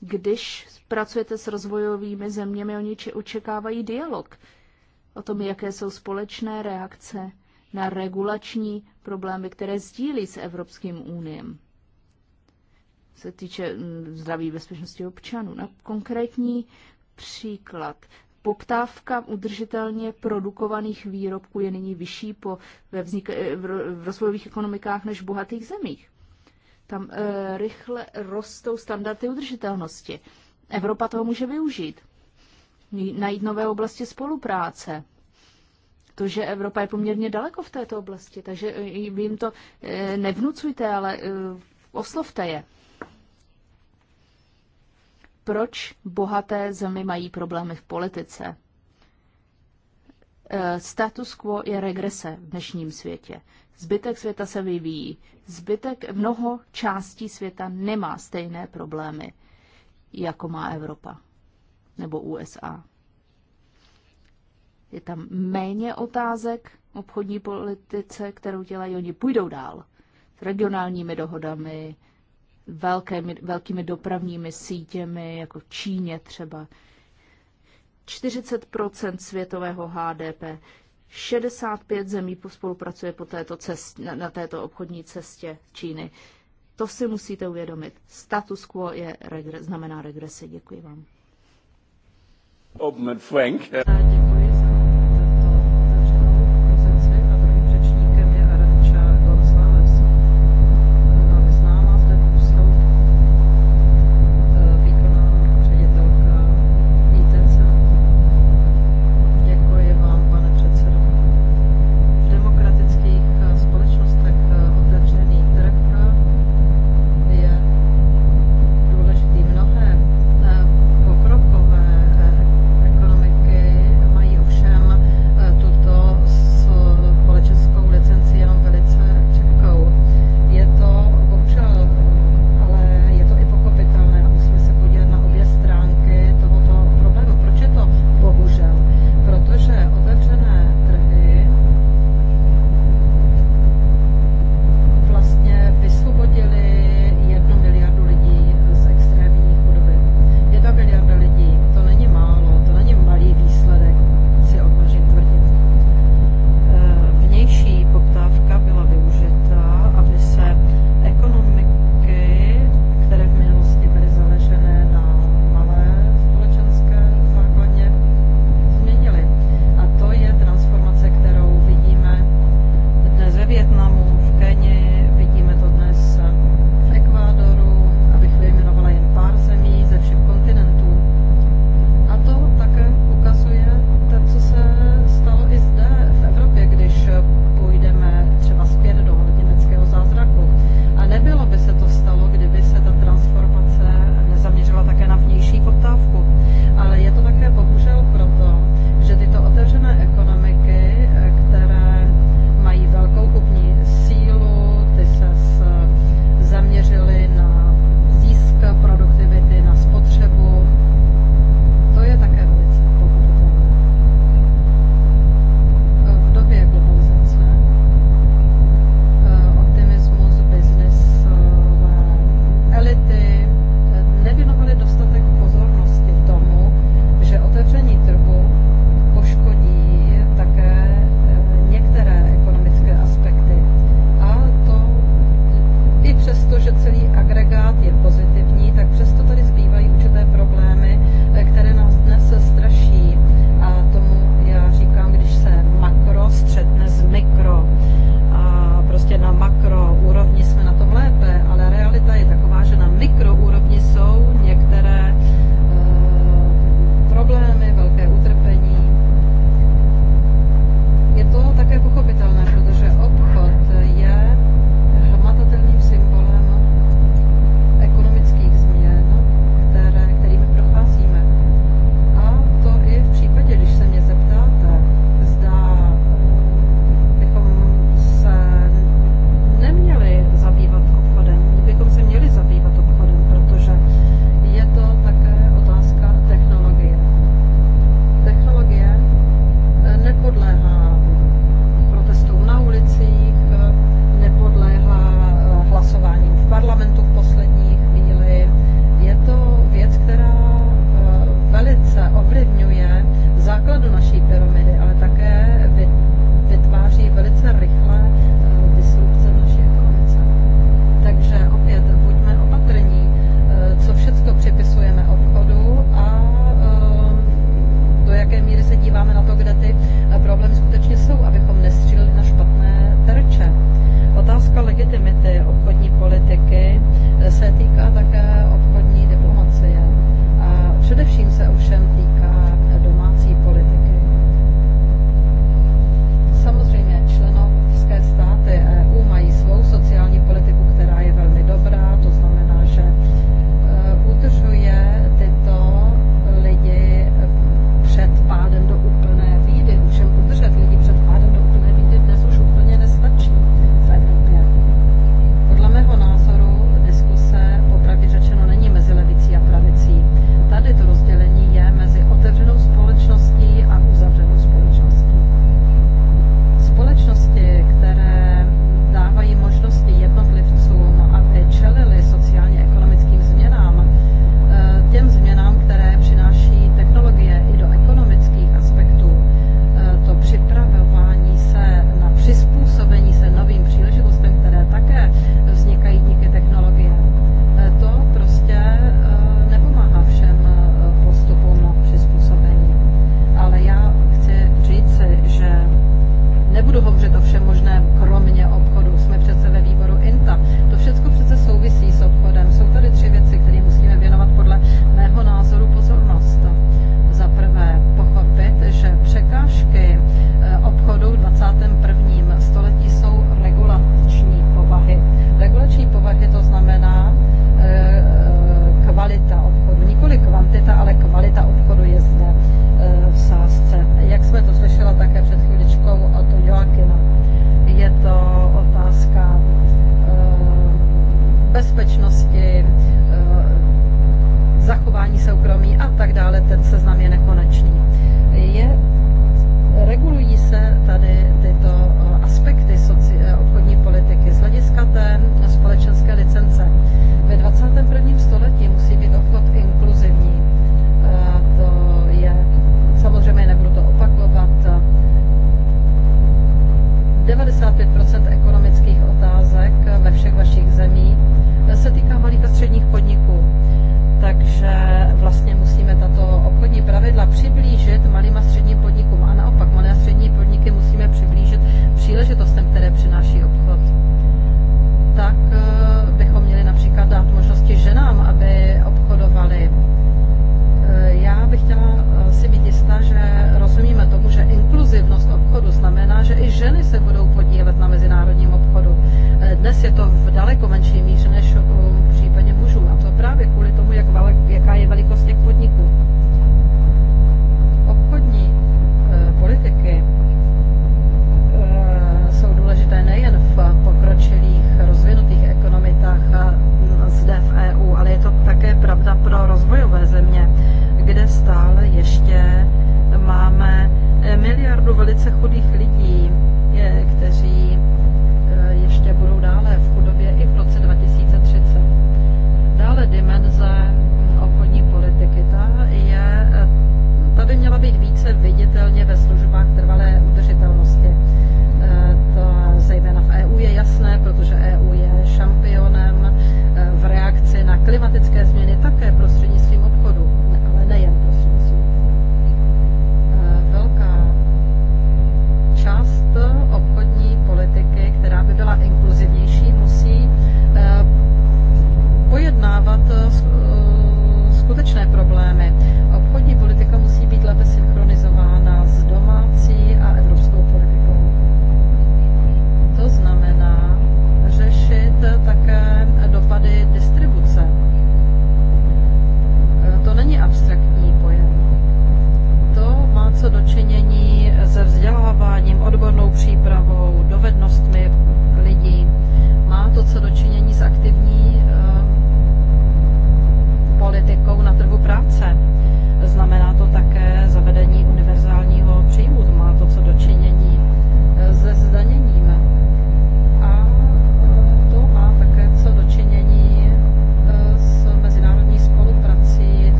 Když pracujete s rozvojovými zeměmi, oni či očekávají dialog o tom, jaké jsou společné reakce na regulační problémy, které sdílí s Evropským uniem se týče mm, zdraví bezpečnosti občanů. Na konkrétní příklad. Poptávka udržitelně produkovaných výrobků je nyní vyšší po, ve vznik, eh, v rozvojových ekonomikách než v bohatých zemích. Tam e, rychle rostou standardy udržitelnosti. Evropa toho může využít. Najít nové oblasti spolupráce. To, že Evropa je poměrně daleko v této oblasti, takže vy eh, jim to e, nevnucujte, ale e, oslovte je. Proč bohaté zemi mají problémy v politice? E, status quo je regrese v dnešním světě. Zbytek světa se vyvíjí. Zbytek mnoho částí světa nemá stejné problémy, jako má Evropa nebo USA. Je tam méně otázek obchodní politice, kterou dělají oni. Půjdou dál s regionálními dohodami, velkými, velkými dopravními sítěmi, jako v Číně třeba. 40 světového HDP. 65 zemí spolupracuje po této cest, na, na této obchodní cestě Číny. To si musíte uvědomit. Status quo je regre, znamená regresi. Děkuji vám. Obman Frank. Děkuji.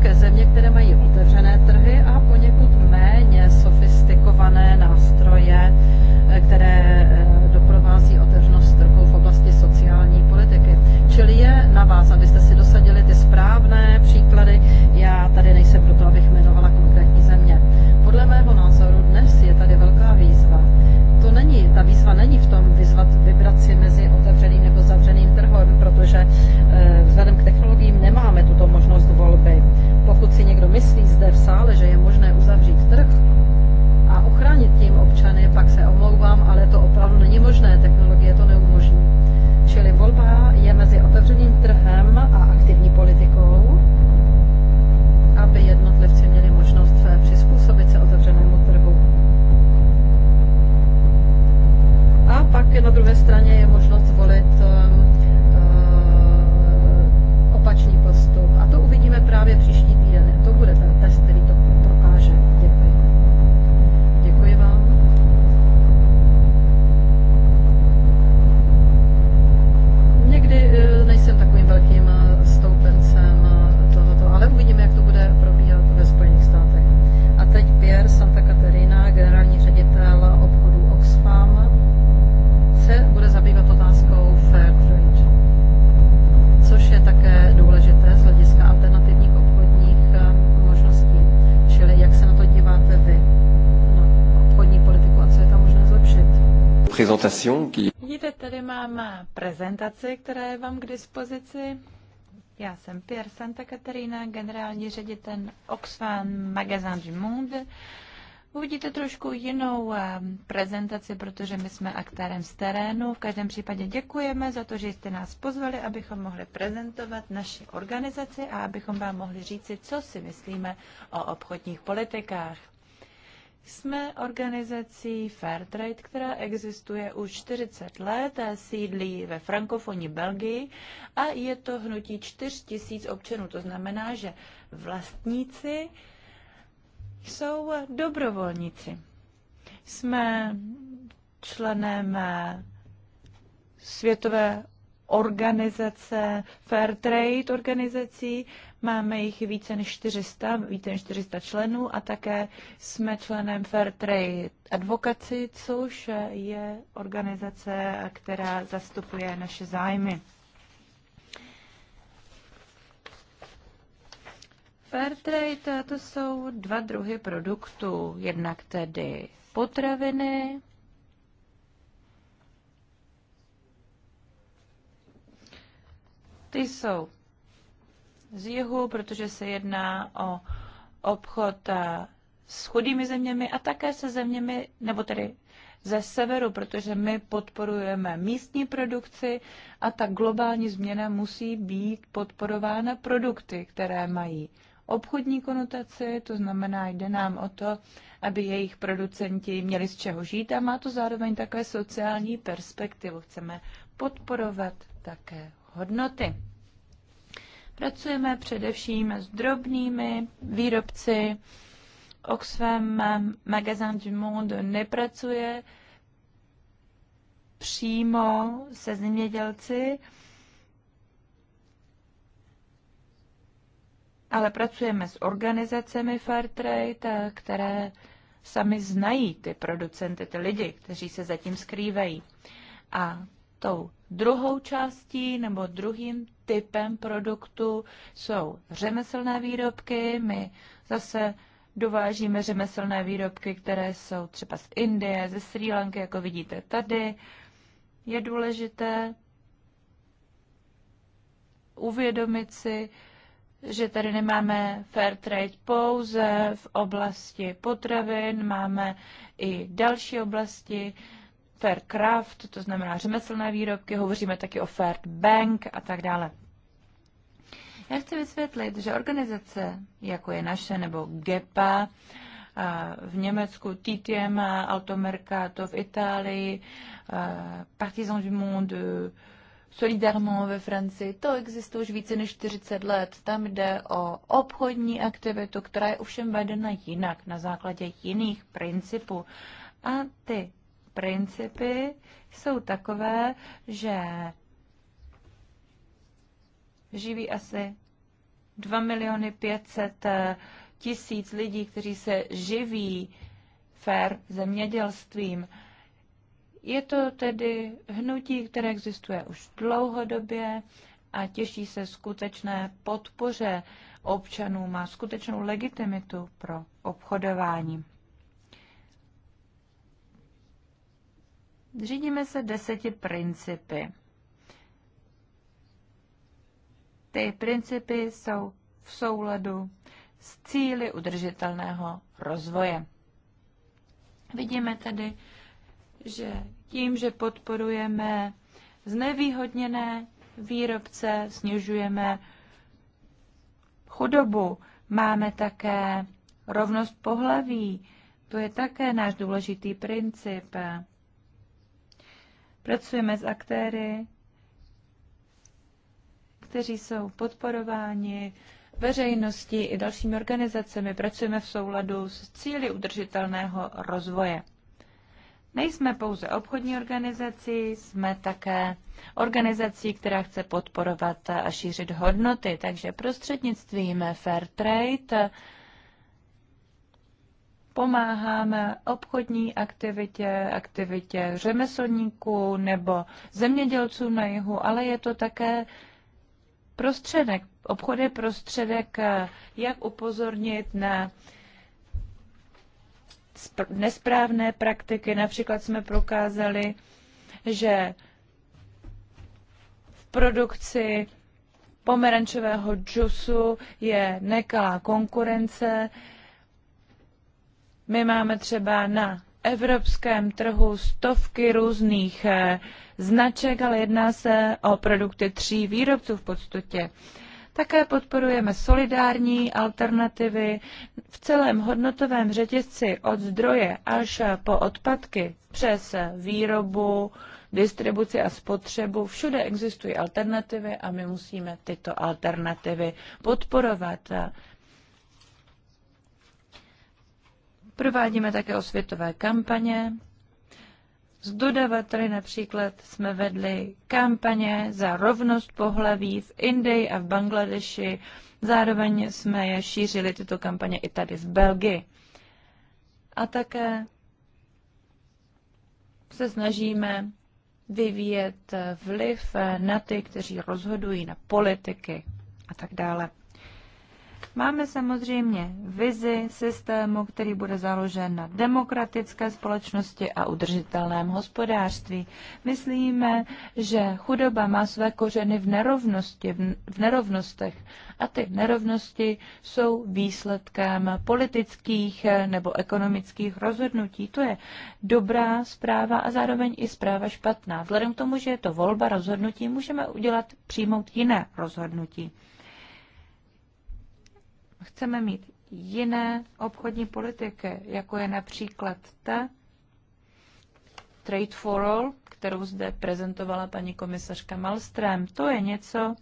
také země, které mají otevřené trhy a poněkud méně sofistikované nástroje, eh, které eh, doprovází otevřenost trhu v oblasti sociální politiky. Čili je na vás, abyste si dosadili ty správné příklady. Já tady nejsem proto, abych jmenovala občany, pak se omlouvám, ale to opravdu není možné, technologie to neumožní. Čili volba je mezi otevřeným trhem a aktivní politikou Vidíte, tady mám prezentaci, která je vám k dispozici. Já jsem Pierre Santa Caterina, generální ředitel Oxfam Magazin du Monde. Uvidíte trošku jinou eh, prezentaci, protože my jsme aktérem z terénu. V každém případě děkujeme za to, že jste nás pozvali, abychom mohli prezentovat naši organizaci a abychom vám mohli říci, co si myslíme o obchodních politikách. Jsme organizací Fairtrade, která existuje už 40 let a sídlí ve frankofonní Belgii a je to hnutí 4 tisíc občanů. To znamená, že vlastníci jsou dobrovolníci. Jsme členem eh, světové organizace Fairtrade organizací, Máme jich více než 400, více než 400 členů a také jsme členem Fair Trade Advocacy, což je organizace, která zastupuje naše zájmy. Fairtrade to jsou dva druhy produktů. Jednak tedy potraviny, ty jsou z jihu, protože se jedná o obchod eh, s chudými zeměmi a také se zeměmi, nebo tedy ze severu, protože my podporujeme místní produkci a ta globální změna musí být podporována produkty, které mají obchodní konotaci, to znamená, jde nám o to, aby jejich producenti měli z čeho žít a má to zároveň také sociální perspektivu. Chceme podporovat také hodnoty. Pracujeme především s drobnými výrobci. Oxfam eh, Magazin du Monde nepracuje přímo se zemědělci, ale pracujeme s organizacemi Fairtrade, eh, které sami znají ty producenty, ty lidi, kteří se zatím skrývají. A tou druhou částí nebo druhým typem produktu jsou řemeslné výrobky. My zase dovážíme řemeslné výrobky, které jsou třeba z Indie, ze Sri Lanky, jako vidíte tady. Je důležité uvědomit si, že tady nemáme fair trade pouze v oblasti potravin, máme i další oblasti, fair craft, to znamená řemeslné výrobky, hovoříme taky o fair bank a tak dále. Já chci vysvětlit, že organizace, jako je naše nebo GEPA, a v Německu TTM, Altomercato v Itálii, Partisans du Monde, Solidarment ve Francii, to existuje už více než 40 let. Tam jde o obchodní aktivitu, která je ovšem vedena jinak, na základě jiných principů. A ty principy jsou takové, že živí asi 2 miliony 500 eh, tisíc lidí, kteří se živí fair zemědělstvím. Je to tedy hnutí, které existuje už dlouhodobě a těší se skutečné podpoře občanů, má skutečnou legitimitu pro obchodování. Řídíme se deseti principy. ty principy jsou v souladu s cíly udržitelného rozvoje. Vidíme tedy, že tím, že podporujeme znevýhodněné výrobce, snižujeme chudobu, máme také rovnost pohlaví, to je také náš důležitý princip. Pracujeme s aktéry, kteří jsou podporováni veřejnosti i dalšími organizacemi. Pracujeme v souladu s cíly udržitelného rozvoje. Nejsme pouze obchodní organizací, jsme také organizací, která chce podporovat a šířit hodnoty. Takže prostřednictvím Fair Trade pomáháme obchodní aktivitě, aktivitě řemeslníků nebo zemědělců na jihu, ale je to také prostředek. Obchod je prostředek, eh, jak upozornit na nesprávné praktiky. Například jsme prokázali, že v produkci pomerančového džusu je nekalá konkurence. My máme třeba na evropském trhu stovky různých eh, značek, ale jedná se o produkty tří výrobců v podstatě. Také podporujeme solidární alternativy v celém hodnotovém řetězci od zdroje až eh, po odpadky přes výrobu, distribuci a spotřebu. Všude existují alternativy a my musíme tyto alternativy podporovat. Provádíme také osvětové kampaně. S dodavateli například jsme vedli kampaně za rovnost pohlaví v Indii a v Bangladeši. Zároveň jsme je šířili tyto kampaně i tady v Belgii. A také se snažíme vyvíjet vliv na ty, kteří rozhodují na politiky a tak dále. Máme samozřejmě vizi systému, který bude založen na demokratické společnosti a udržitelném hospodářství. Myslíme, že chudoba má své kořeny v nerovnosti, v nerovnostech a ty nerovnosti jsou výsledkem politických nebo ekonomických rozhodnutí. To je dobrá zpráva a zároveň i zpráva špatná. Vzhledem k tomu, že je to volba rozhodnutí, můžeme udělat přijmout jiné rozhodnutí chceme mít jiné obchodní politiky, jako je například ta Trade for All, kterou zde prezentovala paní komisařka Malström. To je něco,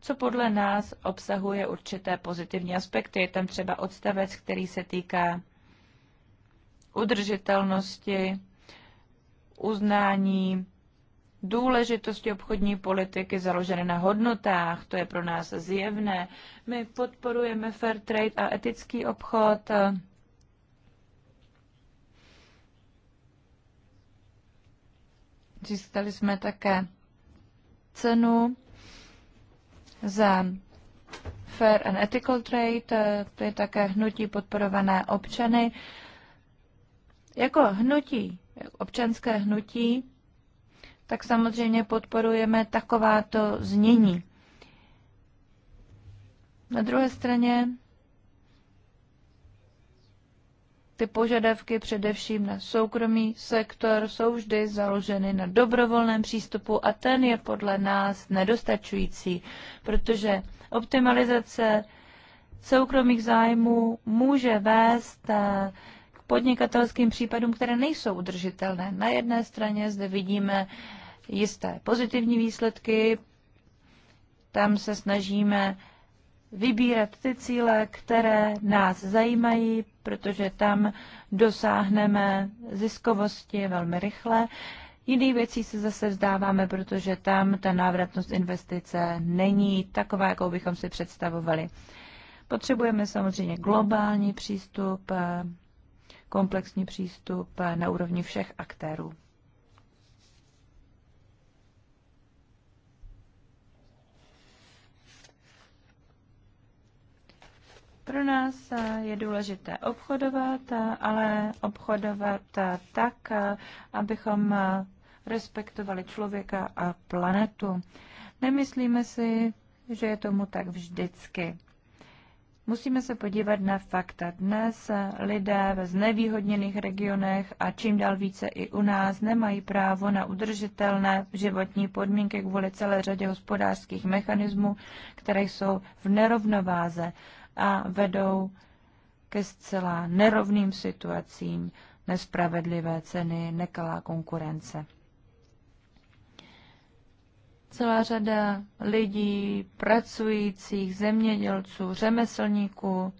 co podle nás obsahuje určité pozitivní aspekty. Je tam třeba odstavec, který se týká udržitelnosti, uznání důležitosti obchodní politiky založené na hodnotách, to je pro nás zjevné. My podporujeme fair trade a etický obchod. Získali jsme také cenu za Fair and Ethical Trade, to je také hnutí podporované občany. Jako hnutí, občanské hnutí, tak samozřejmě podporujeme takováto znění. Na druhé straně ty požadavky především na soukromý sektor jsou vždy založeny na dobrovolném přístupu a ten je podle nás nedostačující, protože optimalizace soukromých zájmů může vést eh, podnikatelským případům, které nejsou udržitelné. Na jedné straně zde vidíme jisté pozitivní výsledky, tam se snažíme vybírat ty cíle, které nás zajímají, protože tam dosáhneme ziskovosti velmi rychle. Jiný věcí se zase vzdáváme, protože tam ta návratnost investice není taková, jakou bychom si představovali. Potřebujeme samozřejmě globální přístup, komplexní přístup na úrovni všech aktérů. Pro nás je důležité obchodovat, ale obchodovat tak, abychom respektovali člověka a planetu. Nemyslíme si, že je tomu tak vždycky. Musíme se podívat na fakta. Dnes lidé ve znevýhodněných regionech a čím dál více i u nás nemají právo na udržitelné životní podmínky kvůli celé řadě hospodářských mechanismů, které jsou v nerovnováze a vedou ke zcela nerovným situacím, nespravedlivé ceny, nekalá konkurence. Celá řada lidí, pracujících, zemědělců, řemeslníků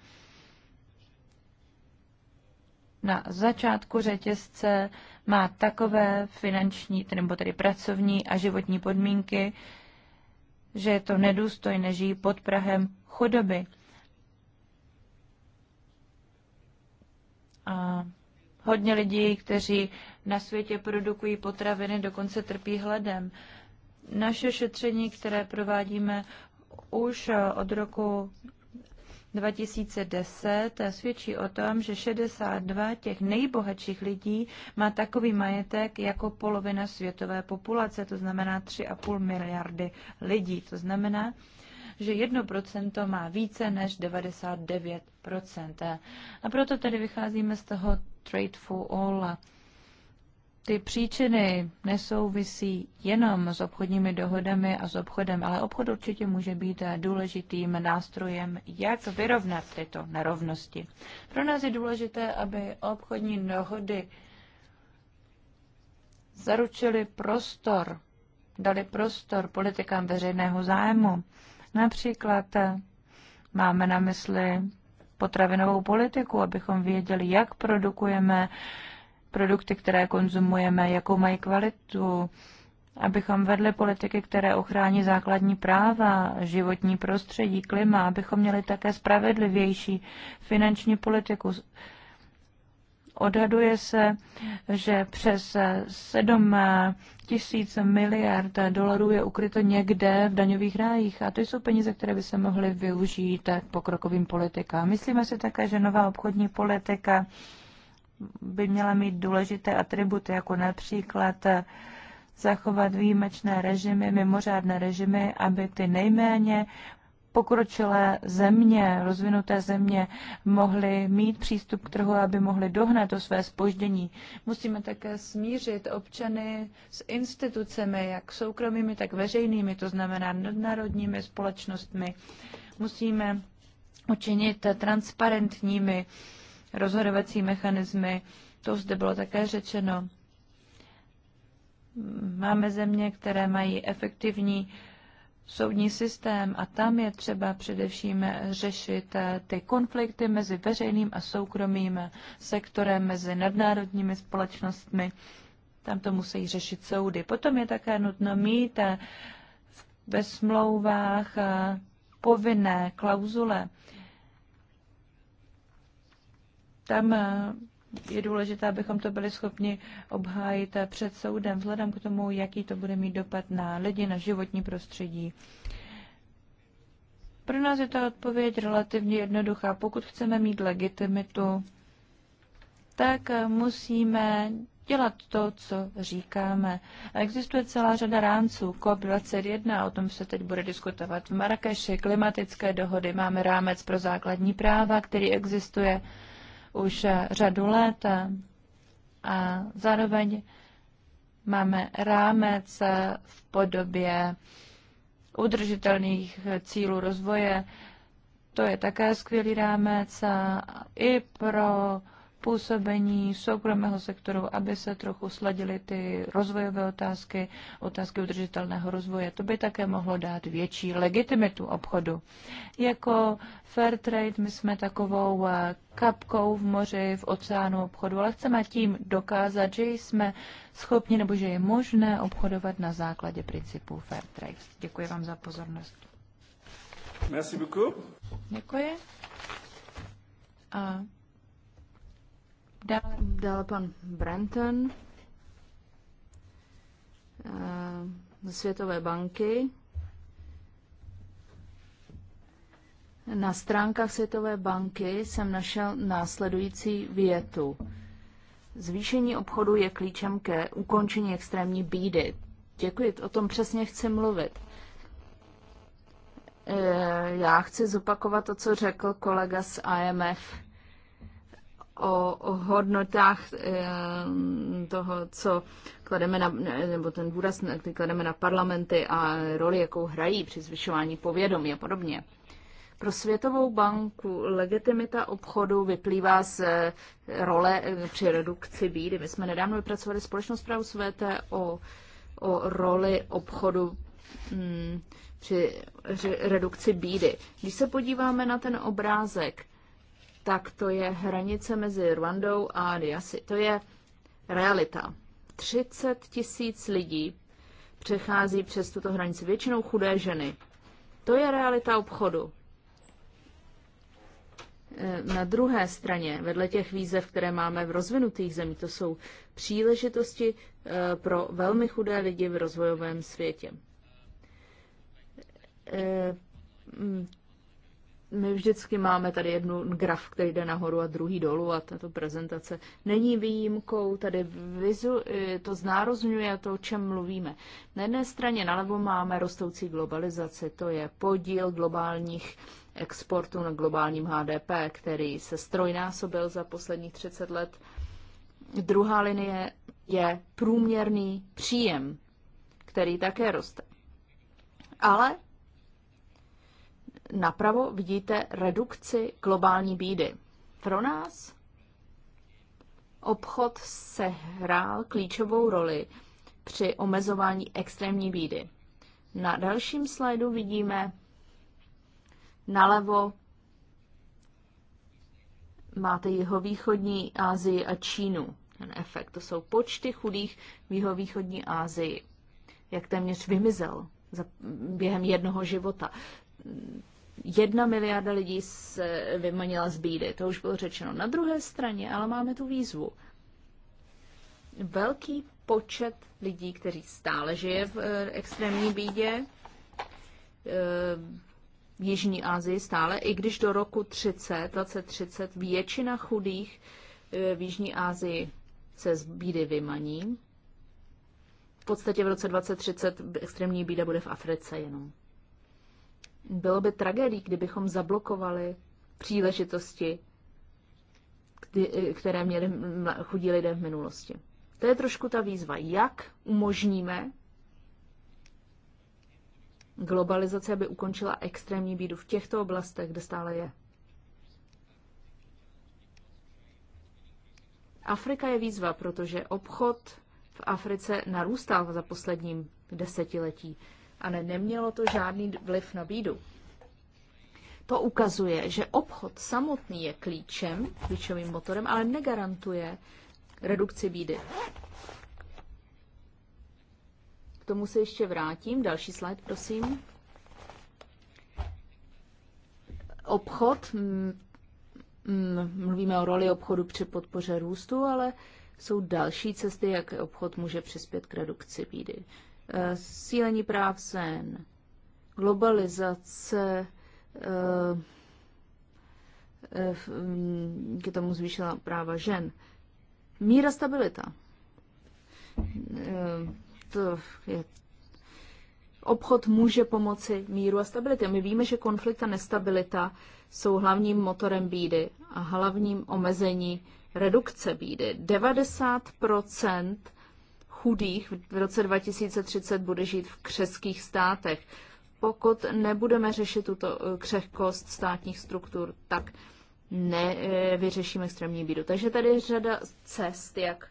na začátku řetězce má takové finanční, nebo tedy pracovní a životní podmínky, že je to nedůstojné, žijí pod Prahem chudoby. A hodně lidí, kteří na světě produkují potraviny, dokonce trpí hledem. Naše šetření, které provádíme už od roku 2010 svědčí o tom, že 62 těch nejbohatších lidí má takový majetek jako polovina světové populace, to znamená 3,5 miliardy lidí. To znamená, že 1% má více než 99%. A proto tady vycházíme z toho trade for all ty příčiny nesouvisí jenom s obchodními dohodami a s obchodem, ale obchod určitě může být důležitým nástrojem, jak vyrovnat tyto nerovnosti. Pro nás je důležité, aby obchodní dohody zaručily prostor, dali prostor politikám veřejného zájmu. Například eh, máme na mysli potravinovou politiku, abychom věděli, jak produkujeme produkty, které konzumujeme, jakou mají kvalitu, abychom vedli politiky, které ochrání základní práva, životní prostředí, klima, abychom měli také spravedlivější finanční politiku. Odhaduje se, že přes 7 tisíc miliard dolarů je ukryto někde v daňových rájích a to jsou peníze, které by se mohly využít k pokrokovým politikám. Myslíme si také, že nová obchodní politika by měla mít důležité atributy, jako například eh, zachovat výjimečné režimy, mimořádné režimy, aby ty nejméně pokročilé země, rozvinuté země mohly mít přístup k trhu, aby mohly dohnat to své spoždění. Musíme také smířit občany s institucemi, jak soukromými, tak veřejnými, to znamená nadnárodními společnostmi. Musíme učinit transparentními uh, rozhodovací mechanismy, to zde bylo také řečeno. Máme země, které mají efektivní soudní systém a tam je třeba především řešit eh, ty konflikty mezi veřejným a soukromým sektorem, mezi nadnárodními společnostmi. Tam to musí řešit soudy. Potom je také nutno mít eh, ve smlouvách eh, povinné klauzule, tam eh, je důležité, abychom to byli schopni obhájit eh, před soudem, vzhledem k tomu, jaký to bude mít dopad na lidi, na životní prostředí. Pro nás je ta odpověď relativně jednoduchá. Pokud chceme mít legitimitu, tak eh, musíme dělat to, co říkáme. A existuje celá řada rámců. COP21, o tom se teď bude diskutovat v Marrakeši, klimatické dohody, máme rámec pro základní práva, který existuje už eh, řadu let eh, a zároveň máme rámec eh, v podobě udržitelných cílů rozvoje. To je také skvělý rámec i pro působení soukromého sektoru, aby se trochu sladily ty rozvojové otázky, otázky udržitelného rozvoje. To by také mohlo dát větší legitimitu obchodu. Jako fair trade my jsme takovou eh, kapkou v moři, v oceánu obchodu, ale chceme tím dokázat, že jsme schopni nebo že je možné obchodovat na základě principů fair trade. Děkuji vám za pozornost. Merci beaucoup. Děkuji. A Dále pan Brenton eh, ze Světové banky. Na stránkách Světové banky jsem našel následující větu. Zvýšení obchodu je klíčem ke ukončení extrémní bídy. Děkuji, o tom přesně chci mluvit. Eh, já chci zopakovat to, co řekl kolega z IMF o, o hodnotách toho, co klademe na, nebo ten důraz, který klademe na parlamenty a roli, jakou hrají při zvyšování povědomí a podobně. Pro Světovou banku legitimita obchodu vyplývá z eh, role eh, při redukci bídy. My jsme nedávno vypracovali společnost zprávu světe o, o roli obchodu hmm, při redukci bídy. Když se podíváme na ten obrázek, tak to je hranice mezi Rwandou a Diasi. To je realita. 30 tisíc lidí přechází přes tuto hranici, většinou chudé ženy. To je realita obchodu. E, na druhé straně, vedle těch výzev, které máme v rozvinutých zemích, to jsou příležitosti e, pro velmi chudé lidi v rozvojovém světě e, my vždycky máme tady jednu graf, který jde nahoru a druhý dolů a tato prezentace není výjimkou, tady vizu, eh, to znározňuje to, o čem mluvíme. Na jedné straně nalevo máme rostoucí globalizaci, to je podíl globálních exportů na globálním HDP, který se strojnásobil za posledních 30 let. Druhá linie je průměrný příjem, který také roste. Ale napravo vidíte redukci globální bídy. Pro nás obchod se hrál klíčovou roli při omezování extrémní bídy. Na dalším slajdu vidíme nalevo máte jihovýchodní Asii a Čínu. Ten efekt, to jsou počty chudých v jihovýchodní Asii, jak téměř vymizel za, během jednoho života jedna miliarda lidí se vymanila z bídy, to už bylo řečeno. Na druhé straně ale máme tu výzvu. Velký počet lidí, kteří stále žije v eh, extrémní bídě, v eh, Jižní Asii stále, i když do roku 30, 2030 většina chudých eh, v Jižní Asii se z bídy vymaní. V podstatě v roce 2030 extrémní bída bude v Africe jenom. Bylo by tragédií, kdybychom zablokovali příležitosti, které měli chudí lidé v minulosti. To je trošku ta výzva. Jak umožníme globalizaci, aby ukončila extrémní bídu v těchto oblastech, kde stále je? Afrika je výzva, protože obchod v Africe narůstal za posledním desetiletí. A ne nemělo to žádný vliv na bídu. To ukazuje, že obchod samotný je klíčem, klíčovým motorem, ale negarantuje redukci bídy. K tomu se ještě vrátím. Další slide, prosím. Obchod. Mm, mm, mluvíme o roli obchodu při podpoře růstu, ale jsou další cesty, jak obchod může přispět k redukci bídy. Eh, sílení práv sen, globalizace, eh, eh, mm, k tomu zvýšila práva žen. Míra stabilita. To je Obchod může pomoci míru a stabilitě. My víme, že konflikt a nestabilita jsou hlavním motorem bídy a hlavním omezení redukce bídy. 90 chudých v roce 2030 bude žít v křeských státech. Pokud nebudeme řešit tuto eh, křehkost státních struktur, tak nevyřešíme extrémní bídu. Takže tady je řada cest, jak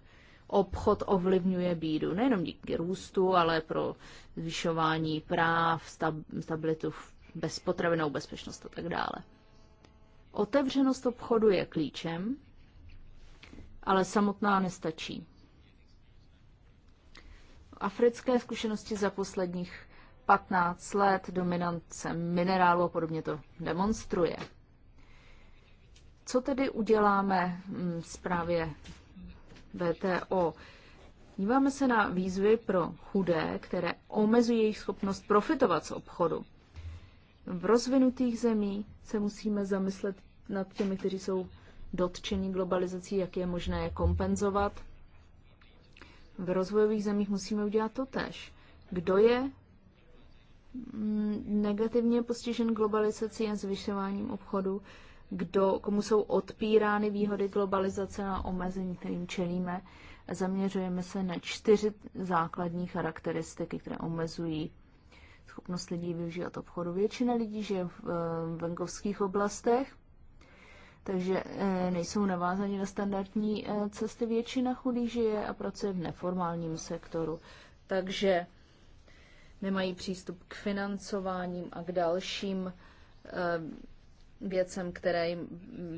obchod ovlivňuje bídu. Nejenom díky růstu, ale pro zvyšování práv, stabilitu bezpotravinou bezpečnost a tak dále. Otevřenost obchodu je klíčem, ale samotná nestačí africké zkušenosti za posledních 15 let, dominance minerálu a podobně to demonstruje. Co tedy uděláme mm, zprávě VTO? Díváme se na výzvy pro chudé, které omezují jejich schopnost profitovat z obchodu. V rozvinutých zemí se musíme zamyslet nad těmi, kteří jsou dotčení globalizací, jak je možné je kompenzovat v rozvojových zemích musíme udělat to tež. Kdo je mm, negativně postižen globalizací a zvyšováním obchodu, kdo, komu jsou odpírány výhody globalizace a omezení, kterým čelíme. Zaměřujeme se na čtyři základní charakteristiky, které omezují schopnost lidí využívat obchodu. Většina lidí žije v eh, venkovských oblastech, takže eh, nejsou navázaní na standardní eh, cesty. Většina chudých žije a pracuje v neformálním sektoru, takže nemají přístup k financováním a k dalším eh, věcem, které jim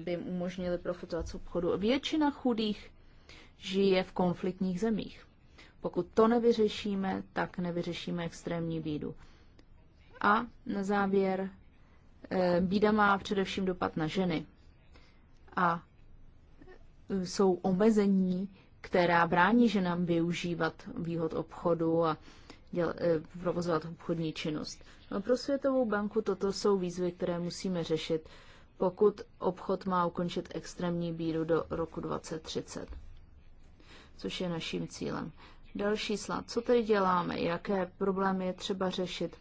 by jim umožnily profitovat z obchodu. Většina chudých žije v konfliktních zemích. Pokud to nevyřešíme, tak nevyřešíme extrémní bídu. A na závěr, bída má především dopad na ženy a jsou omezení, která brání ženám využívat výhod obchodu a děl, e, provozovat obchodní činnost. No pro Světovou banku toto jsou výzvy, které musíme řešit, pokud obchod má ukončit extrémní bíru do roku 2030, což je naším cílem. Další slad. Co tady děláme? Jaké problémy je třeba řešit?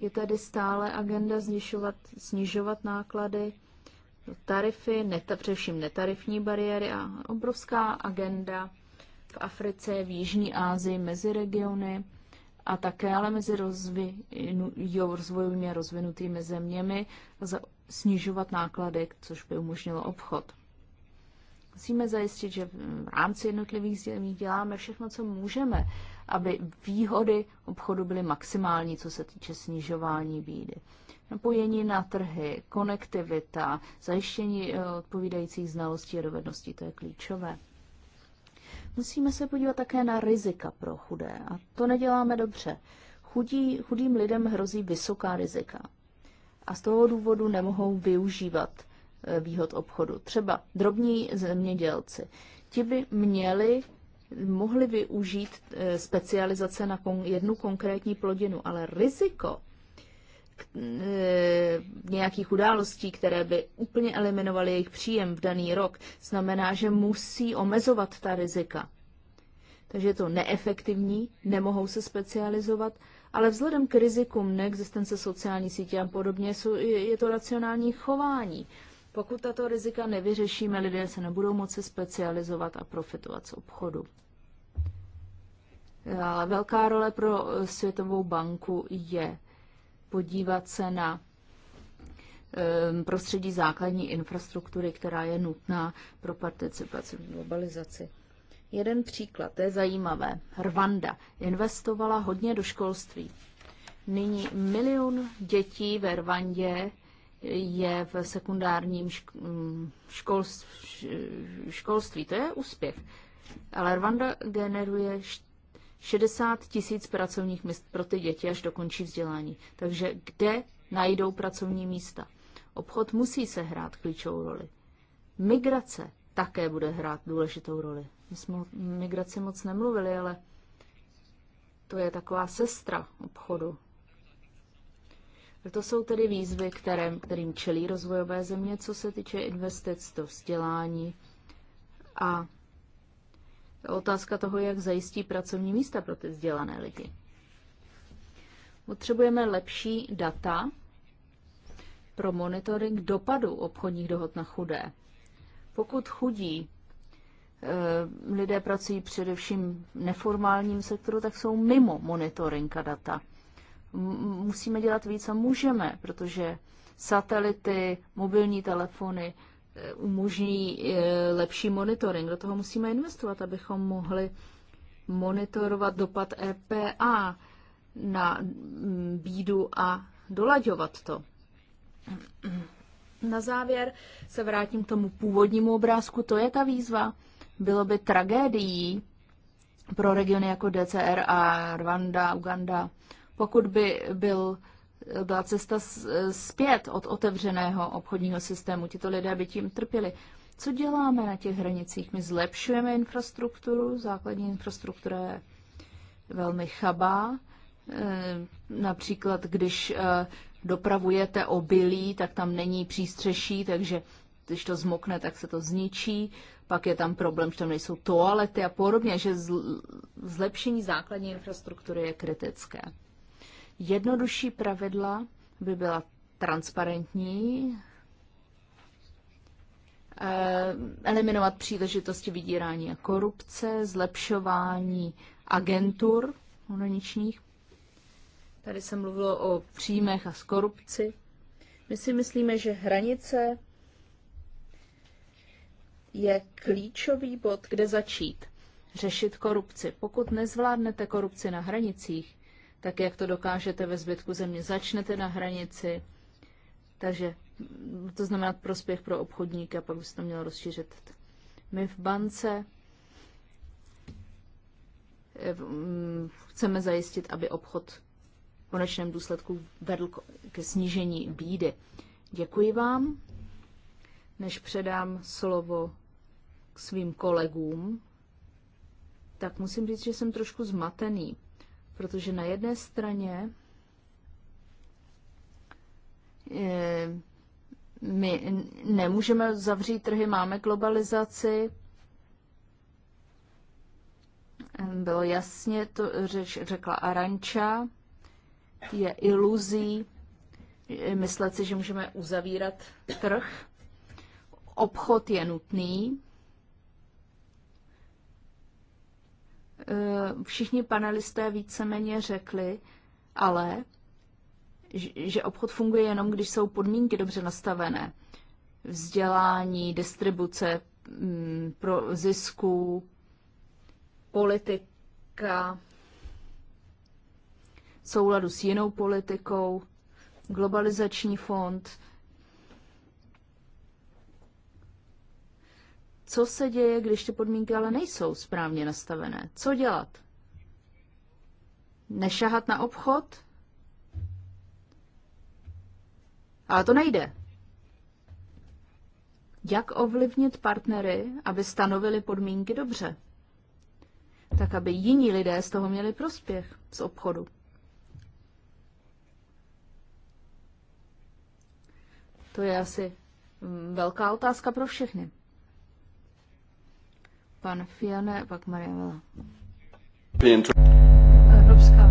Je tady stále agenda znižovat, snižovat náklady, tarify, neta, především netarifní bariéry a obrovská agenda v Africe, v Jižní Asii, mezi regiony a také ale mezi rozvojovými a rozvinutými zeměmi za, snižovat náklady, což by umožnilo obchod. Musíme zajistit, že v rámci jednotlivých zemí děláme všechno, co můžeme, aby výhody obchodu byly maximální, co se týče snižování bídy napojení na trhy, konektivita, zajištění eh, odpovídajících znalostí a dovedností, to je klíčové. Musíme se podívat také na rizika pro chudé a to neděláme dobře. Chudí, chudým lidem hrozí vysoká rizika a z toho důvodu nemohou využívat eh, výhod obchodu. Třeba drobní zemědělci. Ti by měli mohli využít eh, specializace na jednu konkrétní plodinu, ale riziko Eh, nějakých událostí, které by úplně eliminovaly jejich příjem v daný rok, znamená, že musí omezovat ta rizika. Takže je to neefektivní, nemohou se specializovat, ale vzhledem k rizikům neexistence sociální sítě a podobně je to racionální chování. Pokud tato rizika nevyřešíme, lidé se nebudou moci specializovat a profitovat z obchodu. Ale eh, velká role pro eh, Světovou banku je podívat se na prostředí základní infrastruktury, která je nutná pro participaci v globalizaci. Jeden příklad, to je zajímavé. Rwanda investovala hodně do školství. Nyní milion dětí ve Rwandě je v sekundárním mm, školství. školství. To je úspěch. Ale Rwanda generuje 60 tisíc pracovních míst pro ty děti, až dokončí vzdělání. Takže kde najdou pracovní místa? Obchod musí se hrát klíčovou roli. Migrace také bude hrát důležitou roli. My jsme o migraci moc nemluvili, ale to je taková sestra obchodu. To jsou tedy výzvy, kterým, kterým čelí rozvojové země, co se týče investic do vzdělání a otázka toho, jak zajistí pracovní místa pro ty vzdělané lidi. Potřebujeme lepší data pro monitoring dopadu obchodních dohod na chudé. Pokud chudí eh, lidé pracují především v neformálním sektoru, tak jsou mimo monitoringa data. Musíme dělat víc a můžeme, protože satelity, mobilní telefony, umožní eh, lepší monitoring. Do toho musíme investovat, abychom mohli monitorovat dopad EPA na mm, bídu a dolaďovat to. Na závěr se vrátím k tomu původnímu obrázku. To je ta výzva. Bylo by tragédií pro regiony jako DCR a Rwanda, Uganda, pokud by byl byla cesta zpět od otevřeného obchodního systému. Tito lidé by tím trpěli. Co děláme na těch hranicích? My zlepšujeme infrastrukturu, základní infrastruktura je velmi chabá. Eh, například, když eh, dopravujete obilí, tak tam není přístřeší, takže když to zmokne, tak se to zničí. Pak je tam problém, že tam nejsou toalety a podobně, že zlepšení základní infrastruktury je kritické. Jednodušší pravidla by byla transparentní, eh, eliminovat příležitosti vydírání a korupce, zlepšování agentur hraničních. Tady se mluvilo o příjmech a z korupci. My si myslíme, že hranice je klíčový bod, kde začít řešit korupci. Pokud nezvládnete korupci na hranicích, tak jak to dokážete ve zbytku země. Začnete na hranici, takže to znamená prospěch pro obchodníka, pak byste to mělo rozšířit. My v bance eh, mm, chceme zajistit, aby obchod v konečném důsledku vedl ke snížení bídy. Děkuji vám. Než předám slovo k svým kolegům, tak musím říct, že jsem trošku zmatený. Protože na jedné straně eh, my nemůžeme zavřít trhy, máme globalizaci. Bylo jasně, to řeč, řekla Aranča, je iluzí eh, myslet si, že můžeme uzavírat trh. Obchod je nutný, Eh, všichni panelisté víceméně řekli, ale že obchod funguje jenom, když jsou podmínky dobře nastavené. Vzdělání, distribuce mm, pro zisku, politika, souladu s jinou politikou, globalizační fond, Co se děje, když ty podmínky ale nejsou správně nastavené? Co dělat? Nešahat na obchod? Ale to nejde. Jak ovlivnit partnery, aby stanovili podmínky dobře? Tak, aby jiní lidé z toho měli prospěch z obchodu. To je asi mm, velká otázka pro všechny pan Fiane a pak Maria Vela. Evropská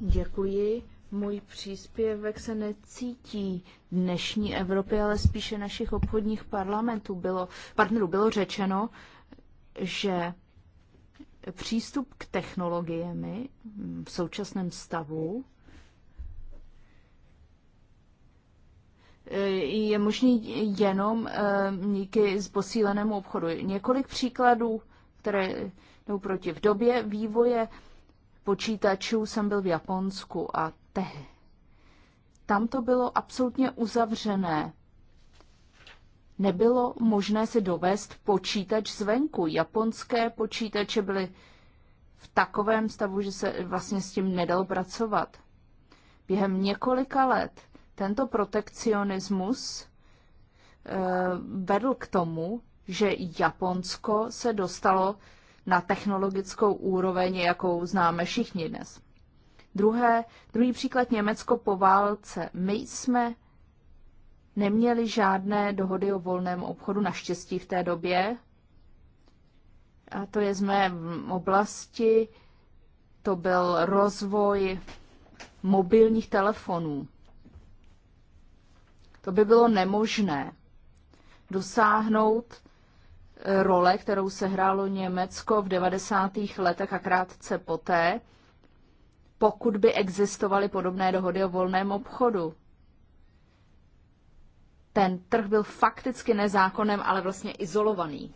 Děkuji. Můj příspěvek se necítí dnešní Evropy, ale spíše našich obchodních parlamentů bylo, partnerů bylo řečeno, že přístup k technologiemi v současném stavu eh, je možný jenom eh, díky posílenému obchodu. Několik příkladů, které jdou proti. V době vývoje počítačů jsem byl v Japonsku a tehdy. Tam to bylo absolutně uzavřené. Nebylo možné si dovést počítač zvenku. Japonské počítače byly v takovém stavu, že se vlastně s tím nedal pracovat. Během několika let tento protekcionismus eh, vedl k tomu, že Japonsko se dostalo na technologickou úroveň, jakou známe všichni dnes. Druhé, druhý příklad Německo po válce. My jsme neměli žádné dohody o volném obchodu, naštěstí v té době. A to je z mé oblasti. To byl rozvoj mobilních telefonů. To by bylo nemožné dosáhnout role, kterou se hrálo Německo v 90. letech a krátce poté, pokud by existovaly podobné dohody o volném obchodu. Ten trh byl fakticky nezákonem, ale vlastně izolovaný.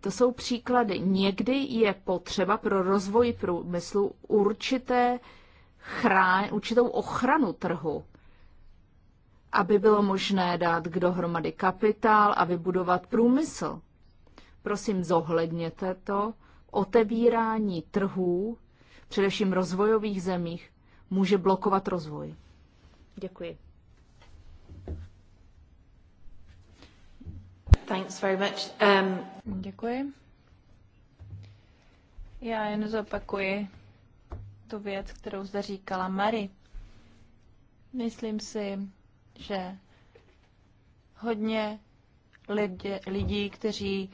To jsou příklady. Někdy je potřeba pro rozvoj průmyslu určité chrán, určitou ochranu trhu aby bylo možné dát k dohromady kapitál a vybudovat průmysl. Prosím, zohledněte to. Otevírání trhů, především rozvojových zemích, může blokovat rozvoj. Děkuji. Thanks very much. Um... Děkuji. Já jen zopakuji tu věc, kterou zde říkala Mary. Myslím si, že hodně lidi, lidí, kteří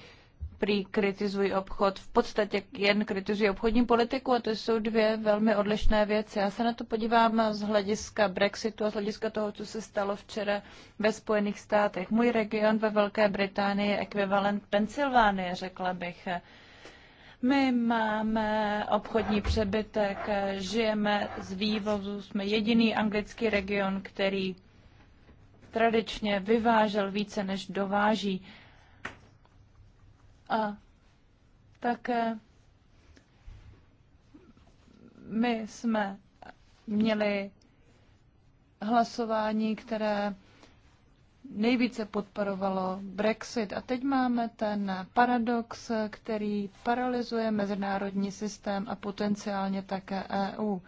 prý kritizují obchod, v podstatě jen kritizují obchodní politiku a to jsou dvě velmi odlišné věci. Já se na to podívám z hlediska Brexitu a z hlediska toho, co se stalo včera ve Spojených státech. Můj region ve Velké Británii je ekvivalent Pensylvánie, řekla bych. My máme obchodní přebytek, žijeme z vývozu, jsme jediný anglický region, který tradičně vyvážel více než dováží. A také my jsme měli hlasování, které nejvíce podporovalo Brexit. A teď máme ten paradox, který paralyzuje mezinárodní systém a potenciálně také EU.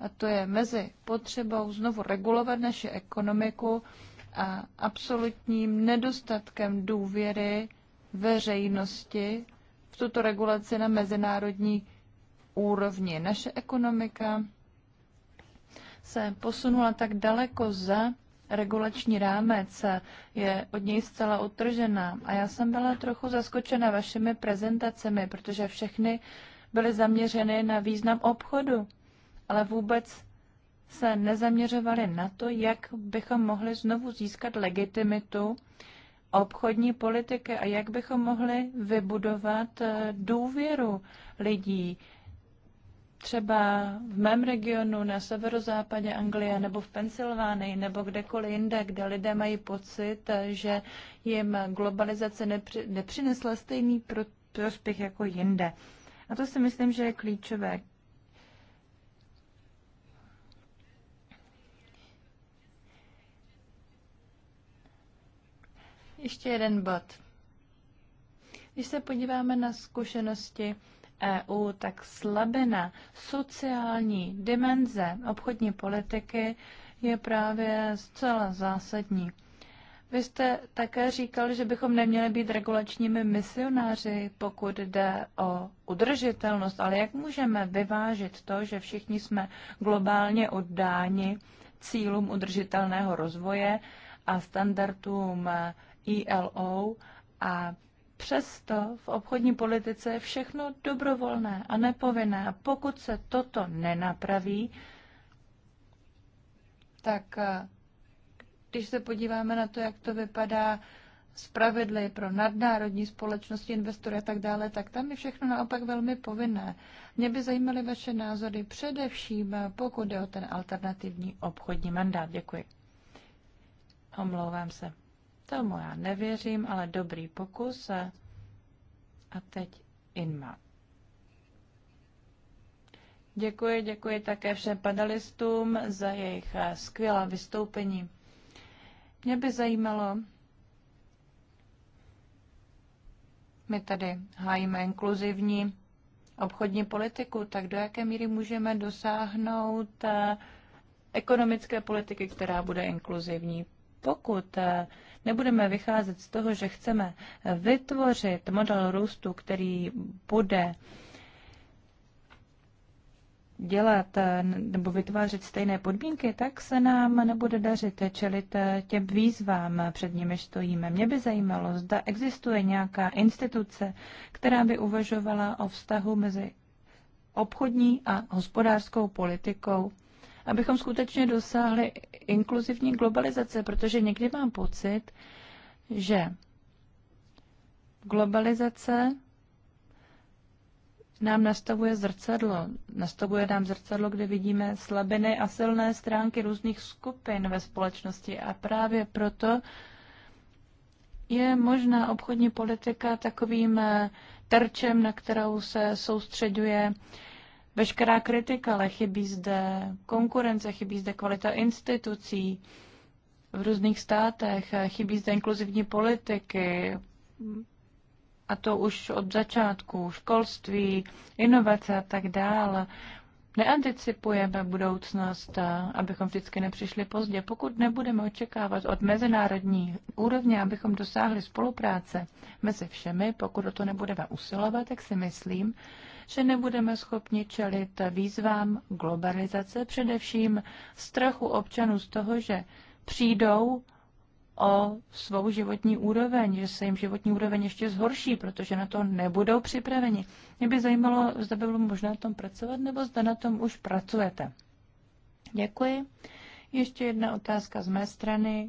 A to je mezi potřebou znovu regulovat naši ekonomiku a absolutním nedostatkem důvěry veřejnosti v tuto regulaci na mezinárodní úrovni. Naše ekonomika se posunula tak daleko za regulační rámec, je od něj zcela utržená. A já jsem byla trochu zaskočena vašimi prezentacemi, protože všechny byly zaměřeny na význam obchodu, ale vůbec se nezaměřovali na to, jak bychom mohli znovu získat legitimitu obchodní politiky a jak bychom mohli vybudovat eh, důvěru lidí. Třeba v mém regionu na severozápadě Anglie nebo v Pensylvánii nebo kdekoliv jinde, kde lidé mají pocit, eh, že jim globalizace nepři- nepřinesla stejný prospěch jako jinde. A to si myslím, že je klíčové. Ještě jeden bod. Když se podíváme na zkušenosti EU, tak slabina sociální dimenze obchodní politiky je právě zcela zásadní. Vy jste také říkal, že bychom neměli být regulačními misionáři, pokud jde o udržitelnost, ale jak můžeme vyvážit to, že všichni jsme globálně oddáni cílům udržitelného rozvoje a standardům ILO a Přesto v obchodní politice je všechno dobrovolné a nepovinné. A pokud se toto nenapraví, tak eh, když se podíváme na to, jak to vypadá s pro nadnárodní společnosti, investory a tak dále, tak tam je všechno naopak velmi povinné. Mě by zajímaly vaše názory především, eh, pokud jde o ten alternativní obchodní mandát. Děkuji. Omlouvám se. Tomu já nevěřím, ale dobrý pokus. A teď Inma. Děkuji, děkuji také všem panelistům za jejich eh, skvělá vystoupení. Mě by zajímalo, my tady hájíme inkluzivní obchodní politiku, tak do jaké míry můžeme dosáhnout eh, ekonomické politiky, která bude inkluzivní. Pokud eh, nebudeme vycházet z toho, že chceme vytvořit model růstu, který bude dělat nebo vytvářet stejné podmínky, tak se nám nebude dařit čelit těm výzvám, před nimi stojíme. Mě by zajímalo, zda existuje nějaká instituce, která by uvažovala o vztahu mezi obchodní a hospodářskou politikou abychom skutečně dosáhli inkluzivní globalizace, protože někdy mám pocit, že globalizace nám nastavuje zrcadlo. Nastavuje nám zrcadlo, kde vidíme slabiny a silné stránky různých skupin ve společnosti. A právě proto je možná obchodní politika takovým terčem, na kterou se soustředuje veškerá kritika, ale chybí zde konkurence, chybí zde kvalita institucí v různých státech, chybí zde inkluzivní politiky, a to už od začátku, školství, inovace a tak dále. Neanticipujeme budoucnost, abychom vždycky nepřišli pozdě. Pokud nebudeme očekávat od mezinárodní úrovně, abychom dosáhli spolupráce mezi všemi, pokud o to nebudeme usilovat, tak si myslím, že nebudeme schopni čelit výzvám globalizace, především strachu občanů z toho, že přijdou o svou životní úroveň, že se jim životní úroveň ještě zhorší, protože na to nebudou připraveni. Mě by zajímalo, zda by bylo možné na tom pracovat, nebo zda na tom už pracujete. Děkuji. Ještě jedna otázka z mé strany.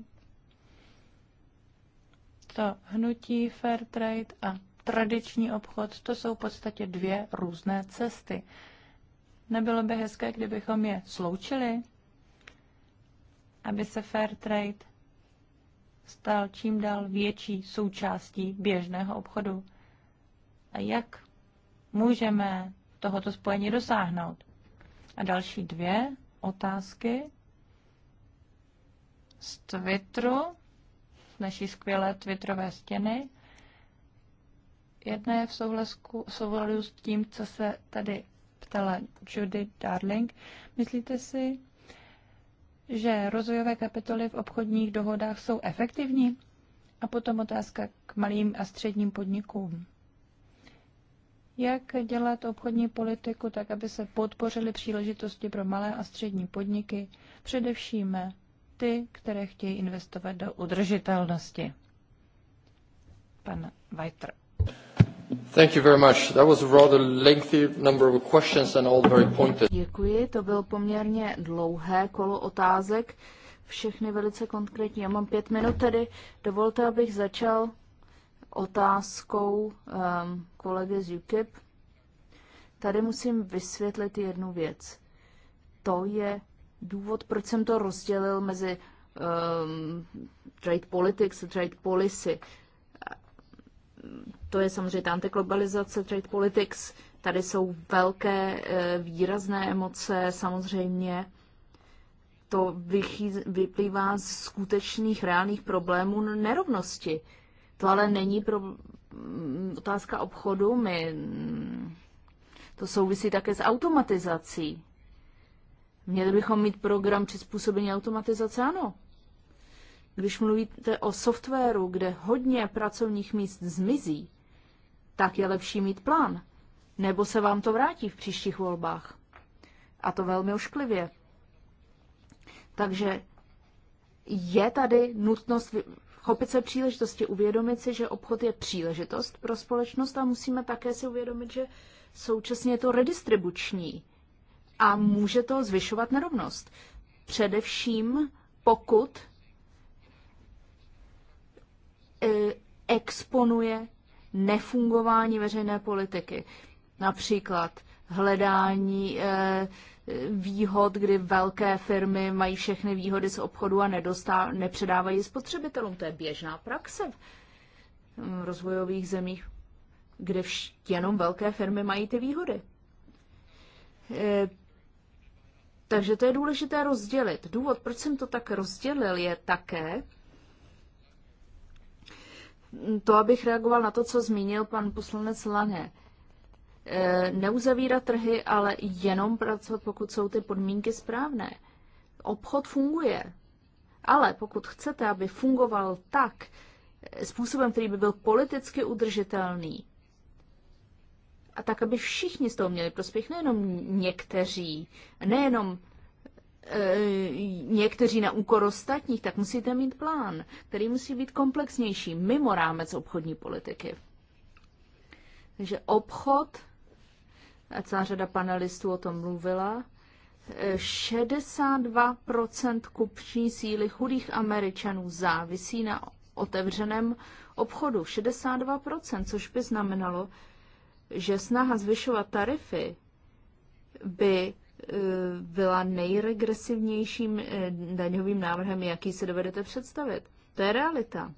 To hnutí Fairtrade a tradiční obchod, to jsou v podstatě dvě různé cesty. Nebylo by hezké, kdybychom je sloučili, aby se fair trade stal čím dál větší součástí běžného obchodu. A jak můžeme tohoto spojení dosáhnout? A další dvě otázky z Twitteru, z naší skvělé Twitterové stěny. Jedna je v souhlasku, souhladu s tím, co se tady ptala Judy Darling. Myslíte si, že rozvojové kapitoly v obchodních dohodách jsou efektivní? A potom otázka k malým a středním podnikům. Jak dělat obchodní politiku tak, aby se podpořily příležitosti pro malé a střední podniky, především ty, které chtějí investovat do udržitelnosti? Pan Weiter. Thank you very much. That was a rather lengthy number of questions and all very pointed. Děkuji, to byl poměrně dlouhé kolo otázek, všechny velice konkrétní. Já mám pět minut tedy. Dovolte, abych začal otázkou um, kolegy z UKIP. Tady musím vysvětlit jednu věc. To je důvod, proč jsem to rozdělil mezi um, trade politics a trade policy to je samozřejmě ta antiglobalizace, trade politics, tady jsou velké eh, výrazné emoce, samozřejmě to vyplývá z skutečných reálných problémů nerovnosti. To ale není pro, mm, otázka obchodu, my, mm, to souvisí také s automatizací. Měli bychom mít program přizpůsobení automatizace, ano. Když mluvíte o softwaru, kde hodně pracovních míst zmizí, tak je lepší mít plán, nebo se vám to vrátí v příštích volbách. A to velmi ošklivě. Takže je tady nutnost chopit se příležitosti, uvědomit si, že obchod je příležitost pro společnost a musíme také si uvědomit, že současně je to redistribuční a může to zvyšovat nerovnost. Především pokud E, exponuje nefungování veřejné politiky. Například hledání e, výhod, kdy velké firmy mají všechny výhody z obchodu a nedostá, nepředávají spotřebitelům. To je běžná praxe v mm, rozvojových zemích, kde vš- jenom velké firmy mají ty výhody. E, takže to je důležité rozdělit. Důvod, proč jsem to tak rozdělil, je také, to, abych reagoval na to, co zmínil pan poslanec Lange. E, neuzavírat trhy, ale jenom pracovat, pokud jsou ty podmínky správné. Obchod funguje, ale pokud chcete, aby fungoval tak, e, způsobem, který by byl politicky udržitelný, a tak, aby všichni z toho měli prospěch, nejenom někteří, nejenom Eh, někteří na úkor ostatních, tak musíte mít plán, který musí být komplexnější mimo rámec obchodní politiky. Takže obchod, a celá řada panelistů o tom mluvila, 62% eh, kupční síly chudých Američanů závisí na otevřeném obchodu. 62%, což by znamenalo, že snaha zvyšovat tarify by Eh, byla nejregresivnějším eh, daňovým návrhem, jaký si dovedete představit. To je realita.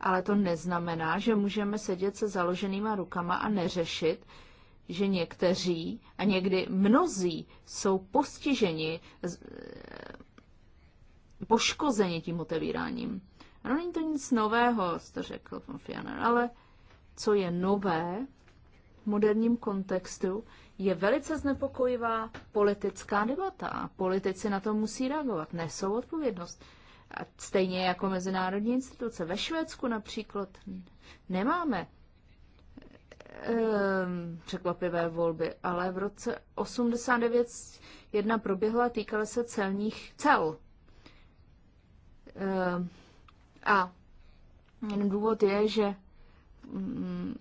Ale to neznamená, že můžeme sedět se založenýma rukama a neřešit, že někteří a někdy mnozí jsou postiženi, eh, poškozeni tím otevíráním. Ano, není to nic nového, to řekl pan Fianer, ale co je nové v moderním kontextu, je velice znepokojivá politická debata a politici na to musí reagovat, nesou odpovědnost. A stejně jako mezinárodní instituce. Ve Švédsku například nemáme um, překvapivé volby, ale v roce 89 jedna proběhla, týkala se celních cel. Um, a jeden důvod je, že um,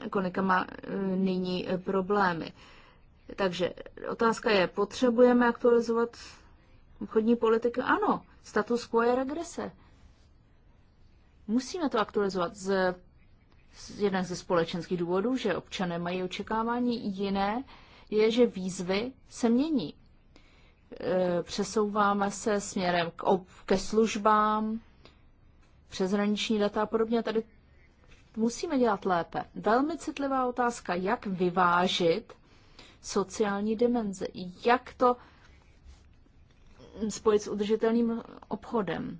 ekonomika má e, nyní e, problémy. Takže otázka je, potřebujeme aktualizovat obchodní politiku? Ano, status quo je regrese. Musíme to aktualizovat z, z jeden ze společenských důvodů, že občané mají očekávání jiné, je, že výzvy se mění. E, přesouváme se směrem k, ke službám, přeshraniční data a podobně. tady musíme dělat lépe. Velmi citlivá otázka, jak vyvážit sociální dimenze, jak to spojit s udržitelným obchodem.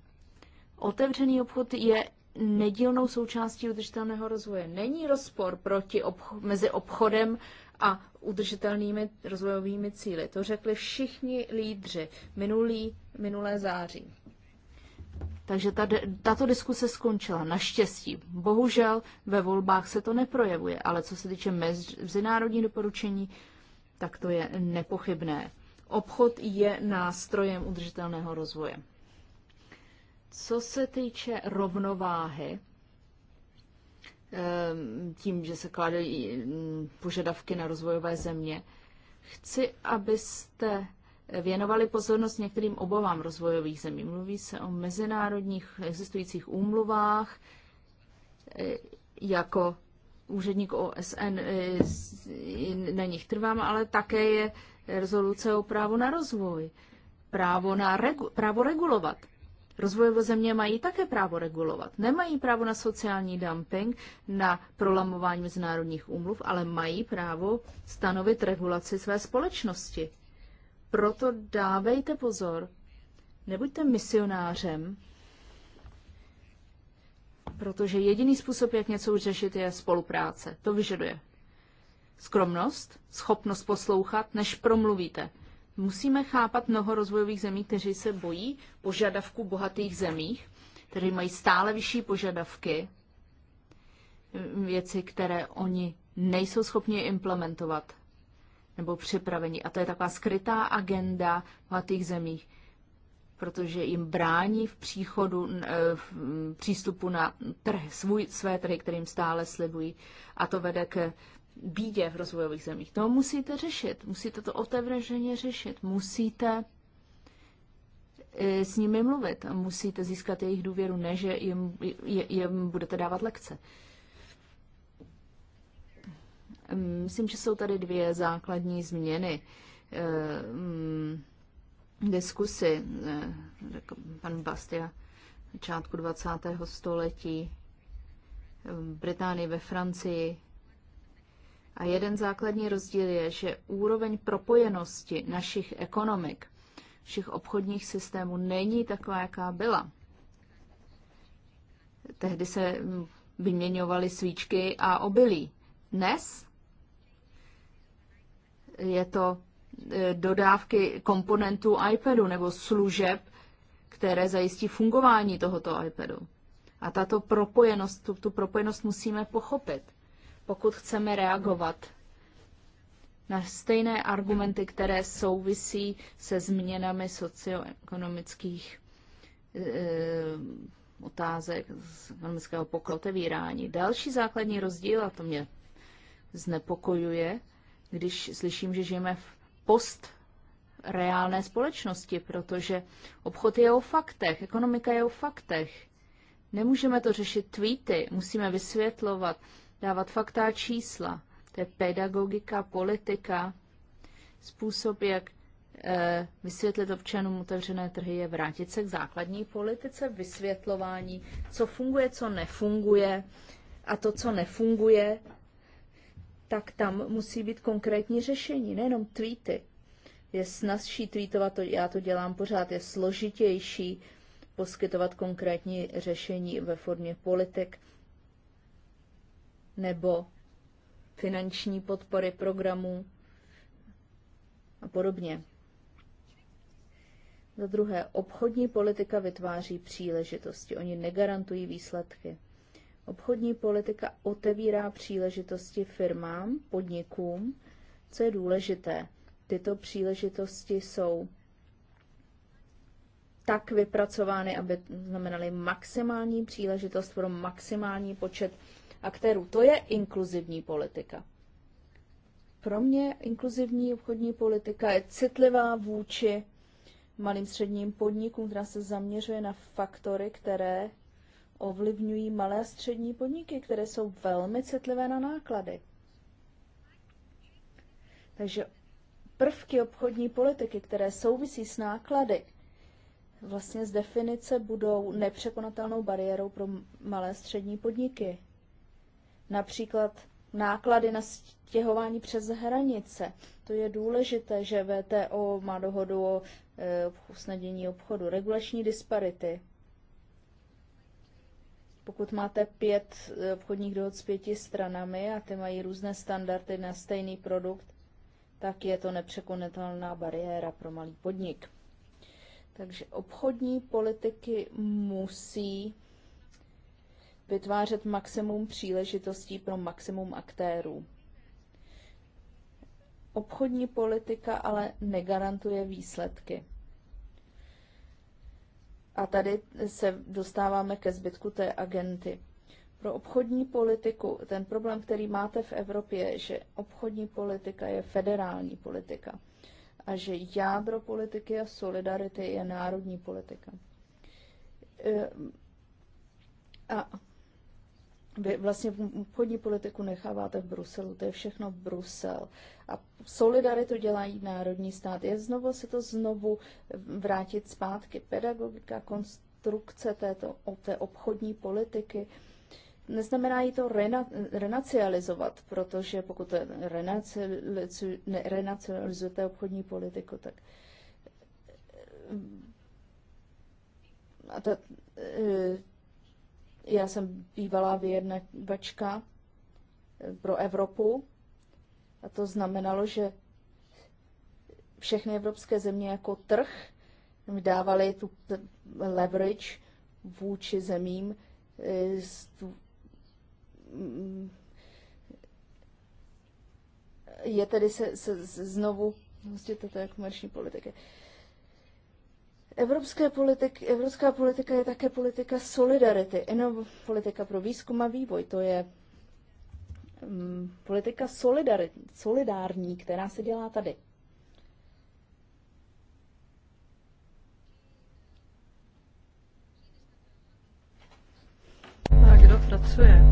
Otevřený obchod je nedílnou součástí udržitelného rozvoje. Není rozpor proti obcho- mezi obchodem a udržitelnými rozvojovými cíly. To řekli všichni lídři minulý, minulé září. Takže ta, tato diskuse skončila, naštěstí. Bohužel ve volbách se to neprojevuje, ale co se týče mezinárodní doporučení, tak to je nepochybné. Obchod je nástrojem udržitelného rozvoje. Co se týče rovnováhy, ehm, tím, že se kladou mm, požadavky na rozvojové země, chci, abyste věnovali pozornost některým obavám rozvojových zemí. Mluví se o mezinárodních existujících úmluvách, e, jako úředník OSN e, na nich trvám, ale také je rezoluce o právo na rozvoj, právo, na regu, právo regulovat. Rozvojové země mají také právo regulovat. Nemají právo na sociální dumping, na prolamování mezinárodních úmluv, ale mají právo stanovit regulaci své společnosti. Proto dávejte pozor, nebuďte misionářem, protože jediný způsob, jak něco řešit, je spolupráce. To vyžaduje skromnost, schopnost poslouchat, než promluvíte. Musíme chápat mnoho rozvojových zemí, kteří se bojí požadavků bohatých zemích, kteří mají stále vyšší požadavky, věci, které oni nejsou schopni implementovat nebo připraveni. A to je taková skrytá agenda v těch zemích, protože jim brání v příchodu, e, v přístupu na trh, svůj, své trhy, kterým stále slibují. A to vede k bídě v rozvojových zemích. To musíte řešit, musíte to otevřeně řešit, musíte e, s nimi mluvit, musíte získat jejich důvěru, ne že jim, jim budete dávat lekce. Myslím, že jsou tady dvě základní změny eh, mm, diskusy, řekl eh, pan Bastia, začátku 20. století, v Británii, ve Francii. A jeden základní rozdíl je, že úroveň propojenosti našich ekonomik, všech obchodních systémů není taková, jaká byla. Tehdy se vyměňovaly svíčky a obilí. Dnes je to e, dodávky komponentů iPadu nebo služeb, které zajistí fungování tohoto iPadu. A tato propojenost, tu, tu propojenost musíme pochopit, pokud chceme reagovat na stejné argumenty, které souvisí se změnami socioekonomických e, otázek, z ekonomického pokrotevírání. Další základní rozdíl, a to mě znepokojuje, když slyším, že žijeme v post reálné společnosti, protože obchod je o faktech, ekonomika je o faktech. Nemůžeme to řešit tweety, musíme vysvětlovat, dávat fakta a čísla. To je pedagogika, politika. Způsob, jak e, vysvětlit občanům otevřené trhy, je vrátit se k základní politice, vysvětlování, co funguje, co nefunguje. A to, co nefunguje, tak tam musí být konkrétní řešení, nejenom tweety. Je snazší tweetovat, to, já to dělám pořád, je složitější poskytovat konkrétní řešení ve formě politik nebo finanční podpory programů a podobně. Za druhé, obchodní politika vytváří příležitosti, oni negarantují výsledky. Obchodní politika otevírá příležitosti firmám, podnikům, co je důležité. Tyto příležitosti jsou tak vypracovány, aby znamenaly maximální příležitost pro maximální počet aktérů. To je inkluzivní politika. Pro mě inkluzivní obchodní politika je citlivá vůči malým středním podnikům, která se zaměřuje na faktory, které ovlivňují malé a střední podniky, které jsou velmi citlivé na náklady. Takže prvky obchodní politiky, které souvisí s náklady, vlastně z definice budou nepřekonatelnou bariérou pro malé střední podniky. Například náklady na stěhování přes hranice. To je důležité, že VTO má dohodu o e, usnadění obchodu, regulační disparity pokud máte pět eh, obchodních dohod s pěti stranami a ty mají různé standardy na stejný produkt, tak je to nepřekonatelná bariéra pro malý podnik. Takže obchodní politiky musí vytvářet maximum příležitostí pro maximum aktérů. Obchodní politika ale negarantuje výsledky. A tady se dostáváme ke zbytku té agenty. Pro obchodní politiku, ten problém, který máte v Evropě, je, že obchodní politika je federální politika a že jádro politiky a solidarity je národní politika. E, a vy vlastně obchodní politiku necháváte v Bruselu, to je všechno v Brusel. A solidaritu dělají národní stát. Je znovu se to znovu vrátit zpátky. Pedagogika, konstrukce této, té obchodní politiky, Neznamená jí to rena, renacializovat, protože pokud renacializujete obchodní politiku, tak eh, a ta, eh, já jsem bývalá vyjednavačka eh, pro Evropu a to znamenalo, že všechny evropské země jako trh dávaly tu leverage vůči zemím eh, mm, je tedy se, se znovu hostit vlastně je komerční politiky. Evropské politik, evropská politika je také politika solidarity, jenom politika pro výzkum a vývoj. To je um, politika solidarit, solidární, která se dělá tady. A kdo pracuje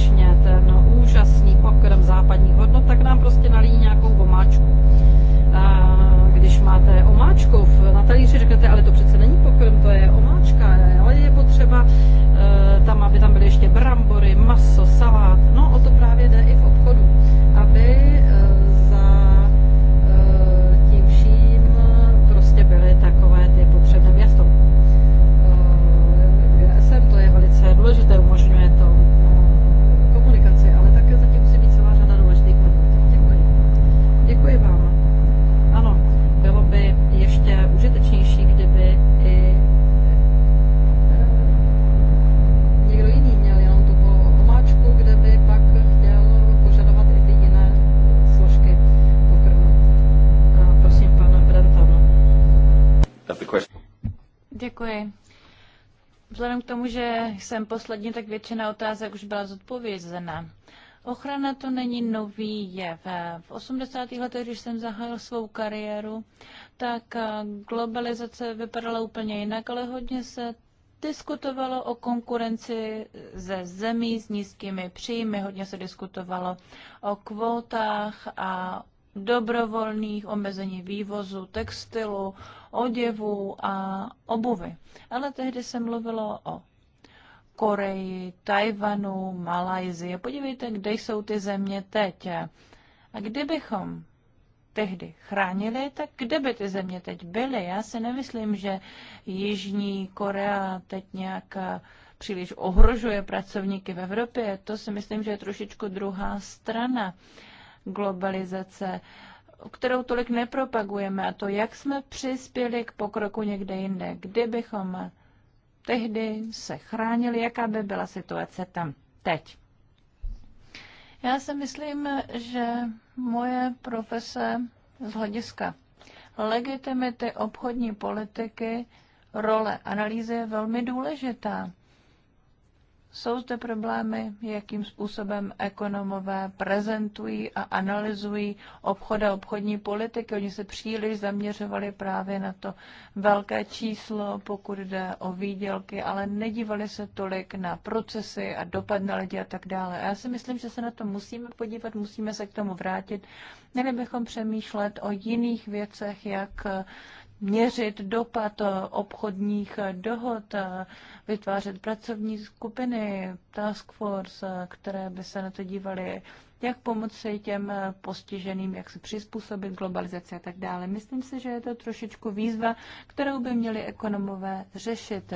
skutečně ten úžasný pokrm západních hodnot, tak nám prostě nalíjí nějakou omáčku. A když máte omáčku na talíři, řeknete, ale to přece není pokrm, to je omáčka, ale je potřeba eh, tam, aby tam byly ještě brambory, maso, salát. No o to vzhledem k tomu, že jsem poslední, tak většina otázek už byla zodpovězena. Ochrana to není nový jev. V 80. letech, když jsem zahájil svou kariéru, tak eh, globalizace vypadala úplně jinak, ale hodně se diskutovalo o konkurenci ze zemí s nízkými příjmy, hodně se diskutovalo o kvótách a dobrovolných omezení vývozu textilu, oděvu a obuvy. Ale tehdy se mluvilo o Koreji, Tajvanu, Malajzii. Podívejte, kde jsou ty země teď. A kdybychom tehdy chránili, tak kde by ty země teď byly? Já si nemyslím, že Jižní Korea teď nějak eh, příliš ohrožuje pracovníky v Evropě. To si myslím, že je trošičku druhá strana globalizace kterou tolik nepropagujeme, a to, jak jsme přispěli k pokroku někde jinde. Kdybychom tehdy se chránili, jaká by byla situace tam teď. Já si myslím, že moje profese z hlediska legitimity obchodní politiky, role analýzy je velmi důležitá. Jsou zde problémy, jakým způsobem ekonomové prezentují a analyzují obchod a obchodní politiky. Oni se příliš zaměřovali právě na to velké číslo, pokud jde o výdělky, ale nedívali se tolik na procesy a dopad na lidi a tak dále. A já si myslím, že se na to musíme podívat, musíme se k tomu vrátit. Měli bychom přemýšlet o jiných věcech, jak měřit dopad eh, obchodních eh, dohod, eh, vytvářet pracovní skupiny, task force, které by se na to dívaly, jak pomoci těm postiženým, jak se přizpůsobit globalizaci a tak dále. Myslím si, že je to trošičku výzva, kterou by měli ekonomové řešit.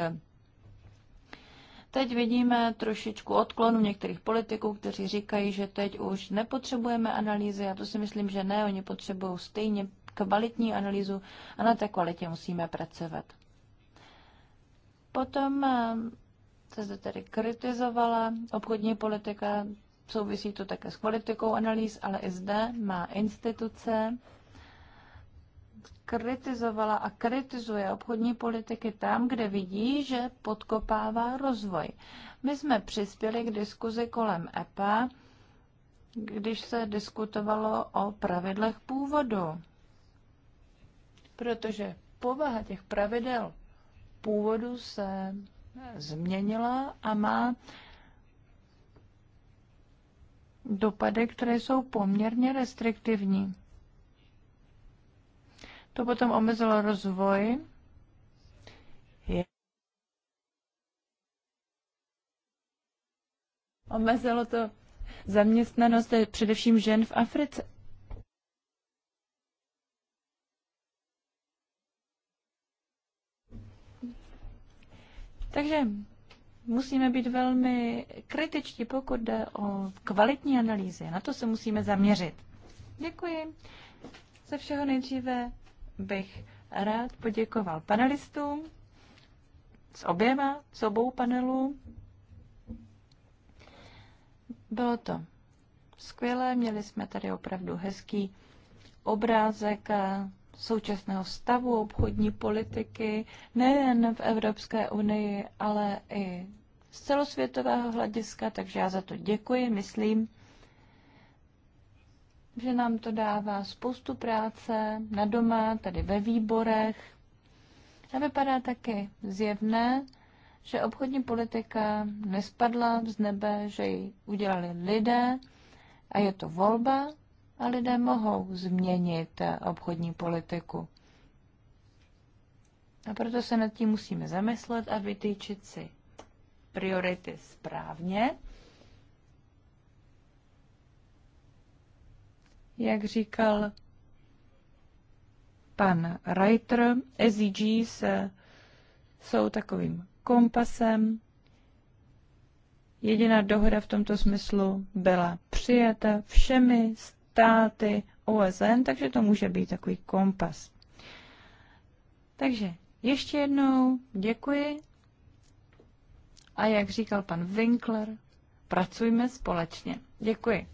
Teď vidíme trošičku odklonu některých politiků, kteří říkají, že teď už nepotřebujeme analýzy. Já to si myslím, že ne, oni potřebují stejně kvalitní analýzu a na té kvalitě musíme pracovat. Potom eh, se zde tedy kritizovala obchodní politika, souvisí to také s politikou analýz, ale i zde má instituce kritizovala a kritizuje obchodní politiky tam, kde vidí, že podkopává rozvoj. My jsme přispěli k diskuzi kolem EPA, když se diskutovalo o pravidlech původu protože povaha těch pravidel původu se změnila a má dopady, které jsou poměrně restriktivní. To potom omezilo rozvoj. Omezilo to zaměstnanost eh, především žen v Africe. Takže musíme být velmi kritičtí, pokud jde o kvalitní analýzy. Na to se musíme zaměřit. Děkuji. Ze všeho nejdříve bych rád poděkoval panelistům s oběma, s obou panelů. Bylo to skvělé, měli jsme tady opravdu hezký obrázek současného stavu obchodní politiky nejen v Evropské unii, ale i z celosvětového hlediska, takže já za to děkuji. Myslím, že nám to dává spoustu práce na doma, tady ve výborech. A vypadá taky zjevné, že obchodní politika nespadla z nebe, že ji udělali lidé a je to volba, a lidé mohou změnit obchodní politiku. A proto se nad tím musíme zamyslet a vytýčit si priority správně. Jak říkal pan Reiter, SDGs jsou takovým kompasem. Jediná dohoda v tomto smyslu byla přijata všemi státy, OSN, takže to může být takový kompas. Takže ještě jednou děkuji. A jak říkal pan Winkler, pracujme společně. Děkuji.